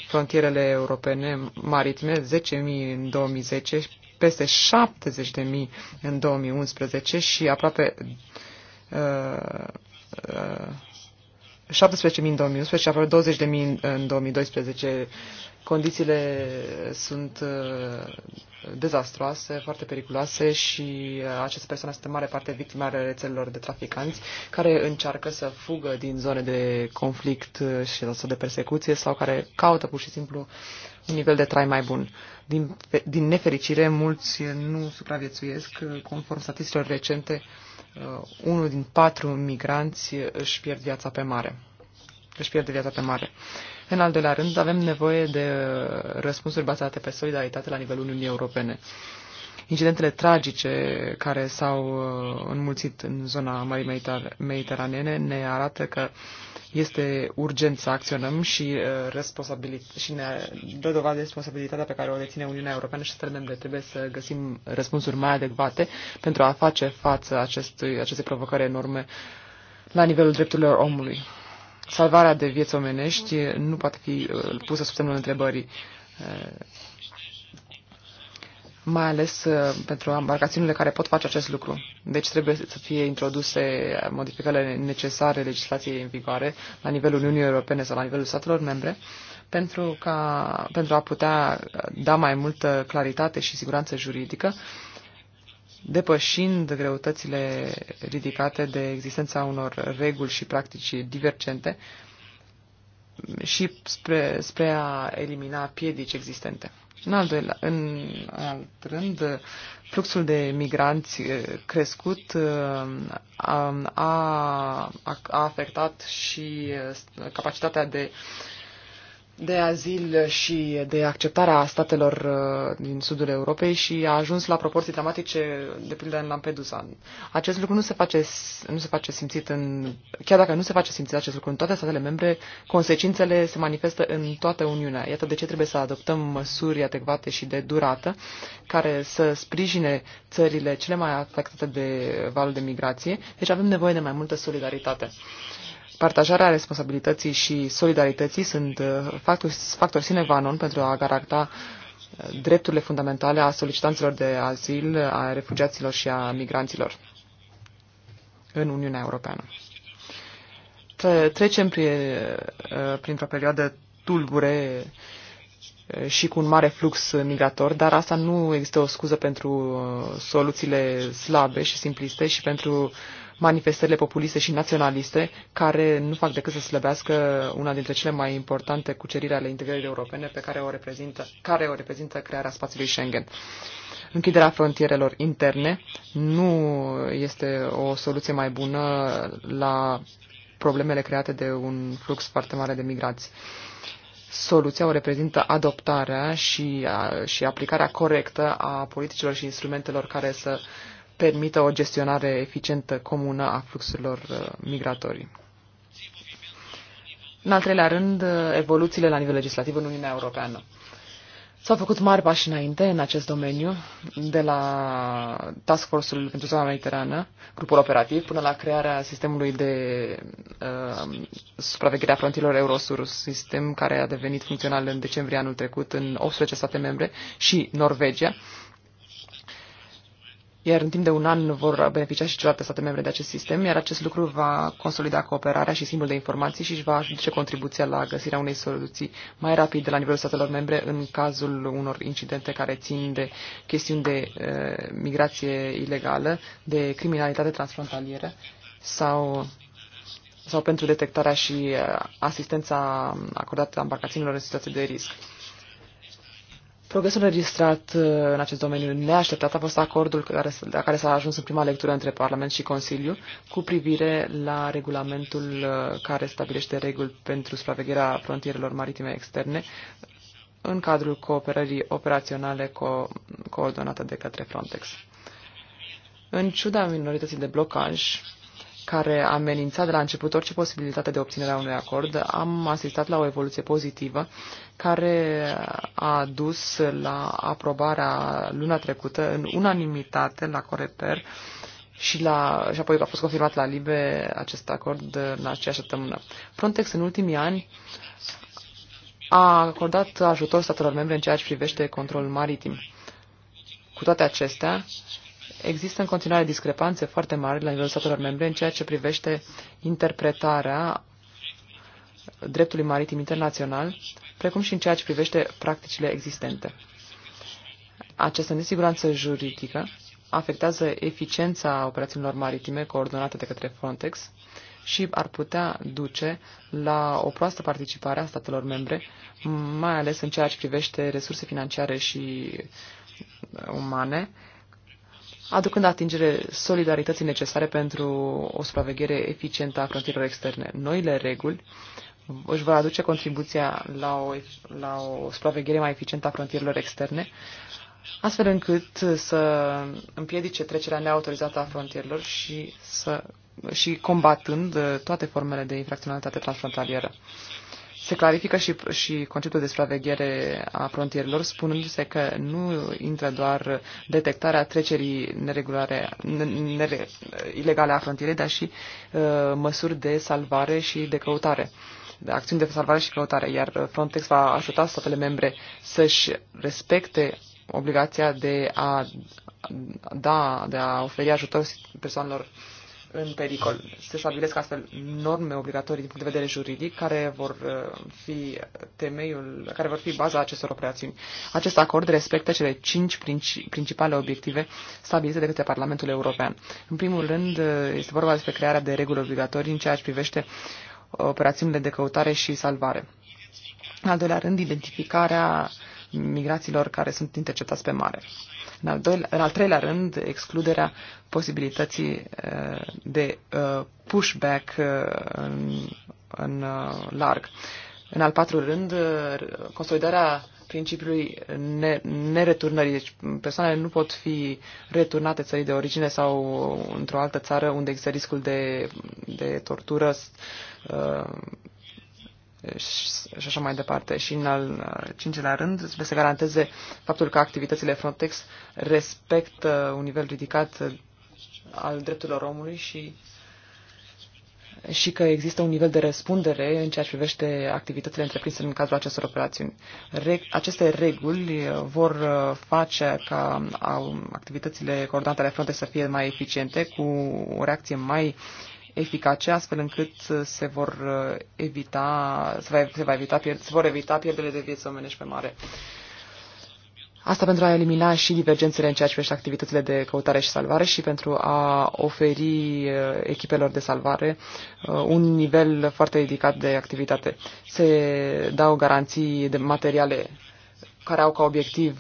frontierele europene maritime, 10.000 în 2010, peste 70.000 în 2011 și aproape uh, uh, 17.000 în 2011 și aproape 20.000 în 2012. Condițiile sunt uh, dezastroase, foarte periculoase și uh, aceste persoane sunt în mare parte victime ale rețelelor de traficanți care încearcă să fugă din zone de conflict uh, și sau de persecuție sau care caută pur și simplu un nivel de trai mai bun. Din, din nefericire, mulți nu supraviețuiesc. Conform statisticilor recente, unul din patru migranți își pierd viața pe mare. Își pierde viața pe mare. Uh, în al doilea rând, avem nevoie de uh, răspunsuri bazate pe solidaritate la nivelul Uniunii Europene. Incidentele tragice care s-au uh, înmulțit în zona Mării Mediteranene ne arată că este urgent să acționăm și, uh, și ne dă dovadă de responsabilitatea pe care o deține Uniunea Europeană și statele membre. Trebuie să găsim răspunsuri mai adecvate pentru a face față acestui, aceste provocări enorme la nivelul drepturilor omului salvarea de vieți omenești nu poate fi uh, pusă sub semnul întrebării uh, mai ales uh, pentru embarcațiunile care pot face acest lucru. Deci trebuie să fie introduse modificările necesare legislației în vigoare la nivelul Uniunii Europene sau la nivelul statelor membre pentru, ca, pentru a putea da mai multă claritate și siguranță juridică depășind greutățile ridicate de existența unor reguli și practici divergente și spre, spre a elimina piedici existente. În al, doilea, în alt rând, fluxul de migranți eh, crescut eh, a, a, a afectat și eh, capacitatea de de azil și de acceptarea statelor uh, din sudul Europei și a ajuns la proporții dramatice, de pildă în Lampedusa. Acest lucru nu se face, nu se face simțit în, chiar dacă nu se face simțit acest lucru în toate statele membre, consecințele se manifestă în toată Uniunea. Iată de ce trebuie să adoptăm măsuri adecvate și de durată care să sprijine țările cele mai afectate de valul de migrație. Deci avem nevoie de mai multă solidaritate partajarea responsabilității și solidarității sunt uh, factori, factori sine qua non pentru a garanta uh, drepturile fundamentale a solicitanților de azil, a refugiaților și a migranților în Uniunea Europeană. Trecem uh, printr-o perioadă tulbure și cu un mare flux migrator, dar asta nu există o scuză pentru soluțiile slabe și simpliste și pentru manifestările populiste și naționaliste, care nu fac decât să slăbească una dintre cele mai importante cuceriri ale integrării europene pe care o reprezintă, care o reprezintă crearea spațiului Schengen. Închiderea frontierelor interne nu este o soluție mai bună la problemele create de un flux foarte mare de migrați. Soluția o reprezintă adoptarea și, a, și aplicarea corectă a politicilor și instrumentelor care să uh, permită o gestionare eficientă comună a fluxurilor uh, migratorii. În al treilea rând, uh, evoluțiile la nivel legislativ în Uniunea Europeană. S-au făcut mari pași înainte în acest domeniu, de la Task Force-ul pentru zona mediterană, grupul operativ, până la crearea sistemului de uh, supraveghere a frontierilor Eurosur, sistem care a devenit funcțional în decembrie anul trecut în 18 state membre și Norvegia, iar în timp de un an vor beneficia și celelalte state membre de acest sistem, iar acest lucru va consolida cooperarea și schimbul de informații și își va aduce contribuția la găsirea unei soluții mai rapide la nivelul statelor membre în cazul unor incidente care țin de chestiuni de uh, migrație ilegală, de criminalitate transfrontalieră sau sau pentru detectarea și uh, asistența acordată embarcațiunilor în situații de risc. Progresul înregistrat uh, în acest domeniu neașteptat a fost acordul care, la care s-a ajuns în prima lectură între Parlament și Consiliu cu privire la regulamentul uh, care stabilește reguli pentru supravegherea frontierelor maritime externe în cadrul cooperării operaționale co- coordonată de către Frontex. În ciuda minorității de blocaj, care amenința de la început orice posibilitate de obținere a unui acord, am asistat la o evoluție pozitivă care a dus la aprobarea luna trecută în unanimitate la Coreper și, la, și apoi a fost confirmat la Libe acest acord în aceeași săptămână. Frontex în ultimii ani a acordat ajutor statelor membre în ceea ce privește controlul maritim. Cu toate acestea, Există în continuare discrepanțe foarte mari la nivelul statelor membre în ceea ce privește interpretarea dreptului maritim internațional, precum și în ceea ce privește practicile existente. Această nesiguranță juridică afectează eficiența operațiunilor maritime coordonate de către Frontex și ar putea duce la o proastă participare a statelor membre, mai ales în ceea ce privește resurse financiare și umane aducând atingere solidarității necesare pentru o supraveghere eficientă a frontierelor externe. Noile reguli își vor aduce contribuția la o, la o supraveghere mai eficientă a frontierelor externe, astfel încât să împiedice trecerea neautorizată a frontierelor și, să, și combatând toate formele de infracționalitate transfrontalieră. Se clarifică și, și conceptul de supraveghere a frontierilor, spunându-se că nu intră doar detectarea trecerii neregulare, nere, ilegale a frontierei, dar și uh, măsuri de salvare și de căutare de acțiuni de salvare și căutare, iar uh, Frontex va ajuta statele membre să-și respecte obligația de a da, de a oferi ajutor persoanelor în pericol. Se stabilesc astfel norme obligatorii din punct de vedere juridic care vor uh, fi temeiul, care vor fi baza acestor operațiuni. Acest acord respectă cele cinci principale obiective stabilite de către Parlamentul European. În primul rând, uh, este vorba despre crearea de reguli obligatorii în ceea ce privește operațiunile de căutare și salvare. Al doilea rând, identificarea migrațiilor care sunt interceptați pe mare. În al, doilea, în al treilea rând, excluderea posibilității uh, de uh, pushback uh, în, în larg. În al patru rând, consolidarea principiului nereturnării. Deci persoanele nu pot fi returnate țării de origine sau într-o altă țară unde există riscul de, de tortură și așa mai departe. Și în al uh, cincilea rând, trebuie să garanteze faptul că activitățile Frontex respectă un nivel ridicat uh, al drepturilor omului și și că există un nivel de răspundere în ceea ce privește activitățile întreprinse în cazul acestor operațiuni. Re- aceste reguli uh, vor face ca um, activitățile coordonate ale Frontex să fie mai eficiente, cu o reacție mai eficace, astfel încât uh, se vor uh, evita, se, va, se, va evita, se vor evita pierderile de vieți omenești pe mare. Asta pentru a elimina și divergențele în ceea ce privește activitățile de căutare și salvare și pentru a oferi uh, echipelor de salvare un nivel foarte ridicat de activitate. Se dau garanții de materiale care au ca obiectiv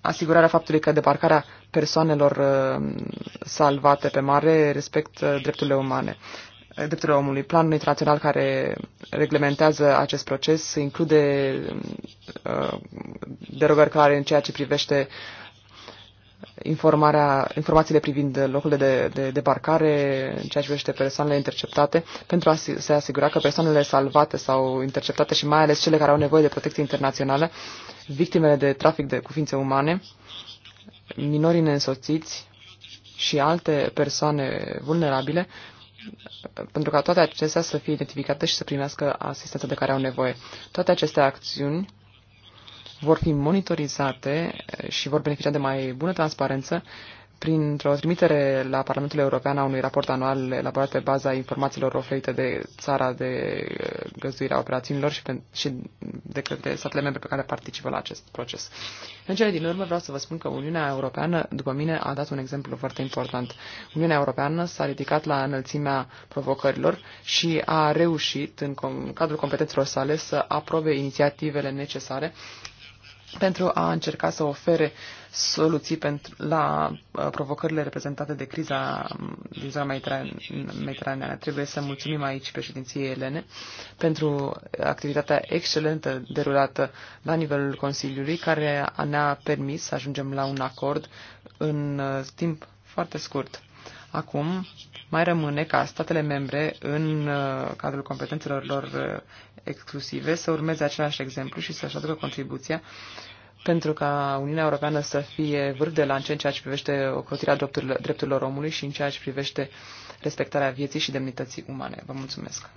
asigurarea faptului că debarcarea persoanelor uh, salvate pe mare respect uh, drepturile umane uh, drepturile omului. Planul internațional care reglementează acest proces include uh, derogări clare în ceea ce privește informarea, informațiile privind locurile de, de debarcare, în ceea ce privește persoanele interceptate, pentru a se asigura că persoanele salvate sau interceptate și mai ales cele care au nevoie de protecție internațională, victimele de trafic de cuvinte umane, uh, minorii neînsoțiți și alte persoane vulnerabile, pentru ca toate acestea să fie identificate și să primească asistența de care au nevoie. Toate aceste acțiuni vor fi monitorizate și vor beneficia de mai bună transparență printr-o trimitere la Parlamentul European a unui raport anual elaborat pe baza informațiilor oferite de țara de uh, a operațiunilor și, pe, și de către statele membre pe care participă la acest proces. În cele din urmă vreau să vă spun că Uniunea Europeană, după mine, a dat un exemplu foarte important. Uniunea Europeană s-a ridicat la înălțimea provocărilor și a reușit, în, cadrul competențelor sale, să aprobe inițiativele necesare pentru a încerca să ofere soluții pentru, la uh, provocările reprezentate de criza mm, din zona mediteraneană. Trebuie să mulțumim aici președinției Elene pentru activitatea excelentă derulată la nivelul Consiliului, care ne-a permis să ajungem la un acord în uh, timp foarte scurt. Acum mai rămâne ca statele membre, în uh, cadrul competențelor lor uh, exclusive să urmeze același exemplu și să-și aducă contribuția pentru ca Uniunea Europeană să fie vârf de lance în ceea ce privește ocrotirea drepturilor, drepturilor omului și în ceea ce privește respectarea vieții și demnității umane. Vă mulțumesc!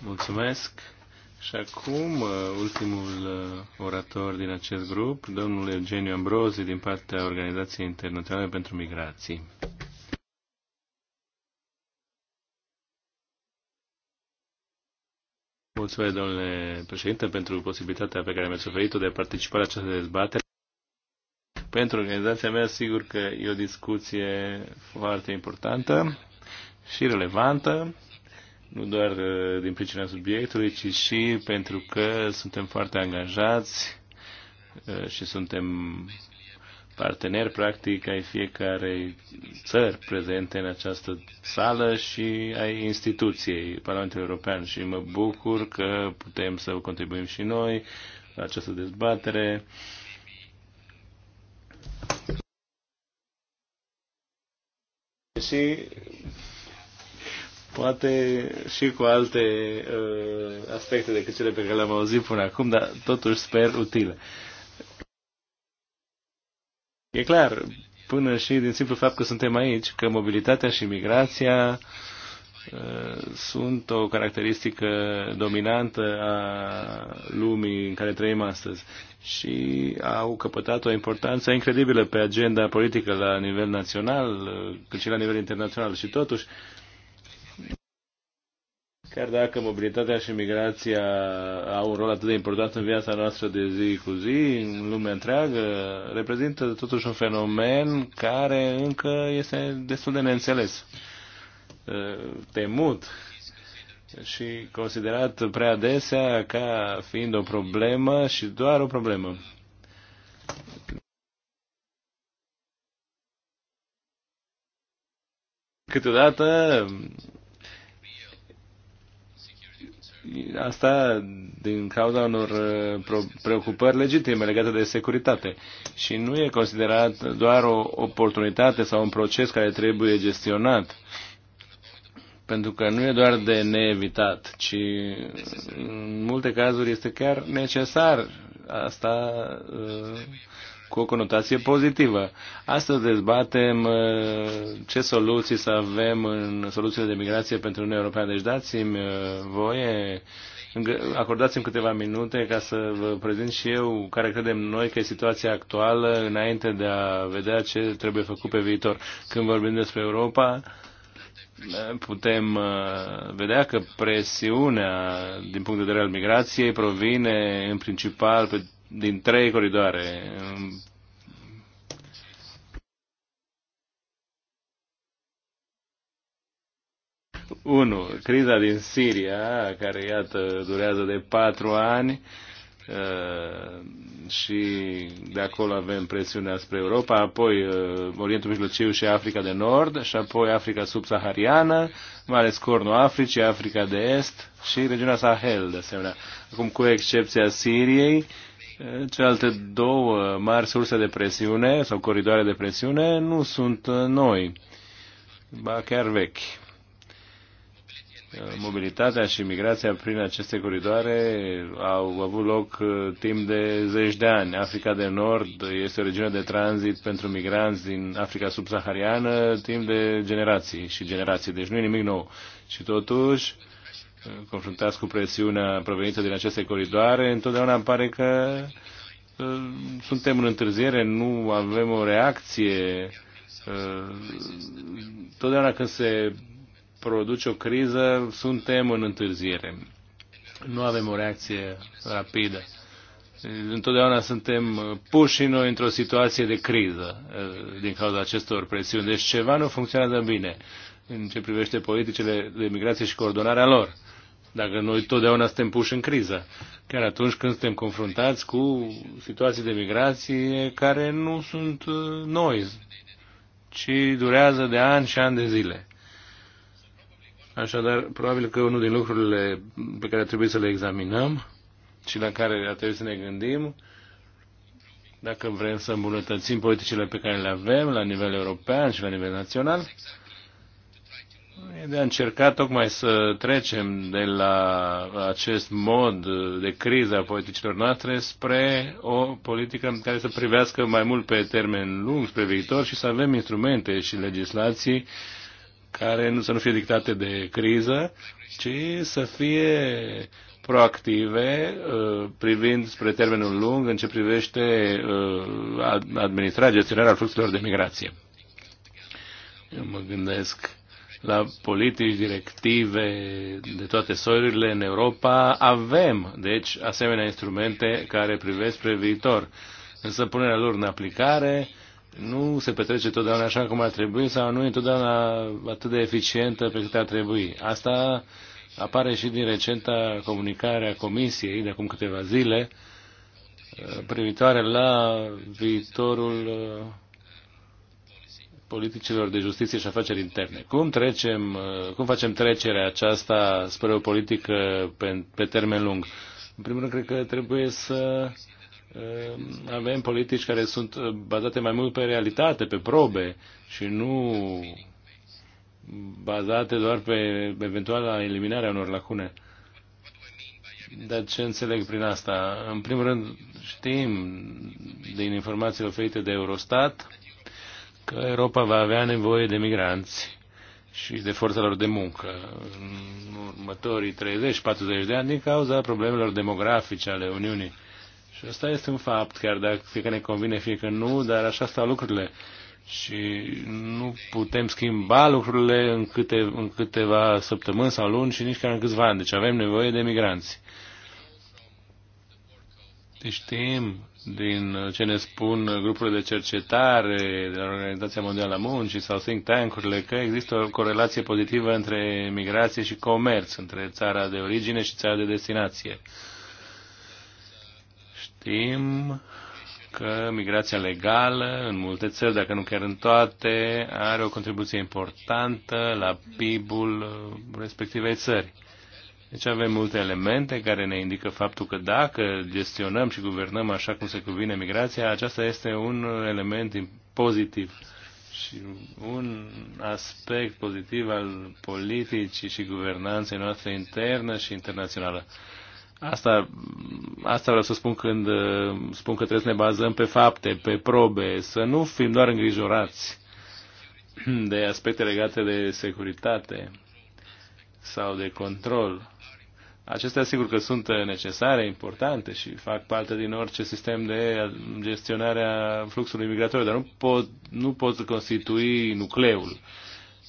Mulțumesc. Și acum, uh, ultimul uh, orator din acest grup, domnul Eugeniu Ambrozi, din partea Organizației Internaționale pentru Migrații. Mulțumesc, domnule președinte, pentru posibilitatea pe care mi-ați oferit-o de a participa la această dezbatere. Pentru organizația mea, sigur că e o discuție foarte importantă și relevantă, nu doar uh, din pricina subiectului, ci și pentru că suntem foarte angajați uh, și suntem parteneri, practic, ai fiecare țări prezente în această sală și ai instituției Parlamentului European și mă bucur că putem să contribuim și noi la această dezbatere. Și poate și cu alte uh, aspecte decât cele pe care le-am auzit până acum, dar totuși sper utile. Uh, E clar, până și din simplu fapt că suntem aici, că mobilitatea și migrația uh, sunt o caracteristică dominantă a lumii în care trăim astăzi și au căpătat o importanță incredibilă pe agenda politică la nivel național, uh, cât și la nivel internațional. Și totuși, Chiar dacă mobilitatea și migrația au un rol atât de important în viața noastră de zi cu zi, în lumea întreagă, reprezintă totuși un fenomen care încă este destul de neînțeles, uh, temut și considerat prea adesea ca fiind o problemă și doar o problemă. Câteodată Asta din cauza unor uh, preocupări legitime legate de securitate. Și nu e considerat doar o oportunitate sau un proces care trebuie gestionat. Pentru că nu e doar de neevitat, ci în multe cazuri este chiar necesar. Asta uh, cu o conotație pozitivă. Astăzi dezbatem uh, ce soluții să avem în soluțiile de migrație pentru Uniunea Europeană. Deci dați-mi uh, voie, acordați-mi câteva minute ca să vă prezint și eu care credem noi că e situația actuală înainte de a vedea ce trebuie făcut pe viitor. Când vorbim despre Europa, putem uh, vedea că presiunea din punct de vedere al migrației provine în principal pe din trei coridoare. Unu, criza din Siria, care iată durează de patru ani uh, și de acolo avem presiunea spre Europa, apoi uh, Orientul Mijlociu și Africa de Nord și apoi Africa subsahariană, mai ales Cornul Africii, Africa de Est și regiunea Sahel de asemenea. Acum, cu excepția Siriei, Celelalte două mari surse de presiune sau coridoare de presiune nu sunt noi, ba chiar vechi. Mobilitatea și migrația prin aceste coridoare au avut loc uh, timp de zeci de ani. Africa de Nord este o regiune de tranzit pentru migranți din Africa subsahariană timp de generații și generații, deci nu e nimic nou. Și totuși, confruntați cu presiunea provenită din aceste coridoare, întotdeauna îmi pare că uh, suntem în întârziere, nu avem o reacție. Uh, Totdeauna când se produce o criză, suntem în întârziere. Nu avem o reacție rapidă. Uh, întotdeauna suntem puși noi într-o situație de criză din cauza acestor presiuni. Deci ceva nu funcționează bine în ce privește politicile de migrație și coordonarea lor. Dacă noi totdeauna suntem puși în criză, chiar atunci când suntem confruntați cu situații de migrație care nu sunt uh, noi, ci durează de ani și ani de zile. Așadar, probabil că unul din lucrurile pe care trebuie să le examinăm și la care trebuie să ne gândim, dacă vrem să îmbunătățim politicile pe care le avem la nivel european și la nivel național, de a încerca tocmai să trecem de la acest mod de criză a politicilor noastre spre o politică care să privească mai mult pe termen lung, spre viitor și să avem instrumente și legislații care nu să nu fie dictate de criză, ci să fie proactive uh, privind spre termenul lung în ce privește uh, administrarea, gestionarea fluxurilor de migrație. Eu mă gândesc la politici, directive de toate soiurile în Europa, avem, deci, asemenea instrumente care privesc spre viitor. Însă punerea lor în aplicare nu se petrece totdeauna așa cum ar trebui sau nu e întotdeauna atât de eficientă pe cât ar trebui. Asta apare și din recenta comunicare a Comisiei de acum câteva zile privitoare la viitorul politicilor de justiție și afaceri interne. Cum, trecem, uh, cum facem trecerea aceasta spre o politică pe, pe termen lung? În primul rând, cred că trebuie să uh, avem politici care sunt uh, bazate mai mult pe realitate, pe probe și nu bazate doar pe eventuala eliminarea unor lacune. Dar ce înțeleg prin asta? În primul rând, știm din informațiile oferite de Eurostat că Europa va avea nevoie de migranți și de forțelor de muncă în următorii 30-40 de ani din cauza problemelor demografice ale Uniunii. Și asta este un fapt, chiar dacă fie că ne convine, fie că nu, dar așa stau lucrurile. Și nu putem schimba lucrurile în, câte, în câteva săptămâni sau luni și nici chiar în câțiva ani. Deci avem nevoie de migranți. Deci știm din ce ne spun grupurile de cercetare de la Organizația Mondială a Muncii sau think tank-urile că există o corelație pozitivă între migrație și comerț, între țara de origine și țara de destinație. Știm că migrația legală în multe țări, dacă nu chiar în toate, are o contribuție importantă la PIB-ul respectivei țări. Deci avem multe elemente care ne indică faptul că dacă gestionăm și guvernăm așa cum se cuvine migrația, aceasta este un element pozitiv și un aspect pozitiv al politicii și guvernanței noastre internă și internațională. Asta, asta vreau să spun când spun că trebuie să ne bazăm pe fapte, pe probe, să nu fim doar îngrijorați de aspecte legate de securitate sau de control Acestea sigur că sunt necesare, importante și fac parte din orice sistem de gestionare a fluxului migratoriu, dar nu pot, nu pot constitui nucleul.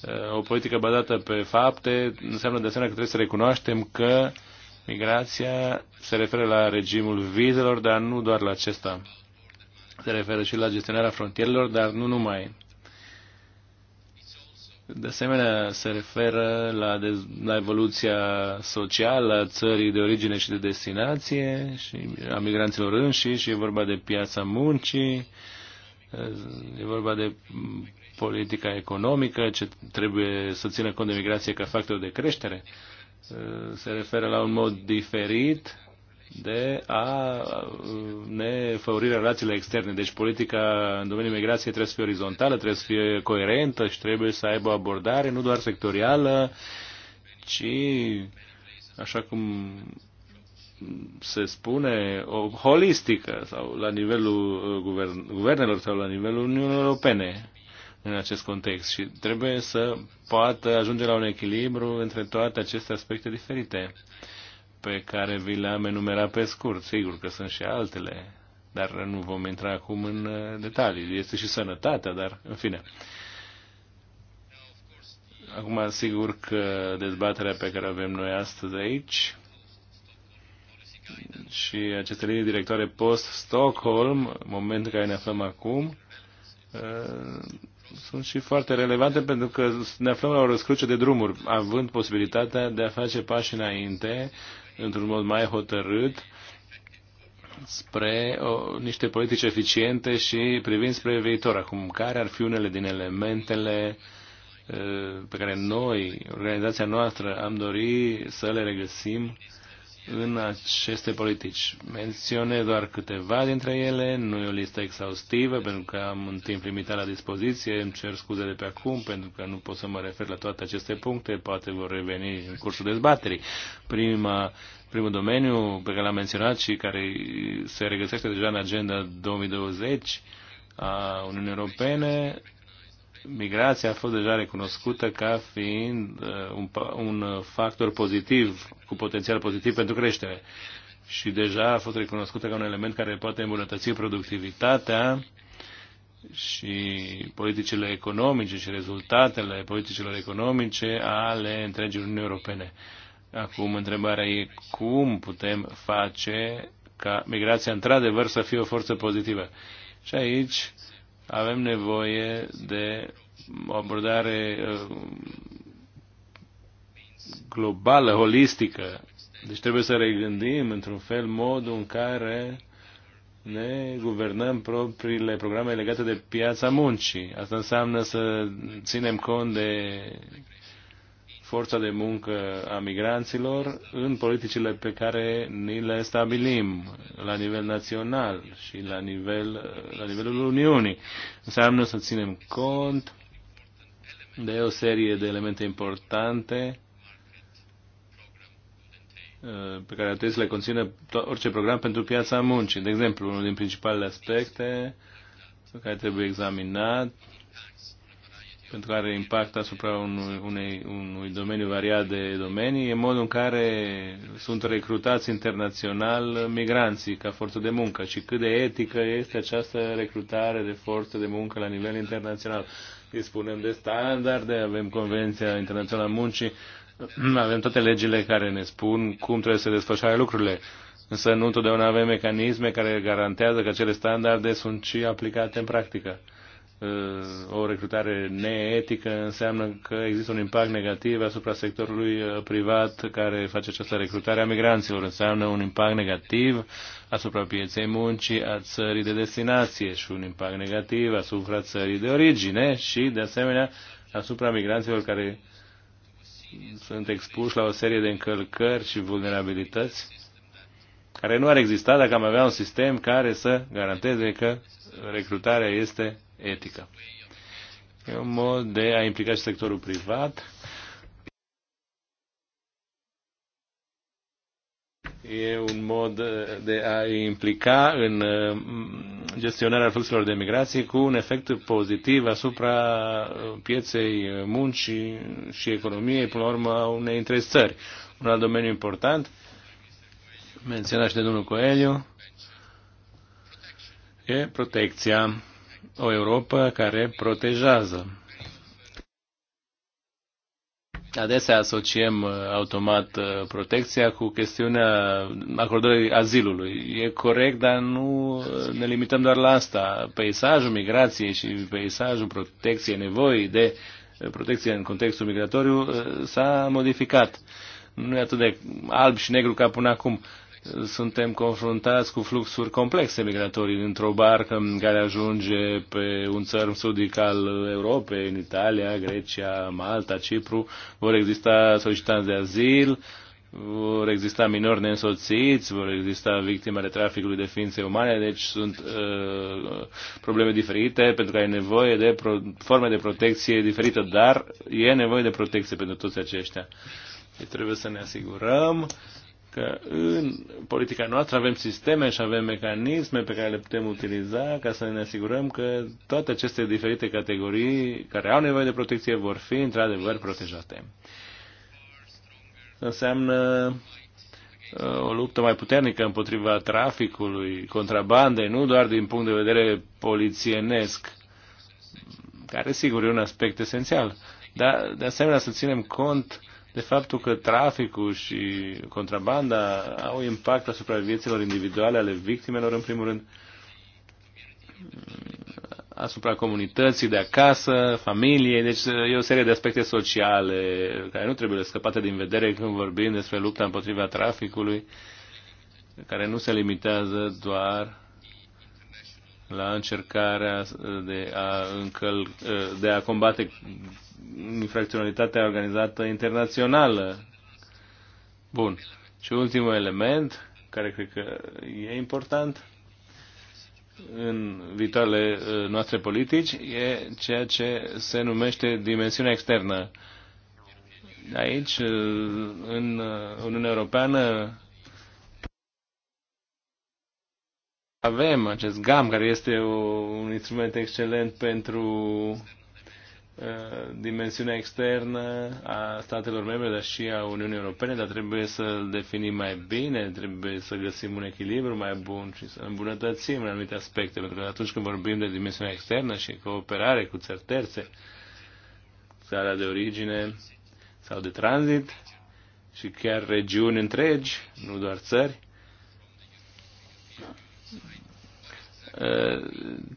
Uh, o politică bazată pe fapte înseamnă de asemenea că trebuie să recunoaștem că migrația se referă la regimul vizelor, dar nu doar la acesta. Se referă și la gestionarea frontierelor, dar nu numai. De asemenea, se referă la, de, la evoluția socială a țării de origine și de destinație și a migranților înși și e vorba de piața muncii, e vorba de politica economică, ce trebuie să țină cont de migrație ca factor de creștere. Se referă la un mod diferit de a uh, ne făuri relațiile externe. Deci politica în domeniul migrației trebuie să fie orizontală, trebuie să fie coerentă și trebuie să aibă o abordare nu doar sectorială, ci, așa cum se spune, o holistică sau la nivelul uh, guvern, guvernelor sau la nivelul Uniunii Europene în acest context și trebuie să poată ajunge la un echilibru între toate aceste aspecte diferite pe care vi le-am enumerat pe scurt. Sigur că sunt și altele, dar nu vom intra acum în uh, detalii. Este și sănătatea, dar în fine. Acum, sigur că dezbaterea pe care avem noi astăzi aici și aceste linii directoare post-Stockholm, moment în care ne aflăm acum, uh, sunt și foarte relevante pentru că ne aflăm la o răscruce de drumuri, având posibilitatea de a face pași înainte într-un mod mai hotărât spre o, niște politici eficiente și privind spre viitor. Acum, care ar fi unele din elementele eh, pe care noi, organizația noastră, am dori să le regăsim în aceste politici. Menționez doar câteva dintre ele, nu e o listă exhaustivă, pentru că am un timp limitat la dispoziție, îmi cer scuze de pe acum, pentru că nu pot să mă refer la toate aceste puncte, poate vor reveni în cursul dezbaterii. Prima, primul domeniu pe care l-am menționat și care se regăsește deja în agenda 2020 a Uniunii Europene migrația a fost deja recunoscută ca fiind uh, un, un uh, factor pozitiv, cu potențial pozitiv pentru creștere. Și deja a fost recunoscută ca un element care poate îmbunătăți productivitatea și politicile economice și rezultatele politicilor economice ale întregii Uniunii Europene. Acum, întrebarea e cum putem face ca migrația într-adevăr să fie o forță pozitivă. Și aici avem nevoie de o abordare uh, globală, holistică. Deci trebuie să regândim într-un fel modul în care ne guvernăm propriile programe legate de piața muncii. Asta înseamnă să ținem cont de forța de muncă a migranților în politicile pe care ni le stabilim la nivel național și la, nivel, la nivelul Uniunii. Înseamnă să ținem cont de o serie de elemente importante uh, pe care trebuie să le conțină orice program pentru piața muncii. De exemplu, unul din principalele aspecte care trebuie examinat pentru că are impact asupra unui, unei, unui domeniu variat de domenii, e modul în care sunt recrutați internațional migranții ca forță de muncă și cât de etică este această recrutare de forță de muncă la nivel internațional. Dispunem de standarde, avem Convenția Internațională a Muncii, avem toate legile care ne spun cum trebuie să desfășoare lucrurile, însă nu întotdeauna avem mecanisme care garantează că acele standarde sunt și aplicate în practică. Uh, o recrutare neetică înseamnă că există un impact negativ asupra sectorului uh, privat care face această recrutare a migranților. Înseamnă un impact negativ asupra pieței muncii a țării de destinație și un impact negativ asupra țării de origine și, de asemenea, asupra migranților care sunt expuși la o serie de încălcări și vulnerabilități care nu ar exista dacă am avea un sistem care să garanteze că recrutarea este etică. E un mod de a implica și sectorul privat. E un mod de a implica în mm, gestionarea fluxurilor de migrație cu un efect pozitiv asupra pieței muncii și economiei, până la urmă, unei între țări. Un alt domeniu important, menționat și de domnul Coelho, e protecția o Europa care protejează. Adesea asociem uh, automat uh, protecția cu chestiunea acordării azilului. E corect, dar nu uh, ne limităm doar la asta. Peisajul migrației și peisajul protecției nevoii de protecție în contextul migratoriu s-a modificat. Nu e atât de alb și negru ca până acum suntem confruntați cu fluxuri complexe migratorii într-o barcă care ajunge pe un țărm sudic al Europei, în Italia, Grecia, Malta, Cipru. Vor exista solicitanți de azil, vor exista minori neînsoțiți, vor exista victime ale traficului de ființe umane, deci sunt uh, probleme diferite pentru că ai nevoie de pro- forme de protecție diferită, dar e nevoie de protecție pentru toți aceștia. Deci trebuie să ne asigurăm uh, că în politica noastră avem sisteme și avem mecanisme pe care le putem utiliza ca să ne asigurăm că toate aceste diferite categorii care au nevoie de protecție vor fi într-adevăr protejate. Înseamnă uh, o luptă mai puternică împotriva traficului, contrabandei, nu doar din punct de vedere polițienesc, care sigur e un aspect esențial, dar de asemenea să ținem cont de faptul că traficul și contrabanda au impact asupra vieților individuale ale victimelor, în primul rând, asupra comunității de acasă, familiei, deci e o serie de aspecte sociale care nu trebuie scăpate din vedere când vorbim despre lupta împotriva traficului, care nu se limitează doar la încercarea de a, încăl- de a combate infracționalitatea organizată internațională. Bun. Și ultimul element, care cred că e important în viitoarele uh, noastre politici, e ceea ce se numește dimensiunea externă. Aici, uh, în uh, Uniunea Europeană, avem acest GAM, care este o, un instrument excelent pentru dimensiunea externă a statelor membre, dar și a Uniunii Europene, dar trebuie să definim mai bine, trebuie să găsim un echilibru mai bun și să îmbunătățim în anumite aspecte, pentru că atunci când vorbim de dimensiunea externă și cooperare cu țări terțe, țara de origine sau de tranzit și chiar regiuni întregi, nu doar țări,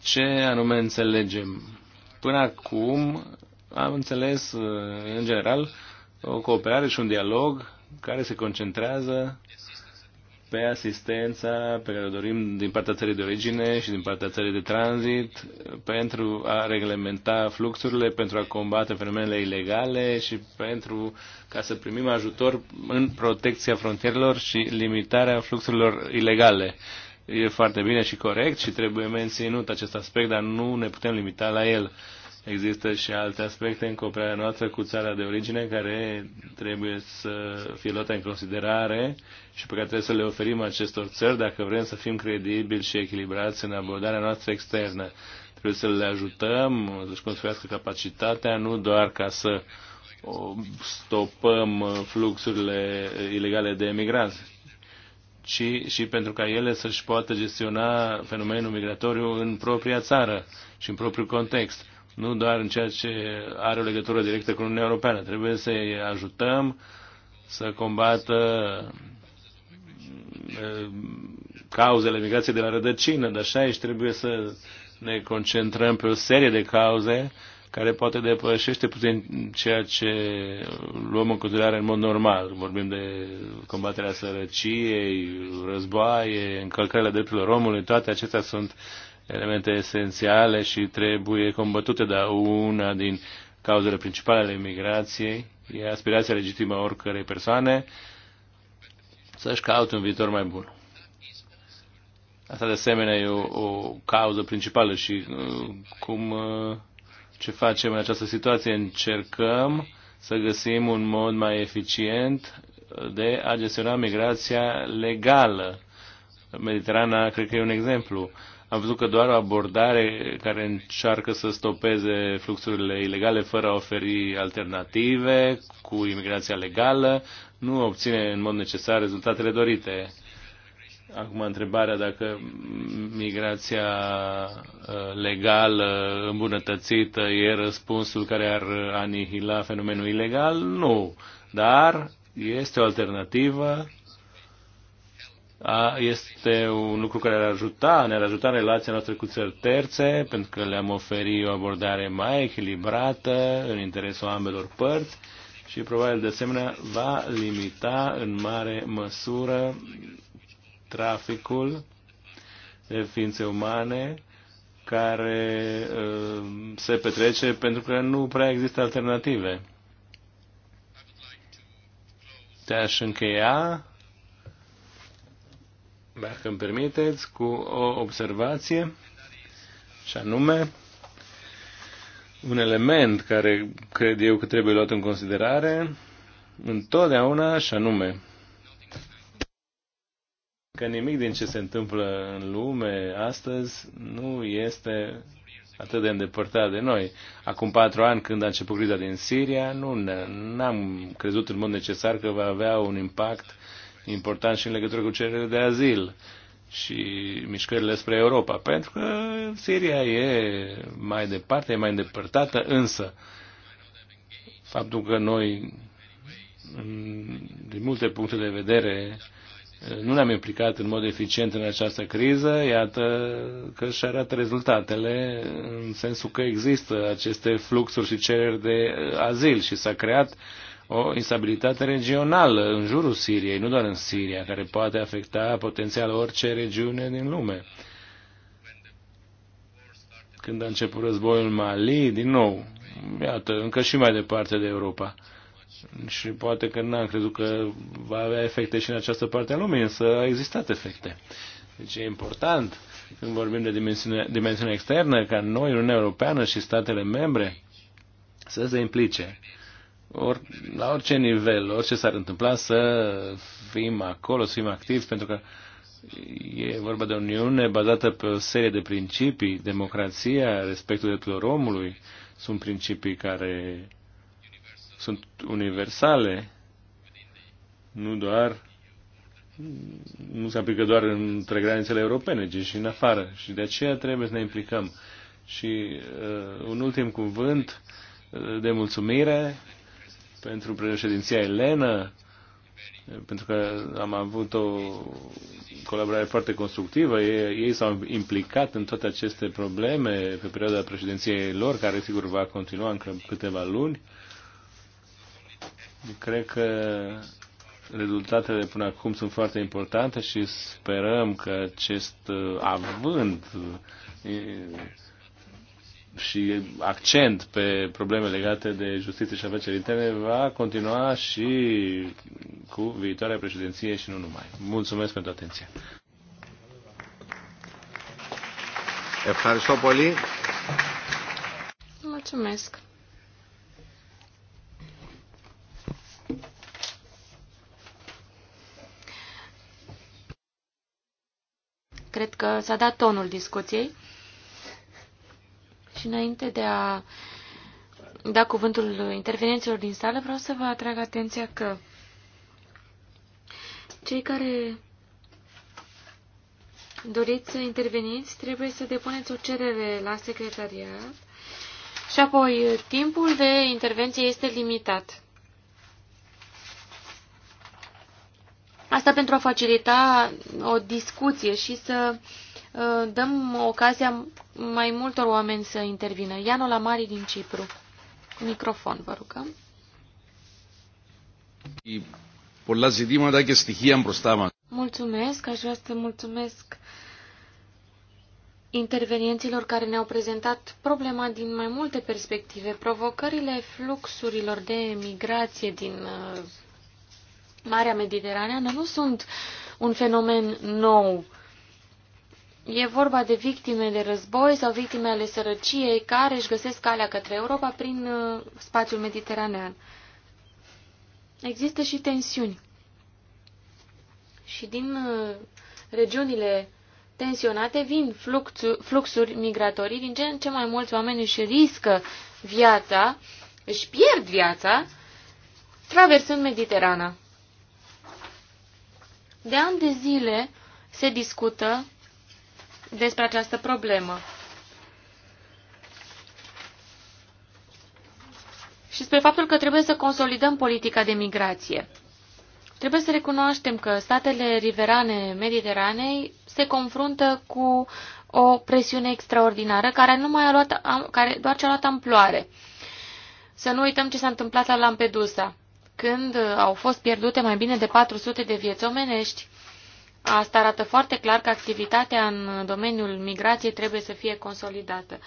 ce anume înțelegem Până acum am înțeles, uh, în general, o cooperare și un dialog care se concentrează pe asistența pe care o dorim din partea țării de origine și din partea țării de tranzit pentru a reglementa fluxurile, pentru a combate fenomenele ilegale și pentru ca să primim ajutor în protecția frontierelor și limitarea fluxurilor ilegale e foarte bine și corect și trebuie menținut acest aspect, dar nu ne putem limita la el. Există și alte aspecte în cooperarea noastră cu țara de origine care trebuie să fie luate în considerare și pe care trebuie să le oferim acestor țări dacă vrem să fim credibili și echilibrați în abordarea noastră externă. Trebuie să le ajutăm să-și construiască capacitatea, nu doar ca să stopăm fluxurile ilegale de emigranți, ci și pentru ca ele să-și poată gestiona fenomenul migratoriu în propria țară și în propriul context, nu doar în ceea ce are o legătură directă cu Uniunea Europeană. Trebuie să-i ajutăm să combată cauzele migrației de la rădăcină, dar și aici trebuie să ne concentrăm pe o serie de cauze care poate depășește puțin ceea ce luăm în considerare în mod normal. Vorbim de combaterea sărăciei, războaie, încălcările drepturilor omului, toate acestea sunt elemente esențiale și trebuie combătute, dar una din cauzele principale ale migrației e aspirația legitimă a oricărei persoane să-și caute un viitor mai bun. Asta de asemenea e o, o cauză principală și uh, cum uh, ce facem în această situație? Încercăm să găsim un mod mai eficient de a gestiona migrația legală. Mediterana, cred că e un exemplu. Am văzut că doar o abordare care încearcă să stopeze fluxurile ilegale fără a oferi alternative cu imigrația legală nu obține în mod necesar rezultatele dorite. Acum, întrebarea dacă migrația uh, legală îmbunătățită e răspunsul care ar anihila fenomenul ilegal, nu. Dar este o alternativă, este un lucru care ar ajuta, ne-ar ajuta în relația noastră cu țări terțe, pentru că le-am oferit o abordare mai echilibrată în interesul ambelor părți și probabil de asemenea va limita în mare măsură traficul de ființe umane care uh, se petrece pentru că nu prea există alternative. Te-aș încheia, dacă îmi permiteți, cu o observație, și anume, un element care cred eu că trebuie luat în considerare întotdeauna, și anume, că nimic din ce se întâmplă în lume astăzi nu este atât de îndepărtat de noi. Acum patru ani, când a început criza din Siria, nu n-am crezut în mod necesar că va avea un impact important și în legătură cu cererile de azil și mișcările spre Europa, pentru că Siria e mai departe, e mai îndepărtată, însă faptul că noi din multe puncte de vedere nu ne-am implicat în mod eficient în această criză, iată că și arată rezultatele, în sensul că există aceste fluxuri și cereri de uh, azil și s-a creat o instabilitate regională în jurul Siriei, nu doar în Siria, care poate afecta potențial orice regiune din lume. Când a început războiul Mali, din nou, iată, încă și mai departe de Europa și poate că n-am crezut că va avea efecte și în această parte a lumii, însă a existat efecte. Deci e important când vorbim de dimensiune, dimensiune externă ca noi, Uniunea Europeană și statele membre să se implice or, la orice nivel, orice s-ar întâmpla, să fim acolo, să fim activi, pentru că e vorba de o Uniune bazată pe o serie de principii. Democrația, respectul drepturilor omului sunt principii care sunt universale, nu doar nu se aplică doar între granițele europene, ci și în afară. Și de aceea trebuie să ne implicăm. Și uh, un ultim cuvânt uh, de mulțumire pentru președinția Elena, uh, pentru că am avut o colaborare foarte constructivă. Ei, ei s-au implicat în toate aceste probleme pe perioada președinției lor, care sigur va continua încă câteva luni. Uh, Cred că rezultatele până acum sunt foarte importante și sperăm că acest uh, având uh, și accent pe probleme legate de justiție și afaceri interne va continua și cu viitoarea președinție și nu numai. Mulțumesc pentru atenție. Mulțumesc. Cred că s-a dat tonul discuției. Și înainte de a da cuvântul intervenenților din sală, vreau să vă atrag atenția că cei care doriți să interveniți, trebuie să depuneți o cerere la secretariat și apoi timpul de intervenție este limitat. Asta pentru a facilita uh, o discuție și să uh, dăm ocazia mai multor oameni să intervină. Iano Mari din Cipru. Microfon, vă rugăm. Mulțumesc, aș vrea să mulțumesc intervenienților care ne-au prezentat problema din mai multe perspective. Provocările fluxurilor de migrație din uh, Marea Mediteraneană nu sunt un fenomen nou. E vorba de victime de război sau victime ale sărăciei care își găsesc calea către Europa prin uh, spațiul mediteranean. Există și tensiuni. Și din uh, regiunile tensionate vin fluxuri migratorii, din ce în ce mai mulți oameni își riscă viața, își pierd viața, traversând Mediterana. De ani de zile se discută despre această problemă. Și spre faptul că trebuie să consolidăm politica de migrație. Trebuie să recunoaștem că statele riverane Mediteranei se confruntă cu o presiune extraordinară care, nu mai a luat, care doar ce a luat amploare. Să nu uităm ce s-a întâmplat la Lampedusa când uh, au fost pierdute mai bine de 400 de vieți omenești. Asta arată foarte clar că activitatea în domeniul migrației trebuie să fie consolidată.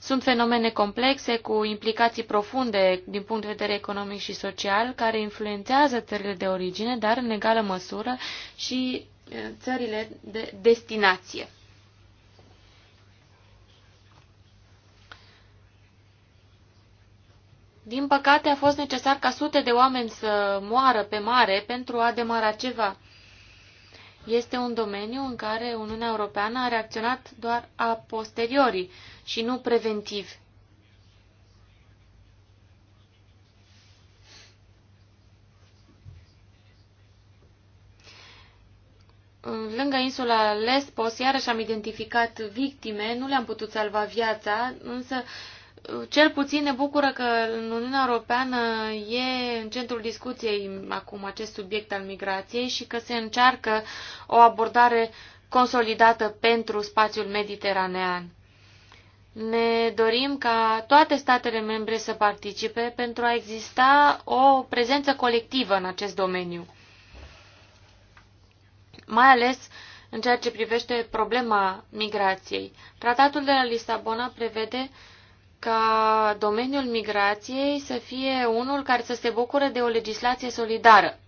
Sunt fenomene complexe cu implicații profunde din punct de vedere economic și social care influențează țările de origine, dar în egală măsură și uh, țările de destinație. Din păcate, a fost necesar ca sute de oameni să moară pe mare pentru a demara ceva. Este un domeniu în care Uniunea Europeană a reacționat doar a posteriori și nu preventiv. lângă insula Lesbos iarăși am identificat victime, nu le-am putut salva viața, însă cel puțin ne bucură că în Uniunea Europeană e în centrul discuției acum acest subiect al migrației și că se încearcă o abordare consolidată pentru spațiul mediteranean. Ne dorim ca toate statele membre să participe pentru a exista o prezență colectivă în acest domeniu, mai ales în ceea ce privește problema migrației. Tratatul de la Lisabona prevede uh, ca domeniul migrației să fie unul care să se bucure de o legislație solidară.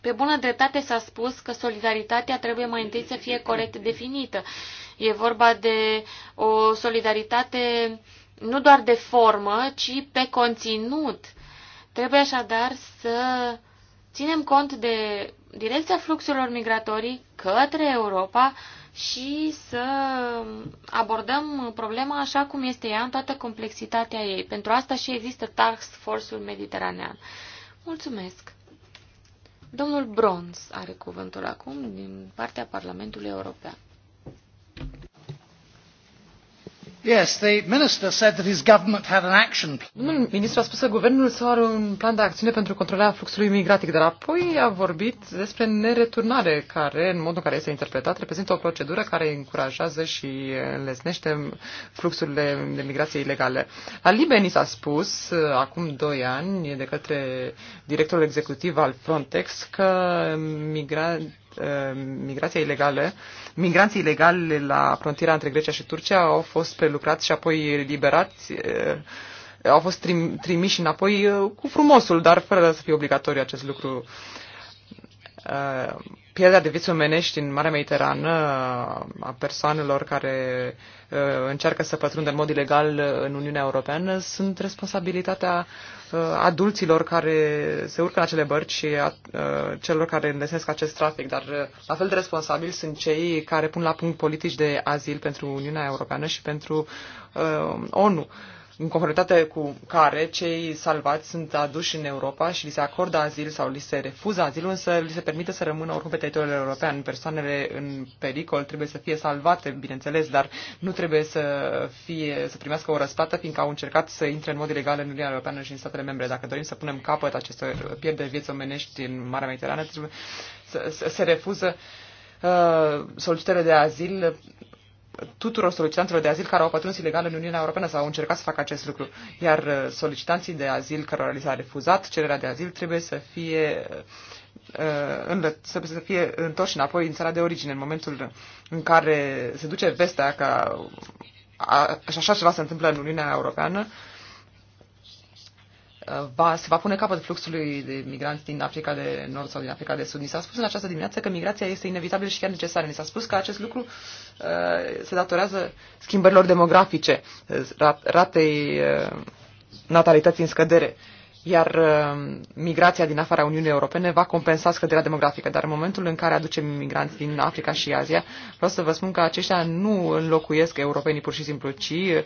Pe bună dreptate s-a spus că solidaritatea trebuie mai întâi să fie corect definită. E vorba de o solidaritate nu doar de formă, ci pe conținut. Trebuie așadar să ținem cont de direcția fluxurilor migratorii către Europa și să abordăm problema așa cum este ea, în toată complexitatea ei. Pentru asta și există Task Force-ul Mediteranean. Mulțumesc! Domnul Bronz are cuvântul acum din partea Parlamentului European. Yes, the minister said that his government had an action plan. Domnul ministru a spus că guvernul său are un plan de acțiune pentru controlarea fluxului migratic, dar apoi a vorbit despre nereturnare, care, în modul în care este interpretat, reprezintă o procedură care încurajează și lesnește fluxurile de migrație ilegale. La Libeni s-a spus, uh, acum doi ani, de către directorul executiv al Frontex, că migranții Uh, migrația ilegală, migranții ilegali la frontiera între Grecia și Turcia au fost prelucrați și apoi liberați, uh, au fost trim, trimiși înapoi uh, cu frumosul, dar fără să fie obligatoriu acest lucru pierderea de vieți omenești în Marea Mediterană a persoanelor care uh, încearcă să pătrundă în mod ilegal uh, în Uniunea Europeană sunt responsabilitatea uh, adulților care se urcă în acele bărci și a, celor care îndesnesc acest trafic, dar la fel de responsabili sunt cei care pun la punct politici de azil pentru Uniunea Europeană și pentru ONU în conformitate cu care cei salvați sunt aduși în Europa și li se acordă azil sau li se refuză azilul, însă li se permite să rămână oricum pe teritoriul european. Persoanele în pericol trebuie să fie salvate, bineînțeles, dar nu trebuie să, fie, să primească o răsplată, fiindcă au încercat să intre în mod ilegal în Uniunea Europeană și în statele membre. Dacă dorim să punem capăt acestor pierderi vieți omenești în Marea Mediterană, trebuie să, să se refuză uh, solicitările de azil tuturor solicitanților de azil care au pătruns ilegal în Uniunea Europeană sau au încercat să facă acest lucru. Iar uh, solicitanții de azil cărora li s-a refuzat cererea de azil trebuie să fie uh, să fie întorși înapoi în țara de origine, în momentul în care se duce vestea că așa ceva se întâmplă în Uniunea Europeană, uh, va, se va pune capăt fluxului de migranți din Africa de Nord sau din Africa de Sud. Ni s-a spus în această dimineață că migrația este inevitabilă și chiar necesară. Ni s-a spus că acest lucru uh, se datorează schimbărilor demografice, uh, ratei uh, natalității în scădere. Uh, iar uh, migrația din afara Uniunii Europene va compensa scăderea demografică. Dar în momentul în care aducem migranți din Africa și Asia, vreau să vă spun că aceștia nu înlocuiesc europenii pur și simplu, ci uh,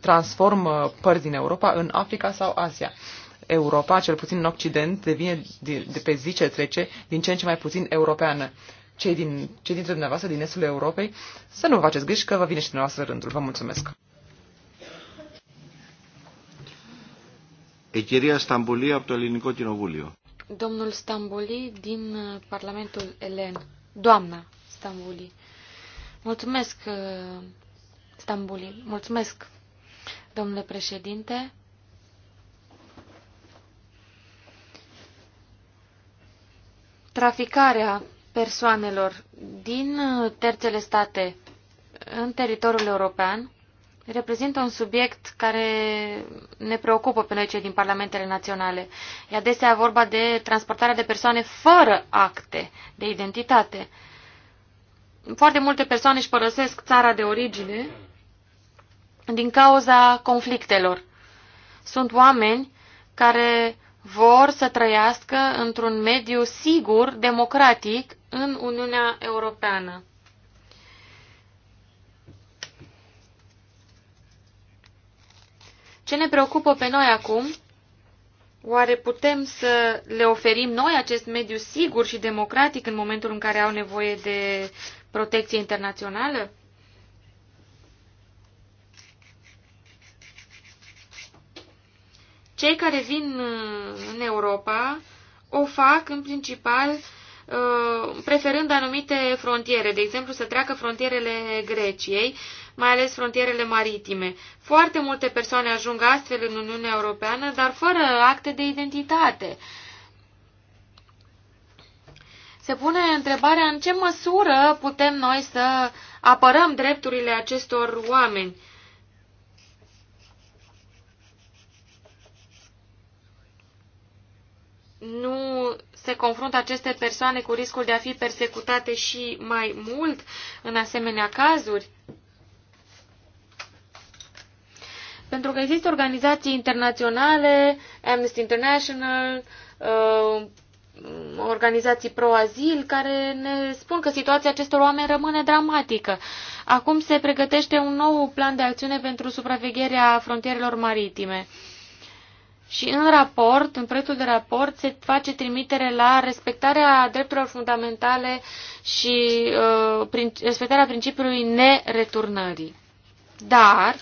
transformă părți din Europa în Africa sau Asia. Europa, cel puțin în Occident, devine de pe zi ce trece din ce în ce mai puțin europeană. Cei, din, cei dintre dumneavoastră din estul Europei, să nu vă faceți griji că vă vine și dumneavoastră rândul. Vă mulțumesc! E κυρία Σταμπουλή από το Ελληνικό Κοινοβούλιο. Domnul Stambuli din uh, Parlamentul Elen. Doamna Stambuli. Mulțumesc, uh, Stambuli. Mulțumesc, domnule președinte. Traficarea persoanelor din uh, terțele state în teritoriul european reprezintă un subiect care ne preocupă pe noi cei din parlamentele naționale. E adesea vorba de transportarea de persoane fără acte de identitate. Foarte multe persoane își părăsesc țara de origine din cauza conflictelor. Sunt oameni care vor să trăiască într-un mediu sigur, democratic, în Uniunea Europeană. Ce ne preocupă pe noi acum? Oare putem să le oferim noi acest mediu sigur și democratic în momentul în care au nevoie de protecție internațională? Cei care vin uh, în Europa o fac în principal uh, preferând anumite frontiere, de exemplu să treacă frontierele Greciei mai ales frontierele maritime. Foarte multe persoane ajung astfel în Uniunea Europeană, dar fără acte de identitate. Se pune întrebarea în ce măsură putem noi să apărăm drepturile acestor oameni. nu se confruntă aceste persoane cu riscul de a fi persecutate și mai mult în asemenea cazuri? Pentru că există organizații internaționale, Amnesty International, uh, organizații pro-azil, care ne spun că situația acestor oameni rămâne dramatică. Acum se pregătește un nou plan de acțiune pentru supravegherea frontierelor maritime. Și în raport, în proiectul de raport, se face trimitere la respectarea drepturilor fundamentale și uh, prin, respectarea principiului nereturnării. Dar,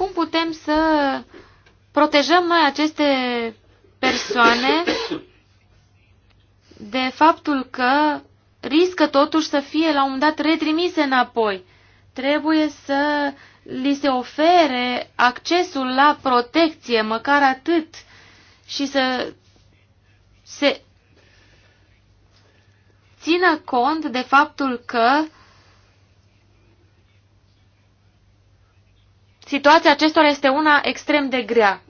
cum putem să protejăm noi aceste persoane de faptul că riscă totuși să fie la un moment dat retrimise înapoi. Trebuie să li se ofere accesul la protecție, măcar atât, și să se țină cont de faptul că uh, Situația acestora este una extrem de grea.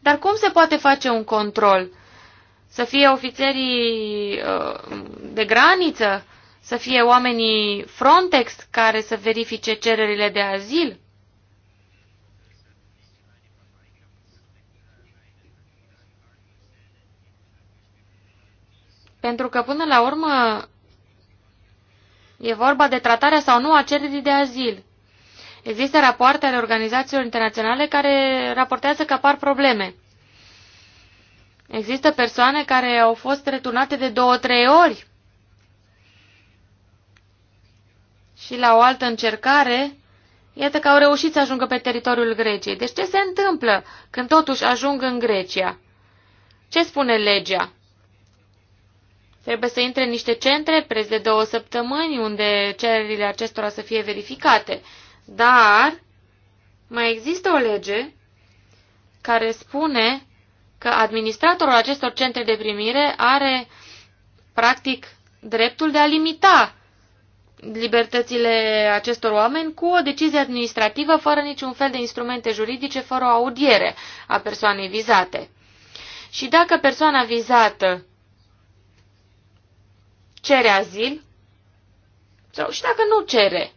Dar cum se poate face un control? Să fie ofițerii uh, de graniță? Să fie oamenii Frontex care să verifice cererile de azil? Pentru că, până la urmă, e vorba de tratarea sau nu a cererii de azil. Există rapoarte ale organizațiilor internaționale care raportează că apar probleme. Există persoane care au fost returnate de două-trei ori. Și la o altă încercare, iată că au reușit să ajungă pe teritoriul Greciei. Deci ce se întâmplă când totuși ajung în Grecia? Ce spune legea? Trebuie să intre în niște centre preț de două săptămâni unde cererile acestora să fie verificate. Dar mai există o lege care spune că administratorul acestor centre de primire are, practic, dreptul de a limita libertățile acestor oameni cu o decizie administrativă, fără niciun fel de instrumente juridice, fără o audiere a persoanei vizate. Și dacă persoana vizată cere azil, sau și dacă nu cere,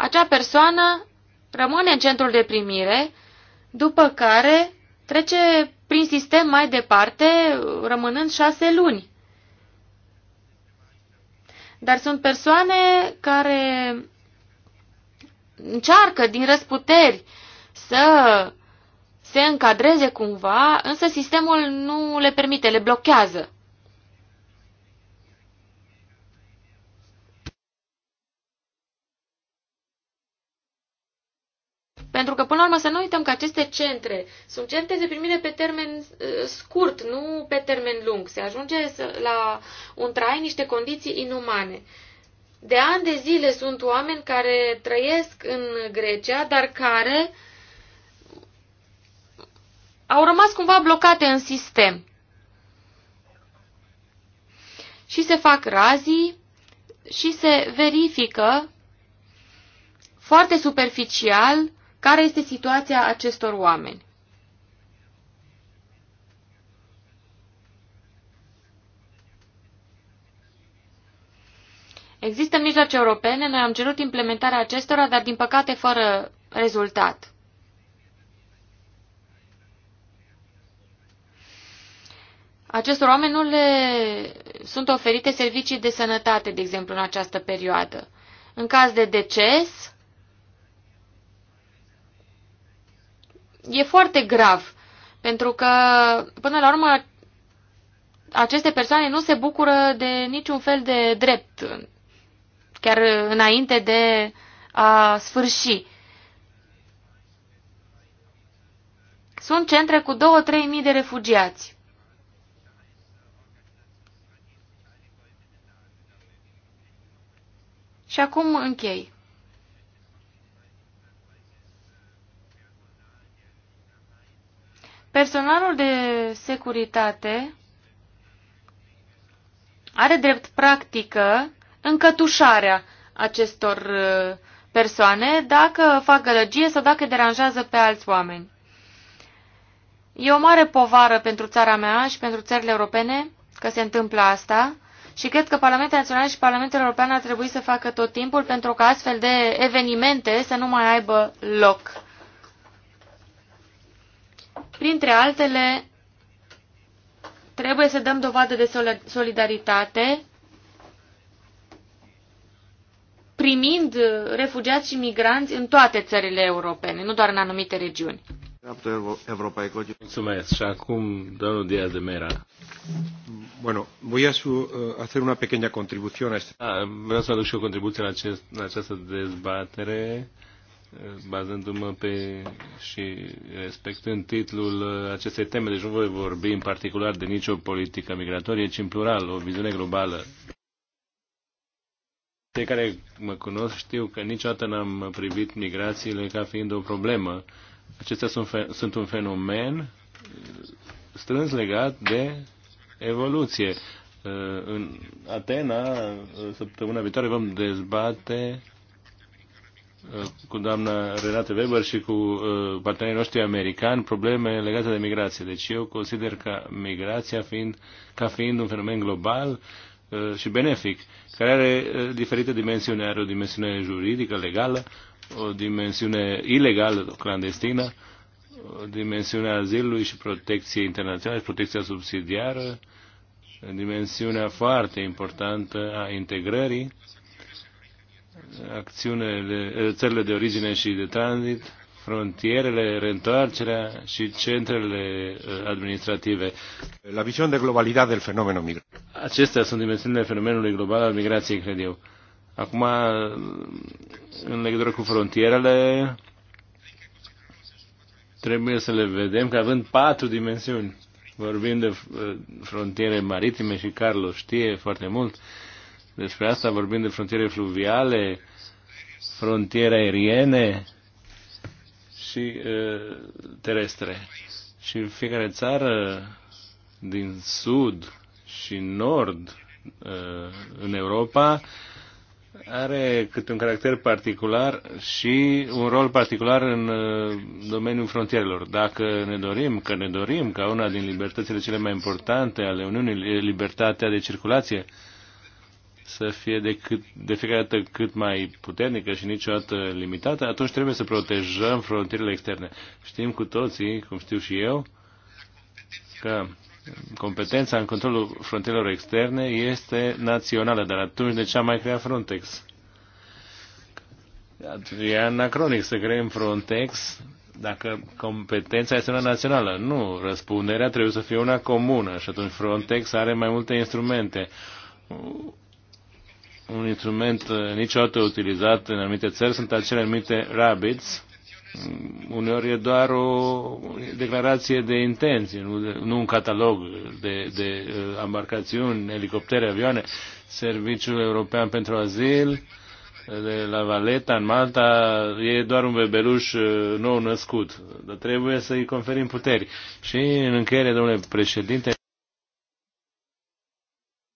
acea persoană rămâne în centrul de primire, după care trece prin sistem mai departe, rămânând șase luni. Dar sunt persoane care încearcă din răsputeri să se încadreze cumva, însă sistemul nu le permite, le blochează. Pentru că, până la urmă, să nu uităm că aceste centre sunt centre de primire pe termen uh, scurt, nu pe termen lung. Se ajunge la un trai niște condiții inumane. De ani de zile sunt oameni care trăiesc în Grecia, dar care au rămas cumva blocate în sistem. Și se fac razii și se verifică foarte superficial care este situația acestor oameni. Există mijloace europene, noi am cerut implementarea acestora, dar din păcate fără rezultat. Acestor oameni nu le sunt oferite servicii de sănătate, de exemplu, în această perioadă. În caz de deces, e foarte grav, pentru că, până la urmă, aceste persoane nu se bucură de niciun fel de drept, chiar înainte de a sfârși. Sunt centre cu 2-3 mii de refugiați. Și acum închei. Personalul de securitate are drept practică încătușarea acestor uh, persoane dacă fac gălăgie sau dacă deranjează pe alți oameni. E o mare povară pentru țara mea și pentru țările europene că se întâmplă asta și cred că Parlamentul Național și Parlamentul European ar trebui să facă tot timpul pentru ca astfel de evenimente să nu mai aibă loc. Printre altele, trebuie să dăm dovadă de solidaritate primind refugiați și migranți în toate țările europene, nu doar în anumite regiuni. Mulțumesc. Și acum, domnul Diaz de Mera. Bueno, voy a su, uh, hacer una pequeña contribución a este. Ah, vreau să aduc și o contribuție la, acest, la această dezbatere bazându-mă pe și respectând titlul acestei teme, deci nu voi vorbi în particular de nicio politică migratorie, ci în plural, o viziune globală. Cei care mă cunosc știu că niciodată n-am privit migrațiile ca fiind o problemă. Acestea sunt, sunt un fenomen strâns legat de evoluție. În Atena, săptămâna viitoare, vom dezbate Uh, cu doamna Renate Weber și cu uh, partenerii noștri americani probleme legate de migrație. Deci eu consider că migrația fiind, ca fiind un fenomen global uh, și benefic, care are diferite dimensiuni. Are o dimensiune juridică, legală, o dimensiune ilegală, clandestină, o dimensiune a azilului și protecție internațională și protecția subsidiară, dimensiunea foarte importantă a integrării, de, eh, țările de origine și de tranzit, frontierele, reîntoarcerea și centrele eh, administrative. La viziune de globalitate del fenomenul migrației. Acestea sunt dimensiunile fenomenului global al migrației, cred eu. Acum, în legătură cu frontierele, trebuie să le vedem că având patru dimensiuni. Vorbim de eh, frontiere maritime și Carlos știe foarte mult. Uh, despre asta vorbim de frontiere fluviale, frontiere aeriene și uh, terestre. Și fiecare țară din sud și nord uh, în Europa are câte un caracter particular și un rol particular în domeniul frontierelor. Dacă ne dorim, că ne dorim ca una din libertățile cele mai importante ale Uniunii, libertatea de circulație, să fie de, cât, de fiecare dată cât mai puternică și niciodată limitată, atunci trebuie să protejăm frontierele externe. Știm cu toții, cum știu și eu, că competența în controlul frontierelor externe este națională, dar atunci de ce am mai creat Frontex? E anacronic să creăm Frontex dacă competența este una națională. Nu, răspunderea trebuie să fie una comună și atunci Frontex are mai multe instrumente un instrument uh, niciodată utilizat în anumite țări sunt acele anumite rabbits. Uneori e doar o declarație de intenție, nu, un catalog de, de uh, embarcațiuni, elicoptere, avioane. Serviciul European pentru Azil uh, de la Valeta, în Malta, e doar un bebeluș nou născut, dar trebuie să-i conferim puteri. Și în încheiere, domnule președinte,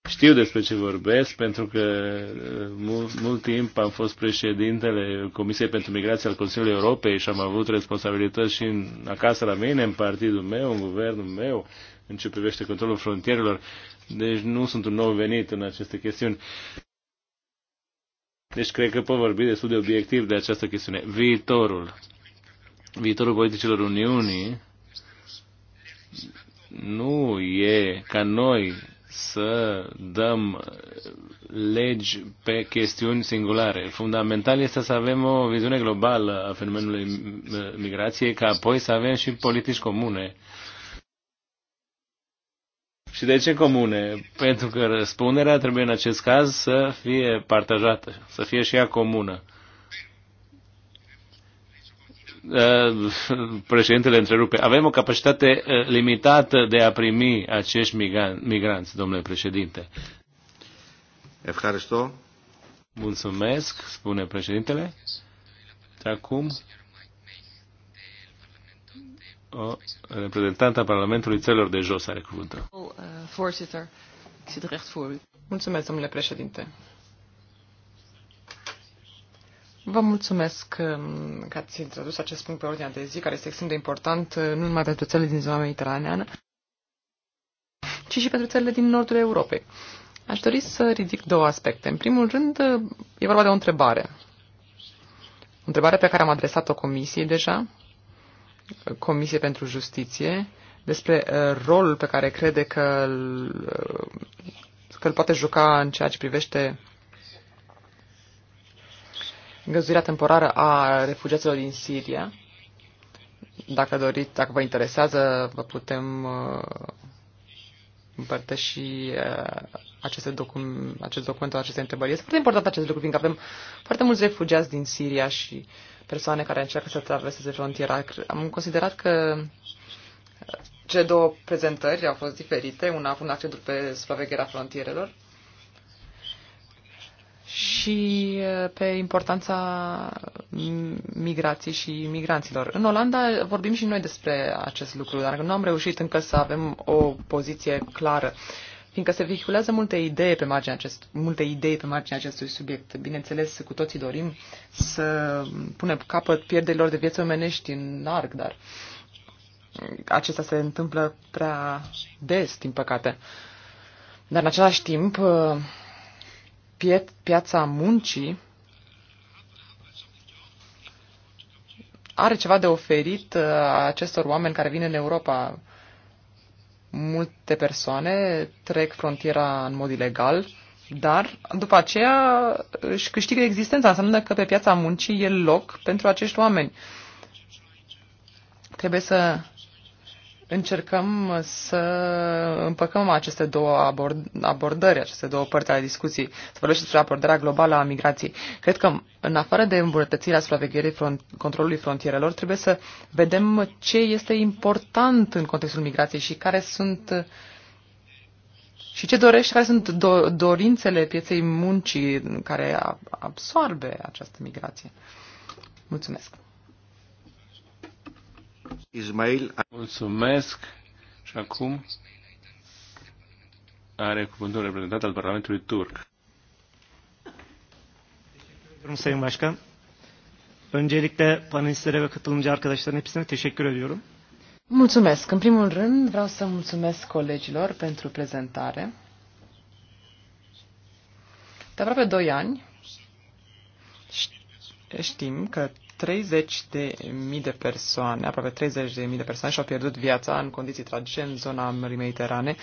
știu despre ce vorbesc, pentru că uh, mult, mult timp am fost președintele Comisiei pentru Migrație al Consiliului Europei și am avut responsabilități și în, acasă la mine, în partidul meu, în guvernul meu, în ce privește controlul frontierelor. Deci nu sunt un nou venit în aceste chestiuni. Deci cred că pot vorbi destul de obiectiv de această chestiune. Viitorul. Viitorul politicilor Uniunii nu e ca noi să dăm legi pe chestiuni singulare. Fundamental este să avem o viziune globală a fenomenului migrației, ca apoi să avem și politici comune. Și de ce comune? Pentru că răspunderea trebuie în acest caz să fie partajată, să fie și ea comună. Uh, președintele întrerupe, avem o capacitate uh, limitată de a primi acești migranți, domnule președinte. Efharisto. Mulțumesc, spune președintele. De acum, o reprezentantă a Parlamentului Țelor de Jos are cuvântul. Oh, uh, Mulțumesc, domnule președinte. Vă mulțumesc um, că ați introdus acest punct pe ordinea de zi, care este extrem de important, uh, nu numai pentru țările din zona mediteraneană, ci și pentru țările din nordul Europei. Aș dori să ridic două aspecte. În primul rând, uh, e vorba de o întrebare. O întrebare pe care am adresat-o comisiei deja, Comisie pentru Justiție, despre uh, rolul pe care crede că îl, că îl poate juca în ceea ce privește Îngăzuirea temporară a refugiaților din Siria. Dacă doriți, dacă vă interesează, vă putem uh, împărtăși uh, aceste docu- acest document, aceste întrebări. Este foarte important acest lucru, fiindcă avem foarte mulți refugiați din Siria și persoane care încearcă să traverseze frontiera. Am considerat că cele două prezentări au fost diferite. Una a fost accentul pe supravegherea frontierelor și uh, pe importanța migrației și migranților. În Olanda vorbim și noi despre acest lucru, dar nu am reușit încă să avem o poziție clară, fiindcă se vehiculează multe idei pe marginea, acest, multe idei pe marginea acestui subiect. Bineînțeles, cu toții dorim să punem capăt pierderilor de vieți omenești în larg, dar acesta se întâmplă prea des, din păcate. Dar în același timp, uh, piața muncii are ceva de oferit uh, acestor oameni care vin în Europa. Multe persoane trec frontiera în mod ilegal, dar după aceea își câștigă existența. Înseamnă că pe piața muncii e loc pentru acești oameni. Trebuie să încercăm să împăcăm aceste două abord, abordări, aceste două părți ale discuției, să vorbesc despre abordarea globală a migrației. Cred că, în afară de îmbunătățirea supravegherii front, controlului frontierelor, trebuie să vedem ce este important în contextul migrației și care sunt și ce dorește, care sunt do, dorințele pieței muncii care absorbe această migrație. Mulțumesc! Ismail. Mulțumesc. Și acum are cuvântul reprezentat al Parlamentului turc. Sayın Bașkan. Öncelikle panelistlere katılımcı arkadaşların hepsine teşekkür ediyorum. Mulțumesc. În primul rând vreau să mulțumesc colegilor pentru prezentare. De aproape doi ani știm că 30 de mii de persoane, aproape 30 de mii de persoane și-au pierdut viața în condiții tragice în zona Mării Mediterane,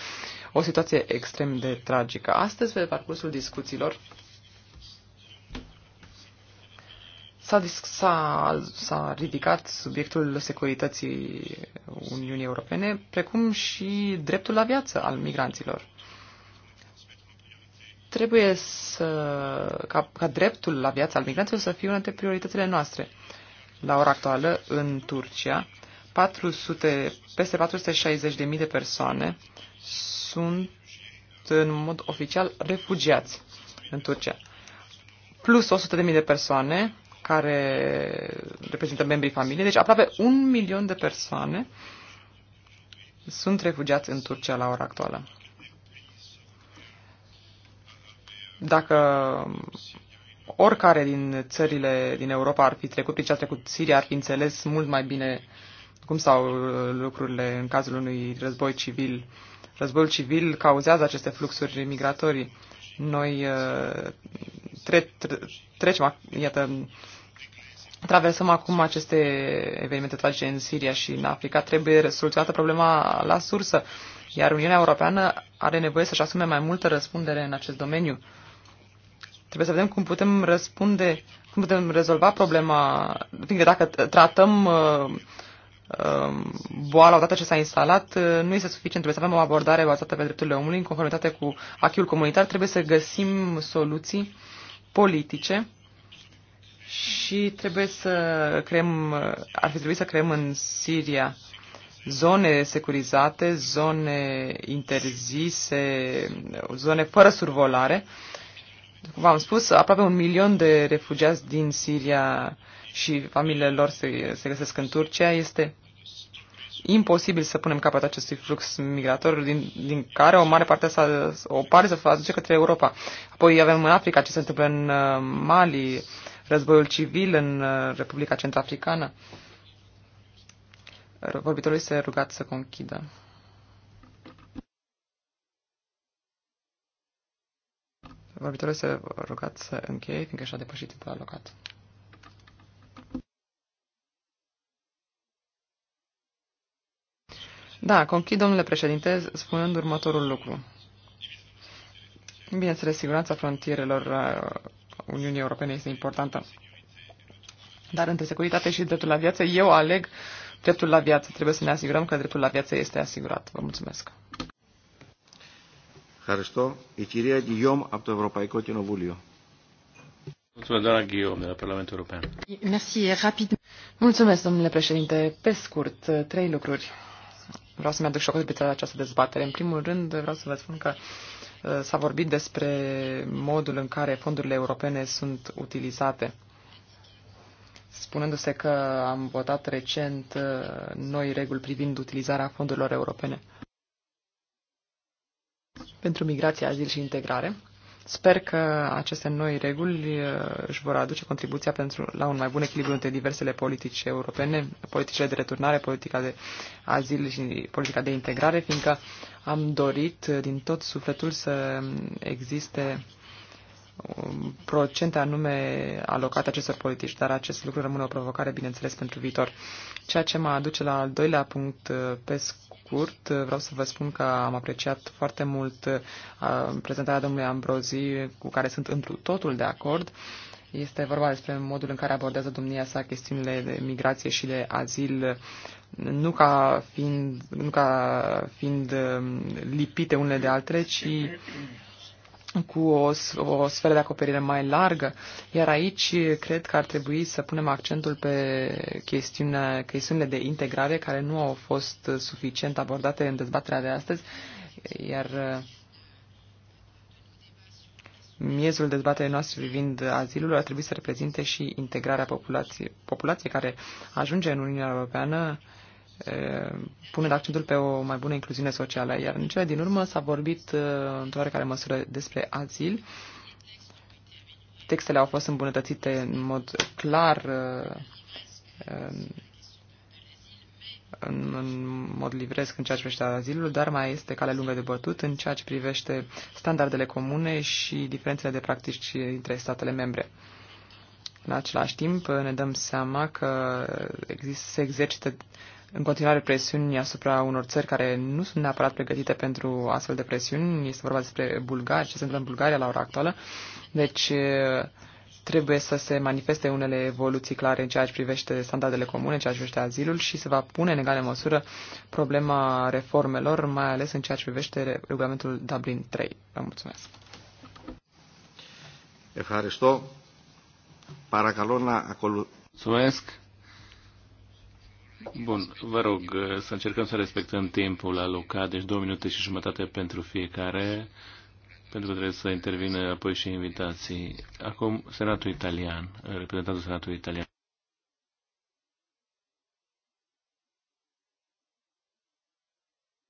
o situație extrem de tragică. Astăzi, pe parcursul discuțiilor, s-a, ridicat subiectul securității Uniunii Europene, precum și dreptul la viață al migranților. Trebuie să, ca, ca dreptul la viața al migranților să fie una dintre prioritățile noastre. La ora actuală, în Turcia, 400, peste 460.000 de persoane sunt în mod oficial refugiați în Turcia. Plus 100.000 de persoane care reprezintă membrii familiei, deci aproape un milion de persoane sunt refugiați în Turcia la ora actuală. Dacă oricare din țările din Europa ar fi trecut prin ce a trecut Siria, ar fi înțeles mult mai bine cum stau uh, lucrurile în cazul unui război civil. Războiul civil cauzează aceste fluxuri migratorii. Noi uh, tre- tre- trecem, iată, traversăm acum aceste evenimente tragice în Siria și în Africa. Trebuie soluționată problema la sursă, iar Uniunea Europeană are nevoie să-și asume mai multă răspundere în acest domeniu Trebuie să vedem cum putem răspunde, cum putem rezolva problema, fiindcă dacă tratăm uh, um, boala odată ce s-a instalat uh, nu este suficient. Trebuie să avem o abordare bazată pe drepturile omului în conformitate cu achiul comunitar. Trebuie să găsim soluții politice și trebuie să creăm, uh, ar fi trebuit să creăm în Siria zone securizate, zone interzise, zone fără survolare V-am spus, aproape un milion de refugiați din Siria și familiile lor se, se găsesc în Turcia. Este imposibil să punem capăt acestui flux migrator, din, din care o mare parte s-a, o pare să va către Europa. Apoi avem în Africa ce se întâmplă în uh, Mali, războiul civil în uh, Republica Centrafricană. Vorbitorul este rugat să conchidă. Vorbitorul este rugat să încheie, fiindcă și-a depășit timpul alocat. Da, conchid, domnule președinte, spunând următorul lucru. Bineînțeles, siguranța frontierelor uh, Uniunii Europene este importantă. Dar între securitate și dreptul la viață, eu aleg dreptul la viață. Trebuie să ne asigurăm că dreptul la viață este asigurat. Vă mulțumesc. Ευχαριστώ. Η κυρία Γκυγιόμ από το Ευρωπαϊκό Κοινοβούλιο. Mulțumesc, Mulțumesc, domnule președinte. Pe scurt, trei lucruri. Vreau să-mi aduc șocul de această dezbatere. În primul rând, vreau să vă spun că uh, s-a vorbit despre modul în care fondurile europene sunt utilizate spunându-se că am votat recent uh, noi reguli privind utilizarea fondurilor europene pentru migrație, azil și integrare. Sper că aceste noi reguli uh, își vor aduce contribuția pentru, la un mai bun echilibru între diversele politici europene, politicile de returnare, politica de azil și politica de integrare, fiindcă am dorit din tot sufletul să existe procente anume alocate acestor politici, dar acest lucru rămâne o provocare, bineînțeles, pentru viitor. Ceea ce mă aduce la al doilea punct uh, pe scurt, vreau să vă spun că am apreciat foarte mult uh, prezentarea domnului Ambrozi, cu care sunt întru totul de acord. Este vorba despre modul în care abordează domnia sa chestiunile de migrație și de azil, nu ca fiind, nu ca fiind um, lipite unele de altele, ci cu o, o sferă de acoperire mai largă. Iar aici cred că ar trebui să punem accentul pe chestiunea, chestiunile de integrare care nu au fost suficient abordate în dezbaterea de astăzi, iar uh, miezul dezbaterii noastre privind azilul ar trebui să reprezinte și integrarea populației, populației care ajunge în Uniunea Europeană punând accentul pe o mai bună incluziune socială. Iar în cele din urmă s-a vorbit într-o oarecare măsură despre azil. Textele au fost îmbunătățite în mod clar în, în mod livresc în ceea ce privește azilul, dar mai este cale lungă de bătut în ceea ce privește standardele comune și diferențele de practici între statele membre. În același timp, ne dăm seama că există se exercită în continuare presiuni asupra unor țări care nu sunt neapărat pregătite pentru astfel de presiuni. Este vorba despre Bulgaria, ce se întâmplă în Bulgaria la ora actuală. Deci trebuie să se manifeste unele evoluții clare în ceea ce privește standardele comune, în ceea ce privește azilul și se va pune în egală măsură problema reformelor, mai ales în ceea ce privește regulamentul Dublin 3. Vă mulțumesc. Ευχαριστώ. Παρακαλώ να ακολουθήσω. Mulțumesc. Bun, vă rog uh, să încercăm să respectăm timpul alocat, deci două minute și jumătate pentru fiecare, pentru că trebuie să intervină apoi și invitații. Acum, Senatul Italian, reprezentantul Senatului Italian.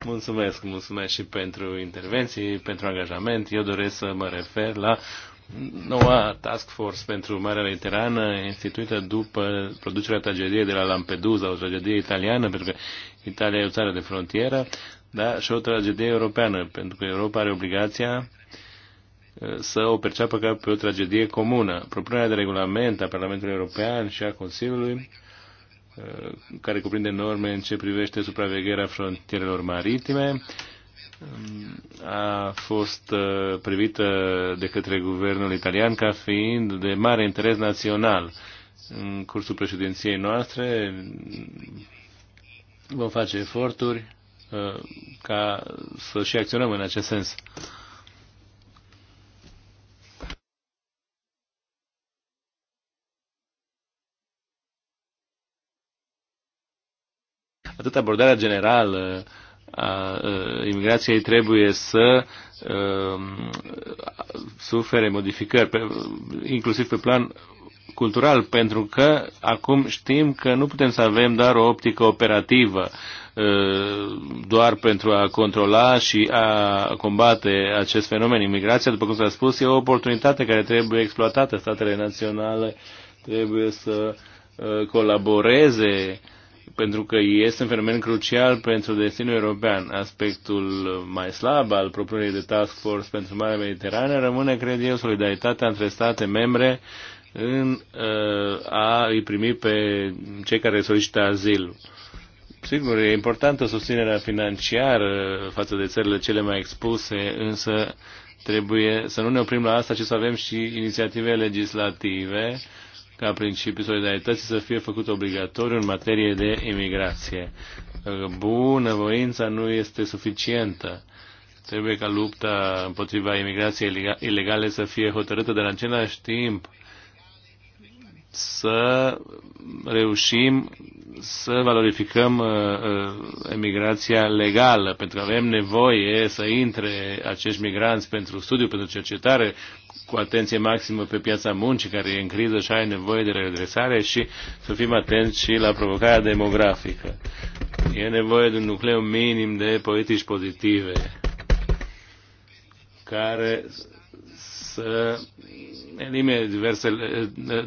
Mulțumesc, mulțumesc și pentru intervenții, pentru angajament. Eu doresc să mă refer la noua task force pentru Marea Mediterană instituită după producerea tragediei de la Lampedusa, o tragedie italiană, pentru că Italia e o țară de frontieră, dar și o tragedie europeană, pentru că Europa are obligația uh, să o perceapă ca pe o tragedie comună. Propunerea de regulament a Parlamentului European și a Consiliului uh, care cuprinde norme în ce privește supravegherea frontierelor maritime, a fost uh, privită de către guvernul italian ca fiind de mare interes național. În cursul președinției noastre mm, vom face eforturi uh, ca să și acționăm în acest sens. Atât abordarea generală imigrației trebuie să sufere modificări, inclusiv pe plan cultural, pentru că acum știm că nu putem să avem doar o optică operativă, doar pentru a controla și a combate acest fenomen. Imigrația, după cum s-a spus, e o oportunitate care trebuie exploatată. Statele naționale trebuie să colaboreze pentru că este un fenomen crucial pentru destinul european. Aspectul mai slab al propunerii de task force pentru Marea Mediterană rămâne, cred eu, solidaritatea între state membre în uh, a îi primi pe cei care solicită azil. Sigur, e importantă susținerea financiară față de țările cele mai expuse, însă trebuie să nu ne oprim la asta, ci să avem și inițiative legislative ca principiul solidarității să fie făcut obligatoriu în materie de imigrație. Bunăvoința nu este suficientă. Trebuie ca lupta împotriva imigrației ilegale să fie hotărâtă, dar în același timp să reușim să valorificăm uh, uh, legală, pentru că avem nevoie să intre acești migranți pentru studiu, pentru cercetare, cu atenție maximă pe piața muncii care e în criză și are nevoie de redresare și să fim atenți și la provocarea demografică. E nevoie de un nucleu minim de politici pozitive care să elimine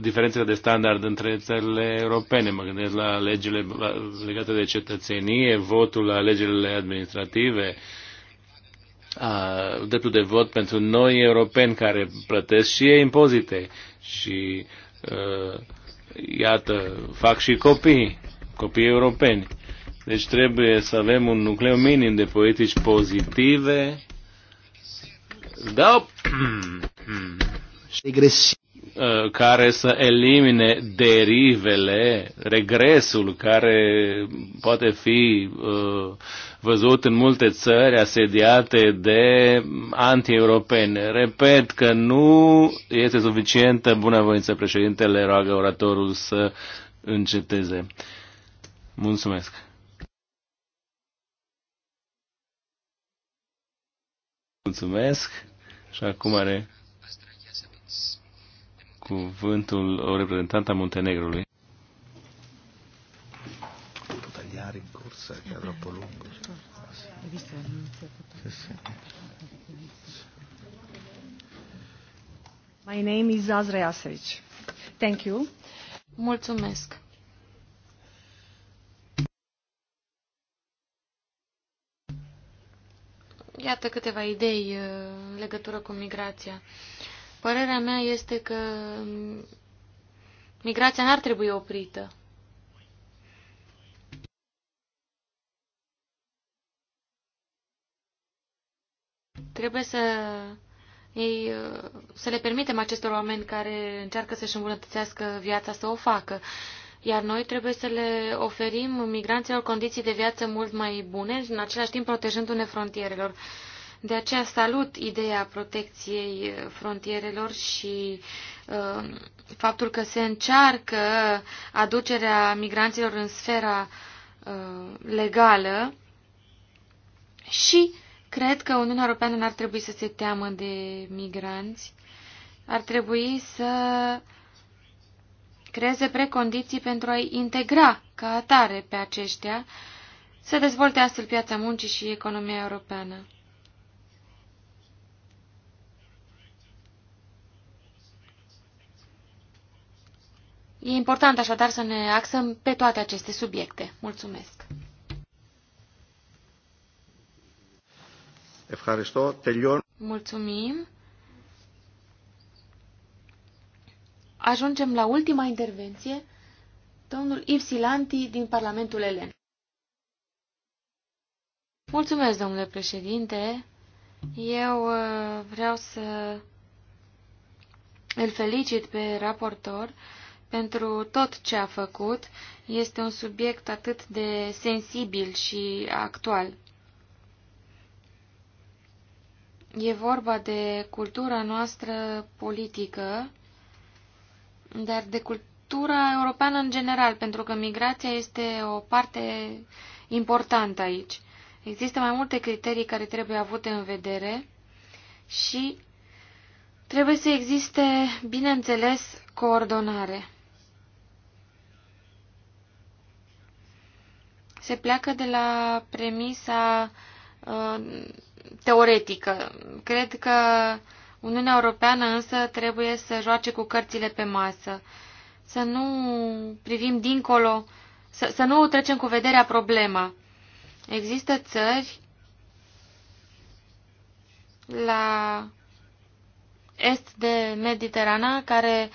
diferențele de standard între țările europene. Mă gândesc la legile legate de cetățenie, votul la legile administrative, uh, a, dreptul de vot pentru noi europeni care plătesc și ei impozite și uh, iată, fac și copii, copii europeni. Deci trebuie să avem un nucleu minim de politici pozitive. Da. Regresiv. Uh, care să elimine derivele, regresul care poate fi uh, văzut în multe țări asediate de anti europene Repet că nu este suficientă bunăvoință. Președintele roagă oratorul să înceteze. Mulțumesc! Mulțumesc! Și acum are cuvântul o reprezentantă a Muntenegrului. Tagliare in corsa che è troppo lungo. My name is Azra Yasevich. Thank you. Mulțumesc. Iată câteva idei uh, în legătură cu migrația. Părerea mea este că mm, migrația n-ar trebui oprită. Trebuie să, ei, uh, să le permitem acestor oameni care încearcă să-și îmbunătățească viața să o facă iar noi trebuie să le oferim migranților condiții de viață mult mai bune, în același timp protejându-ne frontierelor. De aceea salut ideea protecției frontierelor și uh, faptul că se încearcă aducerea migranților în sfera uh, legală și cred că Uniunea Europeană n-ar trebui să se teamă de migranți. Ar trebui să creeze precondiții pentru a-i integra ca atare pe aceștia, să dezvolte astfel piața muncii și economia europeană. E important așadar să ne axăm pe toate aceste subiecte. Mulțumesc! Mulțumim! Ajungem la ultima intervenție, domnul Ipsilanti din Parlamentul Elen. Mulțumesc, domnule președinte! Eu uh, vreau să îl felicit pe raportor pentru tot ce a făcut. Este un subiect atât de sensibil și actual. E vorba de cultura noastră politică, dar de cultura europeană în general, pentru că migrația este o parte importantă aici. Există mai multe criterii care trebuie avute în vedere și trebuie să existe, bineînțeles, coordonare. se pleacă de la premisa uh, teoretică. Cred că Uniunea Europeană însă trebuie să joace cu cărțile pe masă, să nu privim dincolo, să, să nu trecem cu vederea problema. Există țări la est de Mediterana care uh,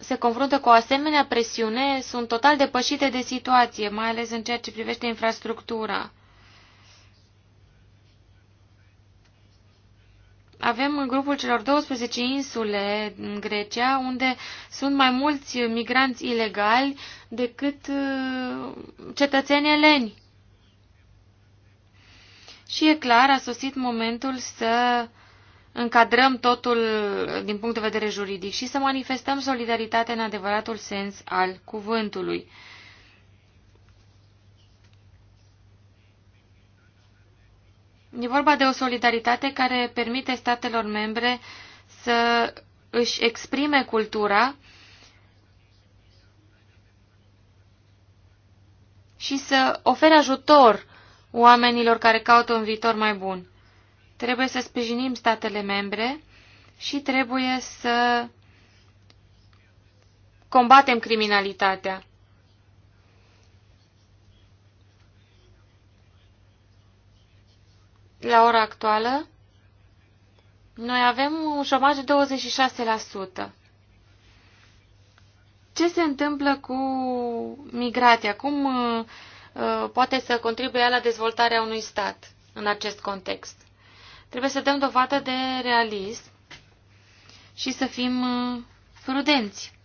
se confruntă cu o asemenea presiune sunt total depășite de situație, mai ales în ceea ce privește infrastructura. Avem în grupul celor 12 insule în Grecia, unde sunt mai mulți migranți ilegali decât uh, cetățeni eleni. Și e clar, a sosit momentul să încadrăm totul din punct de vedere juridic și să manifestăm solidaritate în adevăratul sens al cuvântului. E vorba de o solidaritate care permite statelor membre să își exprime cultura și să ofere ajutor oamenilor care caută un viitor mai bun trebuie să sprijinim statele membre și trebuie să combatem criminalitatea. La ora actuală, noi avem un șomaj de 26%. Ce se întâmplă cu migrația? Cum uh, uh, poate să contribuie la dezvoltarea unui stat în acest context? Trebuie să dăm dovadă de realism și să fim uh, prudenți.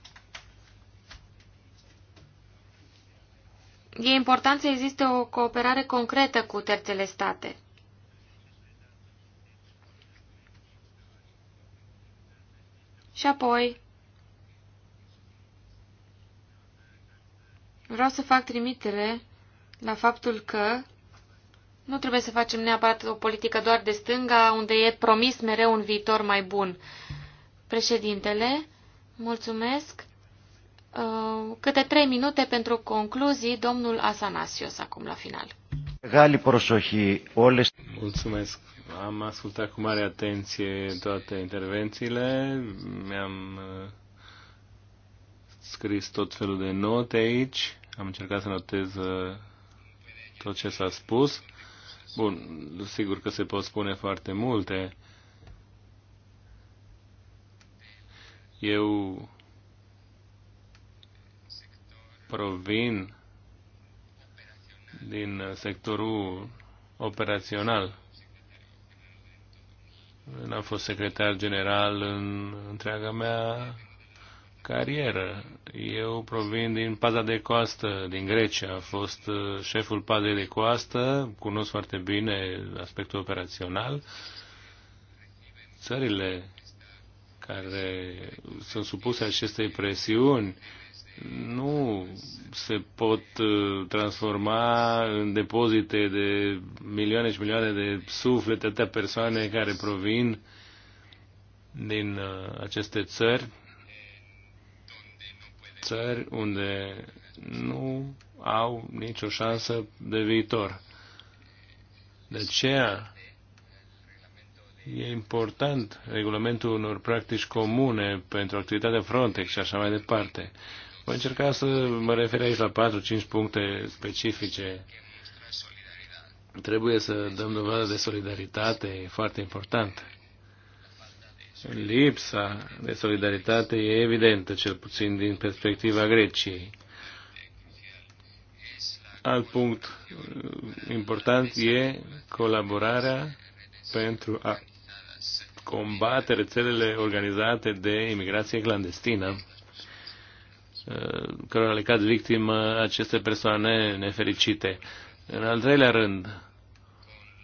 E important să existe o cooperare concretă cu terțele state. Și apoi, vreau să fac trimitere la faptul că nu trebuie să facem neapărat o politică doar de stânga, unde e promis mereu un viitor mai bun. Președintele, mulțumesc. Uh, câte trei minute pentru concluzii, domnul Asanasios, acum la final. Mulțumesc. Am ascultat cu mare atenție toate intervențiile. Mi-am uh, scris tot felul de note aici. Am încercat să notez uh, tot ce s-a spus. Bun, sigur că se pot spune foarte multe. Eu provin din sectorul operațional. N-am fost secretar general în întreaga mea carieră. Eu provin din paza de coastă, din Grecia. Am fost uh, șeful pazei de coastă, cunosc foarte bine aspectul operațional. Țările care sunt supuse acestei presiuni nu se pot uh, transforma în depozite de milioane și milioane de suflete, atâtea persoane care provin din uh, aceste țări țări unde nu au nicio șansă de viitor. De aceea e important regulamentul unor practici comune pentru activitatea Frontex și așa mai departe. Voi încerca să mă refer aici la 4-5 puncte specifice. Trebuie să dăm dovadă de solidaritate, e foarte important. Lipsa de solidaritate e evidentă, cel puțin din perspectiva Greciei. Alt punct uh, important e colaborarea pentru a combate rețelele organizate de imigrație clandestină, uh, cărora le cad victimă aceste persoane nefericite. În al treilea rând,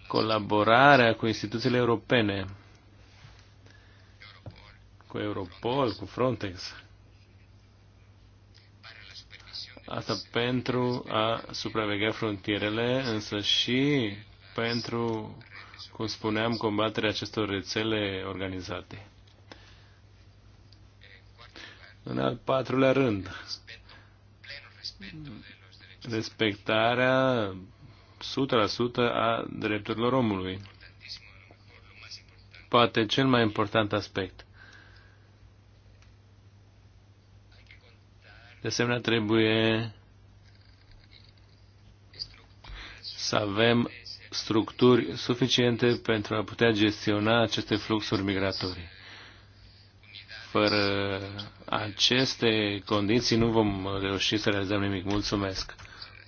colaborarea cu instituțiile europene cu Europol, cu Frontex. Asta pentru a supraveghea frontierele, însă și pentru, cum spuneam, combaterea acestor rețele organizate. În al patrulea rând, respectarea 100% a drepturilor omului. Poate cel mai important aspect. De asemenea, trebuie să avem structuri suficiente pentru a putea gestiona aceste fluxuri migratorii. Fără aceste condiții nu vom reuși să realizăm nimic. Mulțumesc!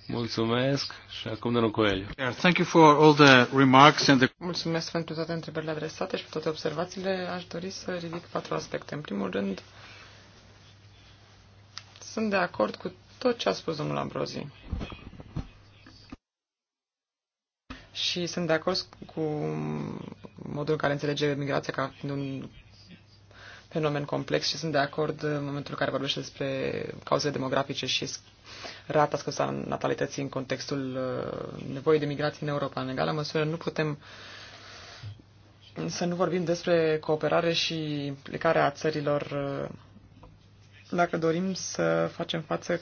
Mulțumesc și acum domnul Coelho. Thank you for all the remarks and the... Mulțumesc pentru toate întrebările adresate și pentru toate observațiile. Aș dori să ridic patru aspecte. În primul rând, sunt de acord cu tot ce a spus domnul Ambrozi. Și sunt de acord cu modul în care înțelege migrația ca fiind un fenomen complex și sunt de acord în momentul în care vorbește despre cauze demografice și rata scăzută a natalității în contextul uh, nevoii de migrație în Europa. În egală măsură nu putem să nu vorbim despre cooperare și implicarea țărilor uh, dacă dorim să facem față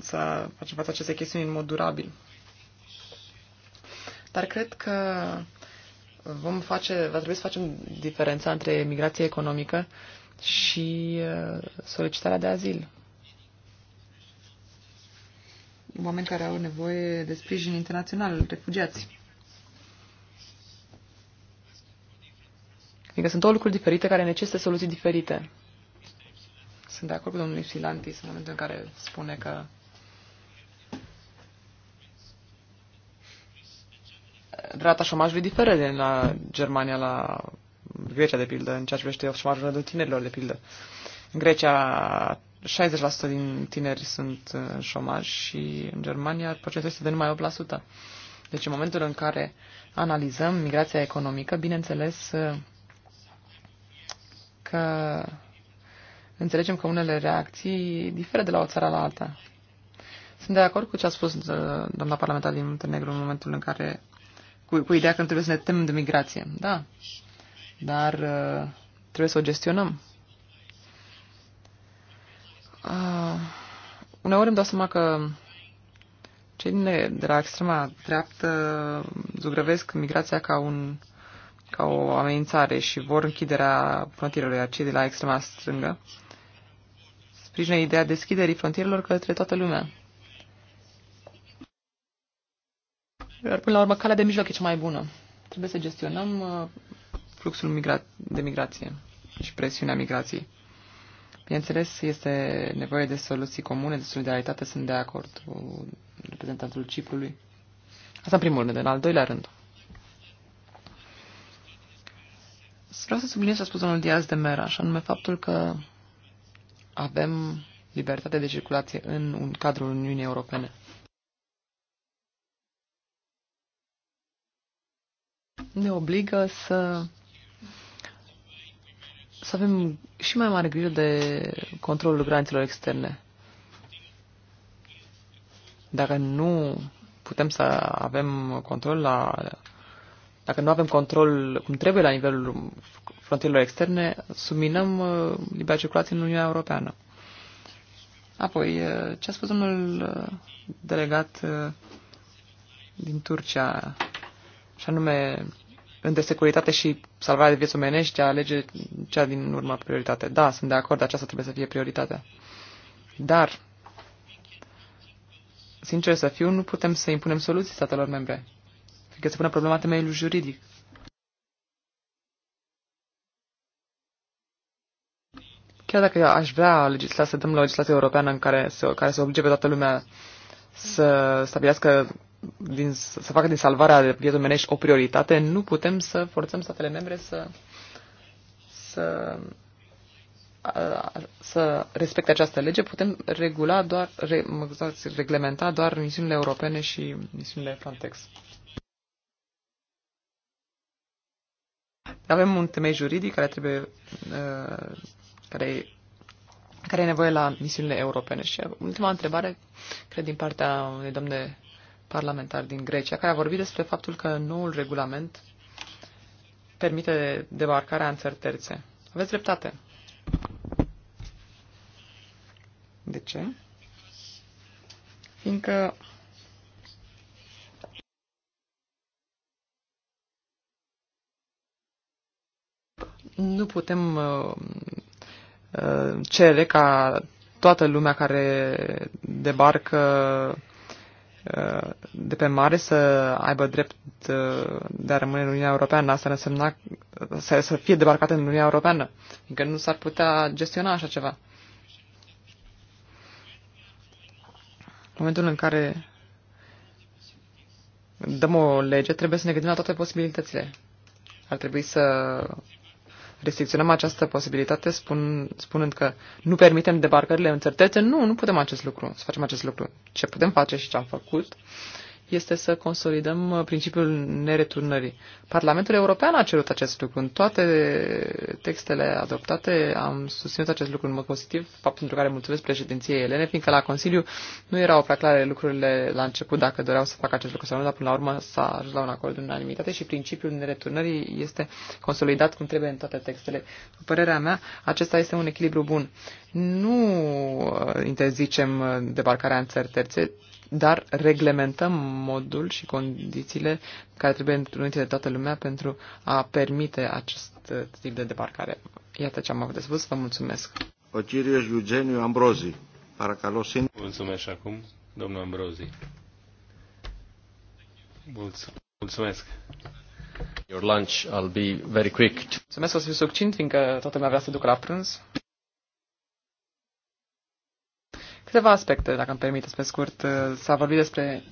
să facem față acestei chestiuni în mod durabil. Dar cred că vom face, va trebui să facem diferența între migrație economică și uh, solicitarea de azil. Oameni care au nevoie de sprijin internațional, refugiați. Adică sunt două lucruri diferite care necesită soluții diferite. Sunt de acord cu domnul Silantis în momentul în care spune că rata șomajului diferă de la Germania la Grecia, de pildă, în ceea ce privește șomajul de tinerilor, de pildă. În Grecia, 60% din tineri sunt în șomaj și în Germania procentul este de numai 8%. Deci în momentul în care analizăm migrația economică, bineînțeles uh, că înțelegem că unele reacții diferă de la o țară la alta. Sunt de acord cu ce a spus uh, doamna parlamentar din Muntenegru în momentul în care, cu, cu ideea că nu trebuie să ne temem de migrație. Da, dar uh, trebuie să o gestionăm. Uh, uneori îmi dau seama că cei din, de la extrema dreaptă zugrăvesc migrația ca un ca o amenințare și vor închiderea frontierelor, iar cei de la extrema strângă sprijină ideea deschiderii frontierelor către toată lumea. Iar până la urmă, calea de mijloc e cea mai bună. Trebuie să gestionăm uh, fluxul migra de migrație și presiunea migrației. Bineînțeles, este nevoie de soluții comune, de solidaritate, sunt de acord cu reprezentantul Ciprului. Asta în primul rând, în al doilea rând. Vreau să subliniez ce a spus domnul Diaz de Mera, și anume faptul că avem libertate de circulație în un cadrul Uniunii Europene. Ne obligă să, să avem și mai mare grijă de controlul granițelor externe. Dacă nu putem să avem control la dacă nu avem control cum trebuie la nivelul frontierilor externe, subminăm uh, libera circulație în Uniunea Europeană. Apoi, uh, ce a spus domnul uh, delegat din Turcia, și anume, între securitate și salvarea de vieți omenești, alege cea din urmă prioritate. Da, sunt de acord, aceasta trebuie să fie prioritatea. Dar, sincer să fiu, nu putem să impunem soluții statelor membre că se pune problema temeiului juridic. Chiar dacă aș vrea legisla, să dăm la legislație europeană în care se, care se oblige pe toată lumea să stabilească din, să facă din salvarea de vieții omenești o prioritate, nu putem să forțăm statele membre să, să, să respecte această lege. Putem regula doar, re, reglementa doar misiunile europene și misiunile Frontex. Avem un temei juridic care trebuie, uh, care, care e nevoie la misiunile europene. Și ultima întrebare, cred, din partea unei domne parlamentar din Grecia, care a vorbit despre faptul că noul regulament permite debarcarea în țări terțe. Aveți dreptate. De ce? Fiindcă Nu putem uh, uh, cere ca toată lumea care debarcă uh, de pe mare să aibă drept de a rămâne în Uniunea Europeană. Asta însemna să, fie debarcată în Uniunea Europeană, fiindcă nu s-ar putea gestiona așa ceva. În momentul în care dăm o lege, trebuie să ne gândim la toate posibilitățile. Ar trebui să restricționăm această posibilitate spun, spunând că nu permitem debarcările în țărtețe. Nu, nu putem acest lucru, să facem acest lucru. Ce putem face și ce am făcut este să consolidăm uh, principiul nereturnării. Parlamentul European a cerut acest lucru. În toate textele adoptate am susținut acest lucru în mod pozitiv, fapt pentru care mulțumesc președinției Elene, fiindcă la Consiliu nu erau prea clare lucrurile la început dacă doreau să facă acest lucru sau nu, dar până la urmă s-a ajuns la un acord de unanimitate și principiul nereturnării este consolidat cum trebuie în toate textele. Cu părerea mea, acesta este un echilibru bun. Nu uh, interzicem uh, debarcarea în țări terțe, dar reglementăm modul și condițiile care trebuie întrunite de toată lumea pentru a permite acest uh, tip de debarcare. Iată ce am avut de spus, vă mulțumesc. O Cirius Eugeniu Ambrozi. Paracalosin. Mulțumesc și acum, domnul Ambrozi. Mulțumesc. Your lunch, I'll be very quick. Mulțumesc, o să fiu succint, fiindcă toată lumea vrea să ducă la prânz. Câteva aspecte, dacă îmi permiteți pe scurt. S-a vorbit despre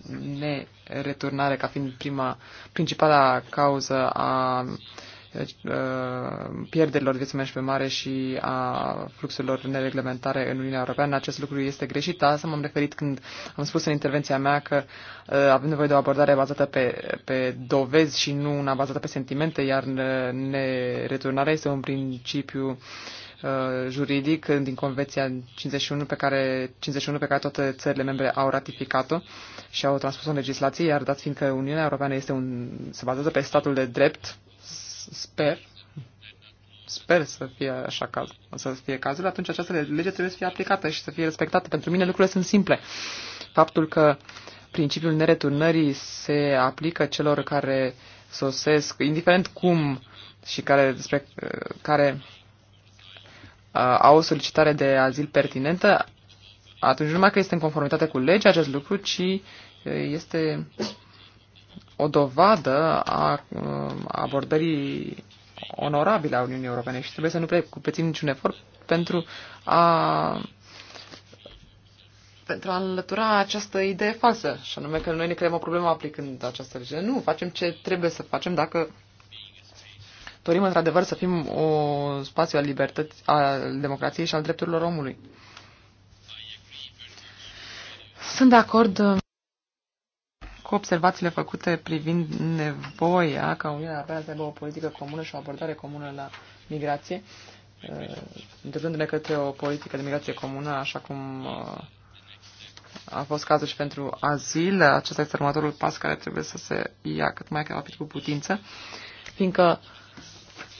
nereturnare ca fiind prima, principala cauză a uh, pierderilor vieții umenești pe mare și a fluxurilor nereglementare în Uniunea Europeană. Acest lucru este greșit. Asta m-am referit când am spus în intervenția mea că uh, avem nevoie de o abordare bazată pe, pe dovezi și nu una bazată pe sentimente, iar nereturnarea este un principiu uh, Uh, juridic din Convenția 51 pe care, 51 pe care toate țările membre au ratificat-o și au transpus-o în legislație, iar dat fiindcă Uniunea Europeană este un, se bazează pe statul de drept, sper, sper să fie așa caz, să fie cazul, atunci această lege trebuie să fie aplicată și să fie respectată. Pentru mine lucrurile sunt simple. Faptul că principiul nereturnării se aplică celor care sosesc, indiferent cum, și care, despre, uh, care Uh, au o solicitare de azil pertinentă, atunci nu numai că este în conformitate cu legea acest lucru, ci uh, este o dovadă a uh, abordării onorabile a Uniunii Europene și trebuie să nu precupețim niciun efort pentru a pentru a înlătura această idee falsă, și anume că noi ne creăm o problemă aplicând această lege. Nu, facem ce trebuie să facem dacă dorim într-adevăr să fim o spațiu al libertății, al democrației și al drepturilor omului. Sunt de acord uh, cu observațiile făcute privind nevoia ca Uniunea Europeană să aibă o politică comună și o abordare comună la migrație, îndreptându-ne uh, către o politică de migrație comună, așa cum uh, a fost cazul și pentru azil. Acesta este următorul pas care trebuie să se ia cât mai rapid cu putință, fiindcă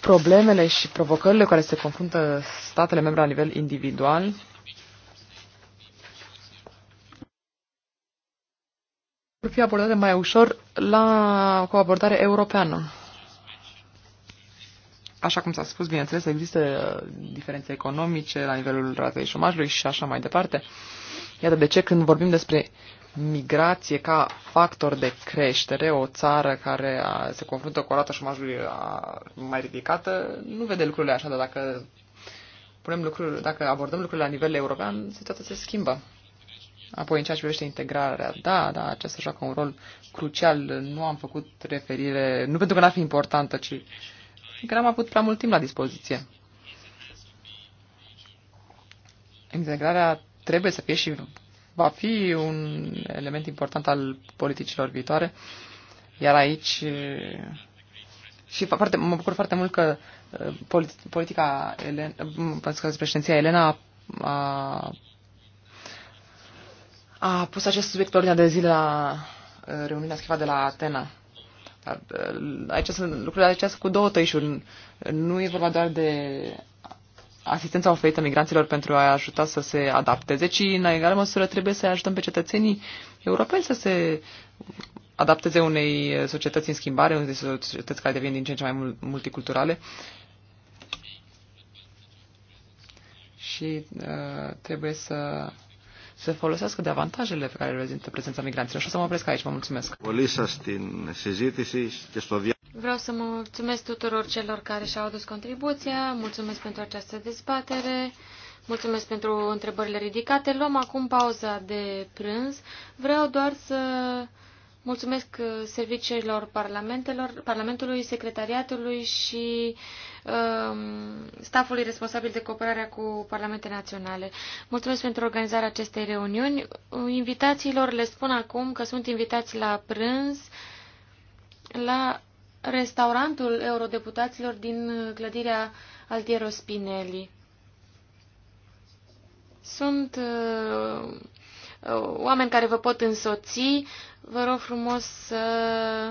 problemele și provocările care se confruntă statele membre la nivel individual. Vor fi abordate mai ușor la, cu o abordare europeană. Așa cum s-a spus, bineînțeles, există uh, diferențe economice la nivelul ratei șomajului și așa mai departe. Iată de ce când vorbim despre migrație ca factor de creștere, o țară care a, se confruntă cu o rată șomajului a, mai ridicată, nu vede lucrurile așa, dar dacă, punem lucruri, dacă abordăm lucrurile la nivel european, situația se schimbă. Apoi, în ceea ce privește integrarea, da, da, acesta joacă un rol crucial. Nu am făcut referire, nu pentru că n-ar fi importantă, ci că n-am avut prea mult timp la dispoziție. Integrarea trebuie să fie și va fi un element important al politicilor viitoare. Iar aici eh, și foarte, mă bucur foarte mult că eh, politica Elena, că eh, președinția Elena a, a pus acest subiect pe ordinea de zi la reuniunea schiva de la Atena. Dar aici sunt lucrurile acestea cu două tăișuri. Nu e vorba doar de asistența oferită migranților pentru a ajuta să se adapteze, ci în egală măsură trebuie să ajutăm pe cetățenii europeni să se adapteze unei societăți în schimbare, unei societăți care devin din ce în ce mai multiculturale. Și uh, trebuie să se folosească de avantajele pe care le reprezintă prezența migranților. Și o să mă opresc aici. Vă mulțumesc. Vreau să mulțumesc tuturor celor care și-au adus contribuția, mulțumesc pentru această dezbatere, mulțumesc pentru întrebările ridicate. Luăm acum pauza de prânz. Vreau doar să mulțumesc uh, serviciilor parlamentelor, Parlamentului, Secretariatului și um, stafului responsabil de cooperarea cu Parlamentele Naționale. Mulțumesc pentru organizarea acestei reuniuni. Invitațiilor le spun acum că sunt invitați la prânz la restaurantul eurodeputaților din clădirea Altiero Spinelli. Sunt uh, uh, oameni care vă pot însoți. Vă rog frumos să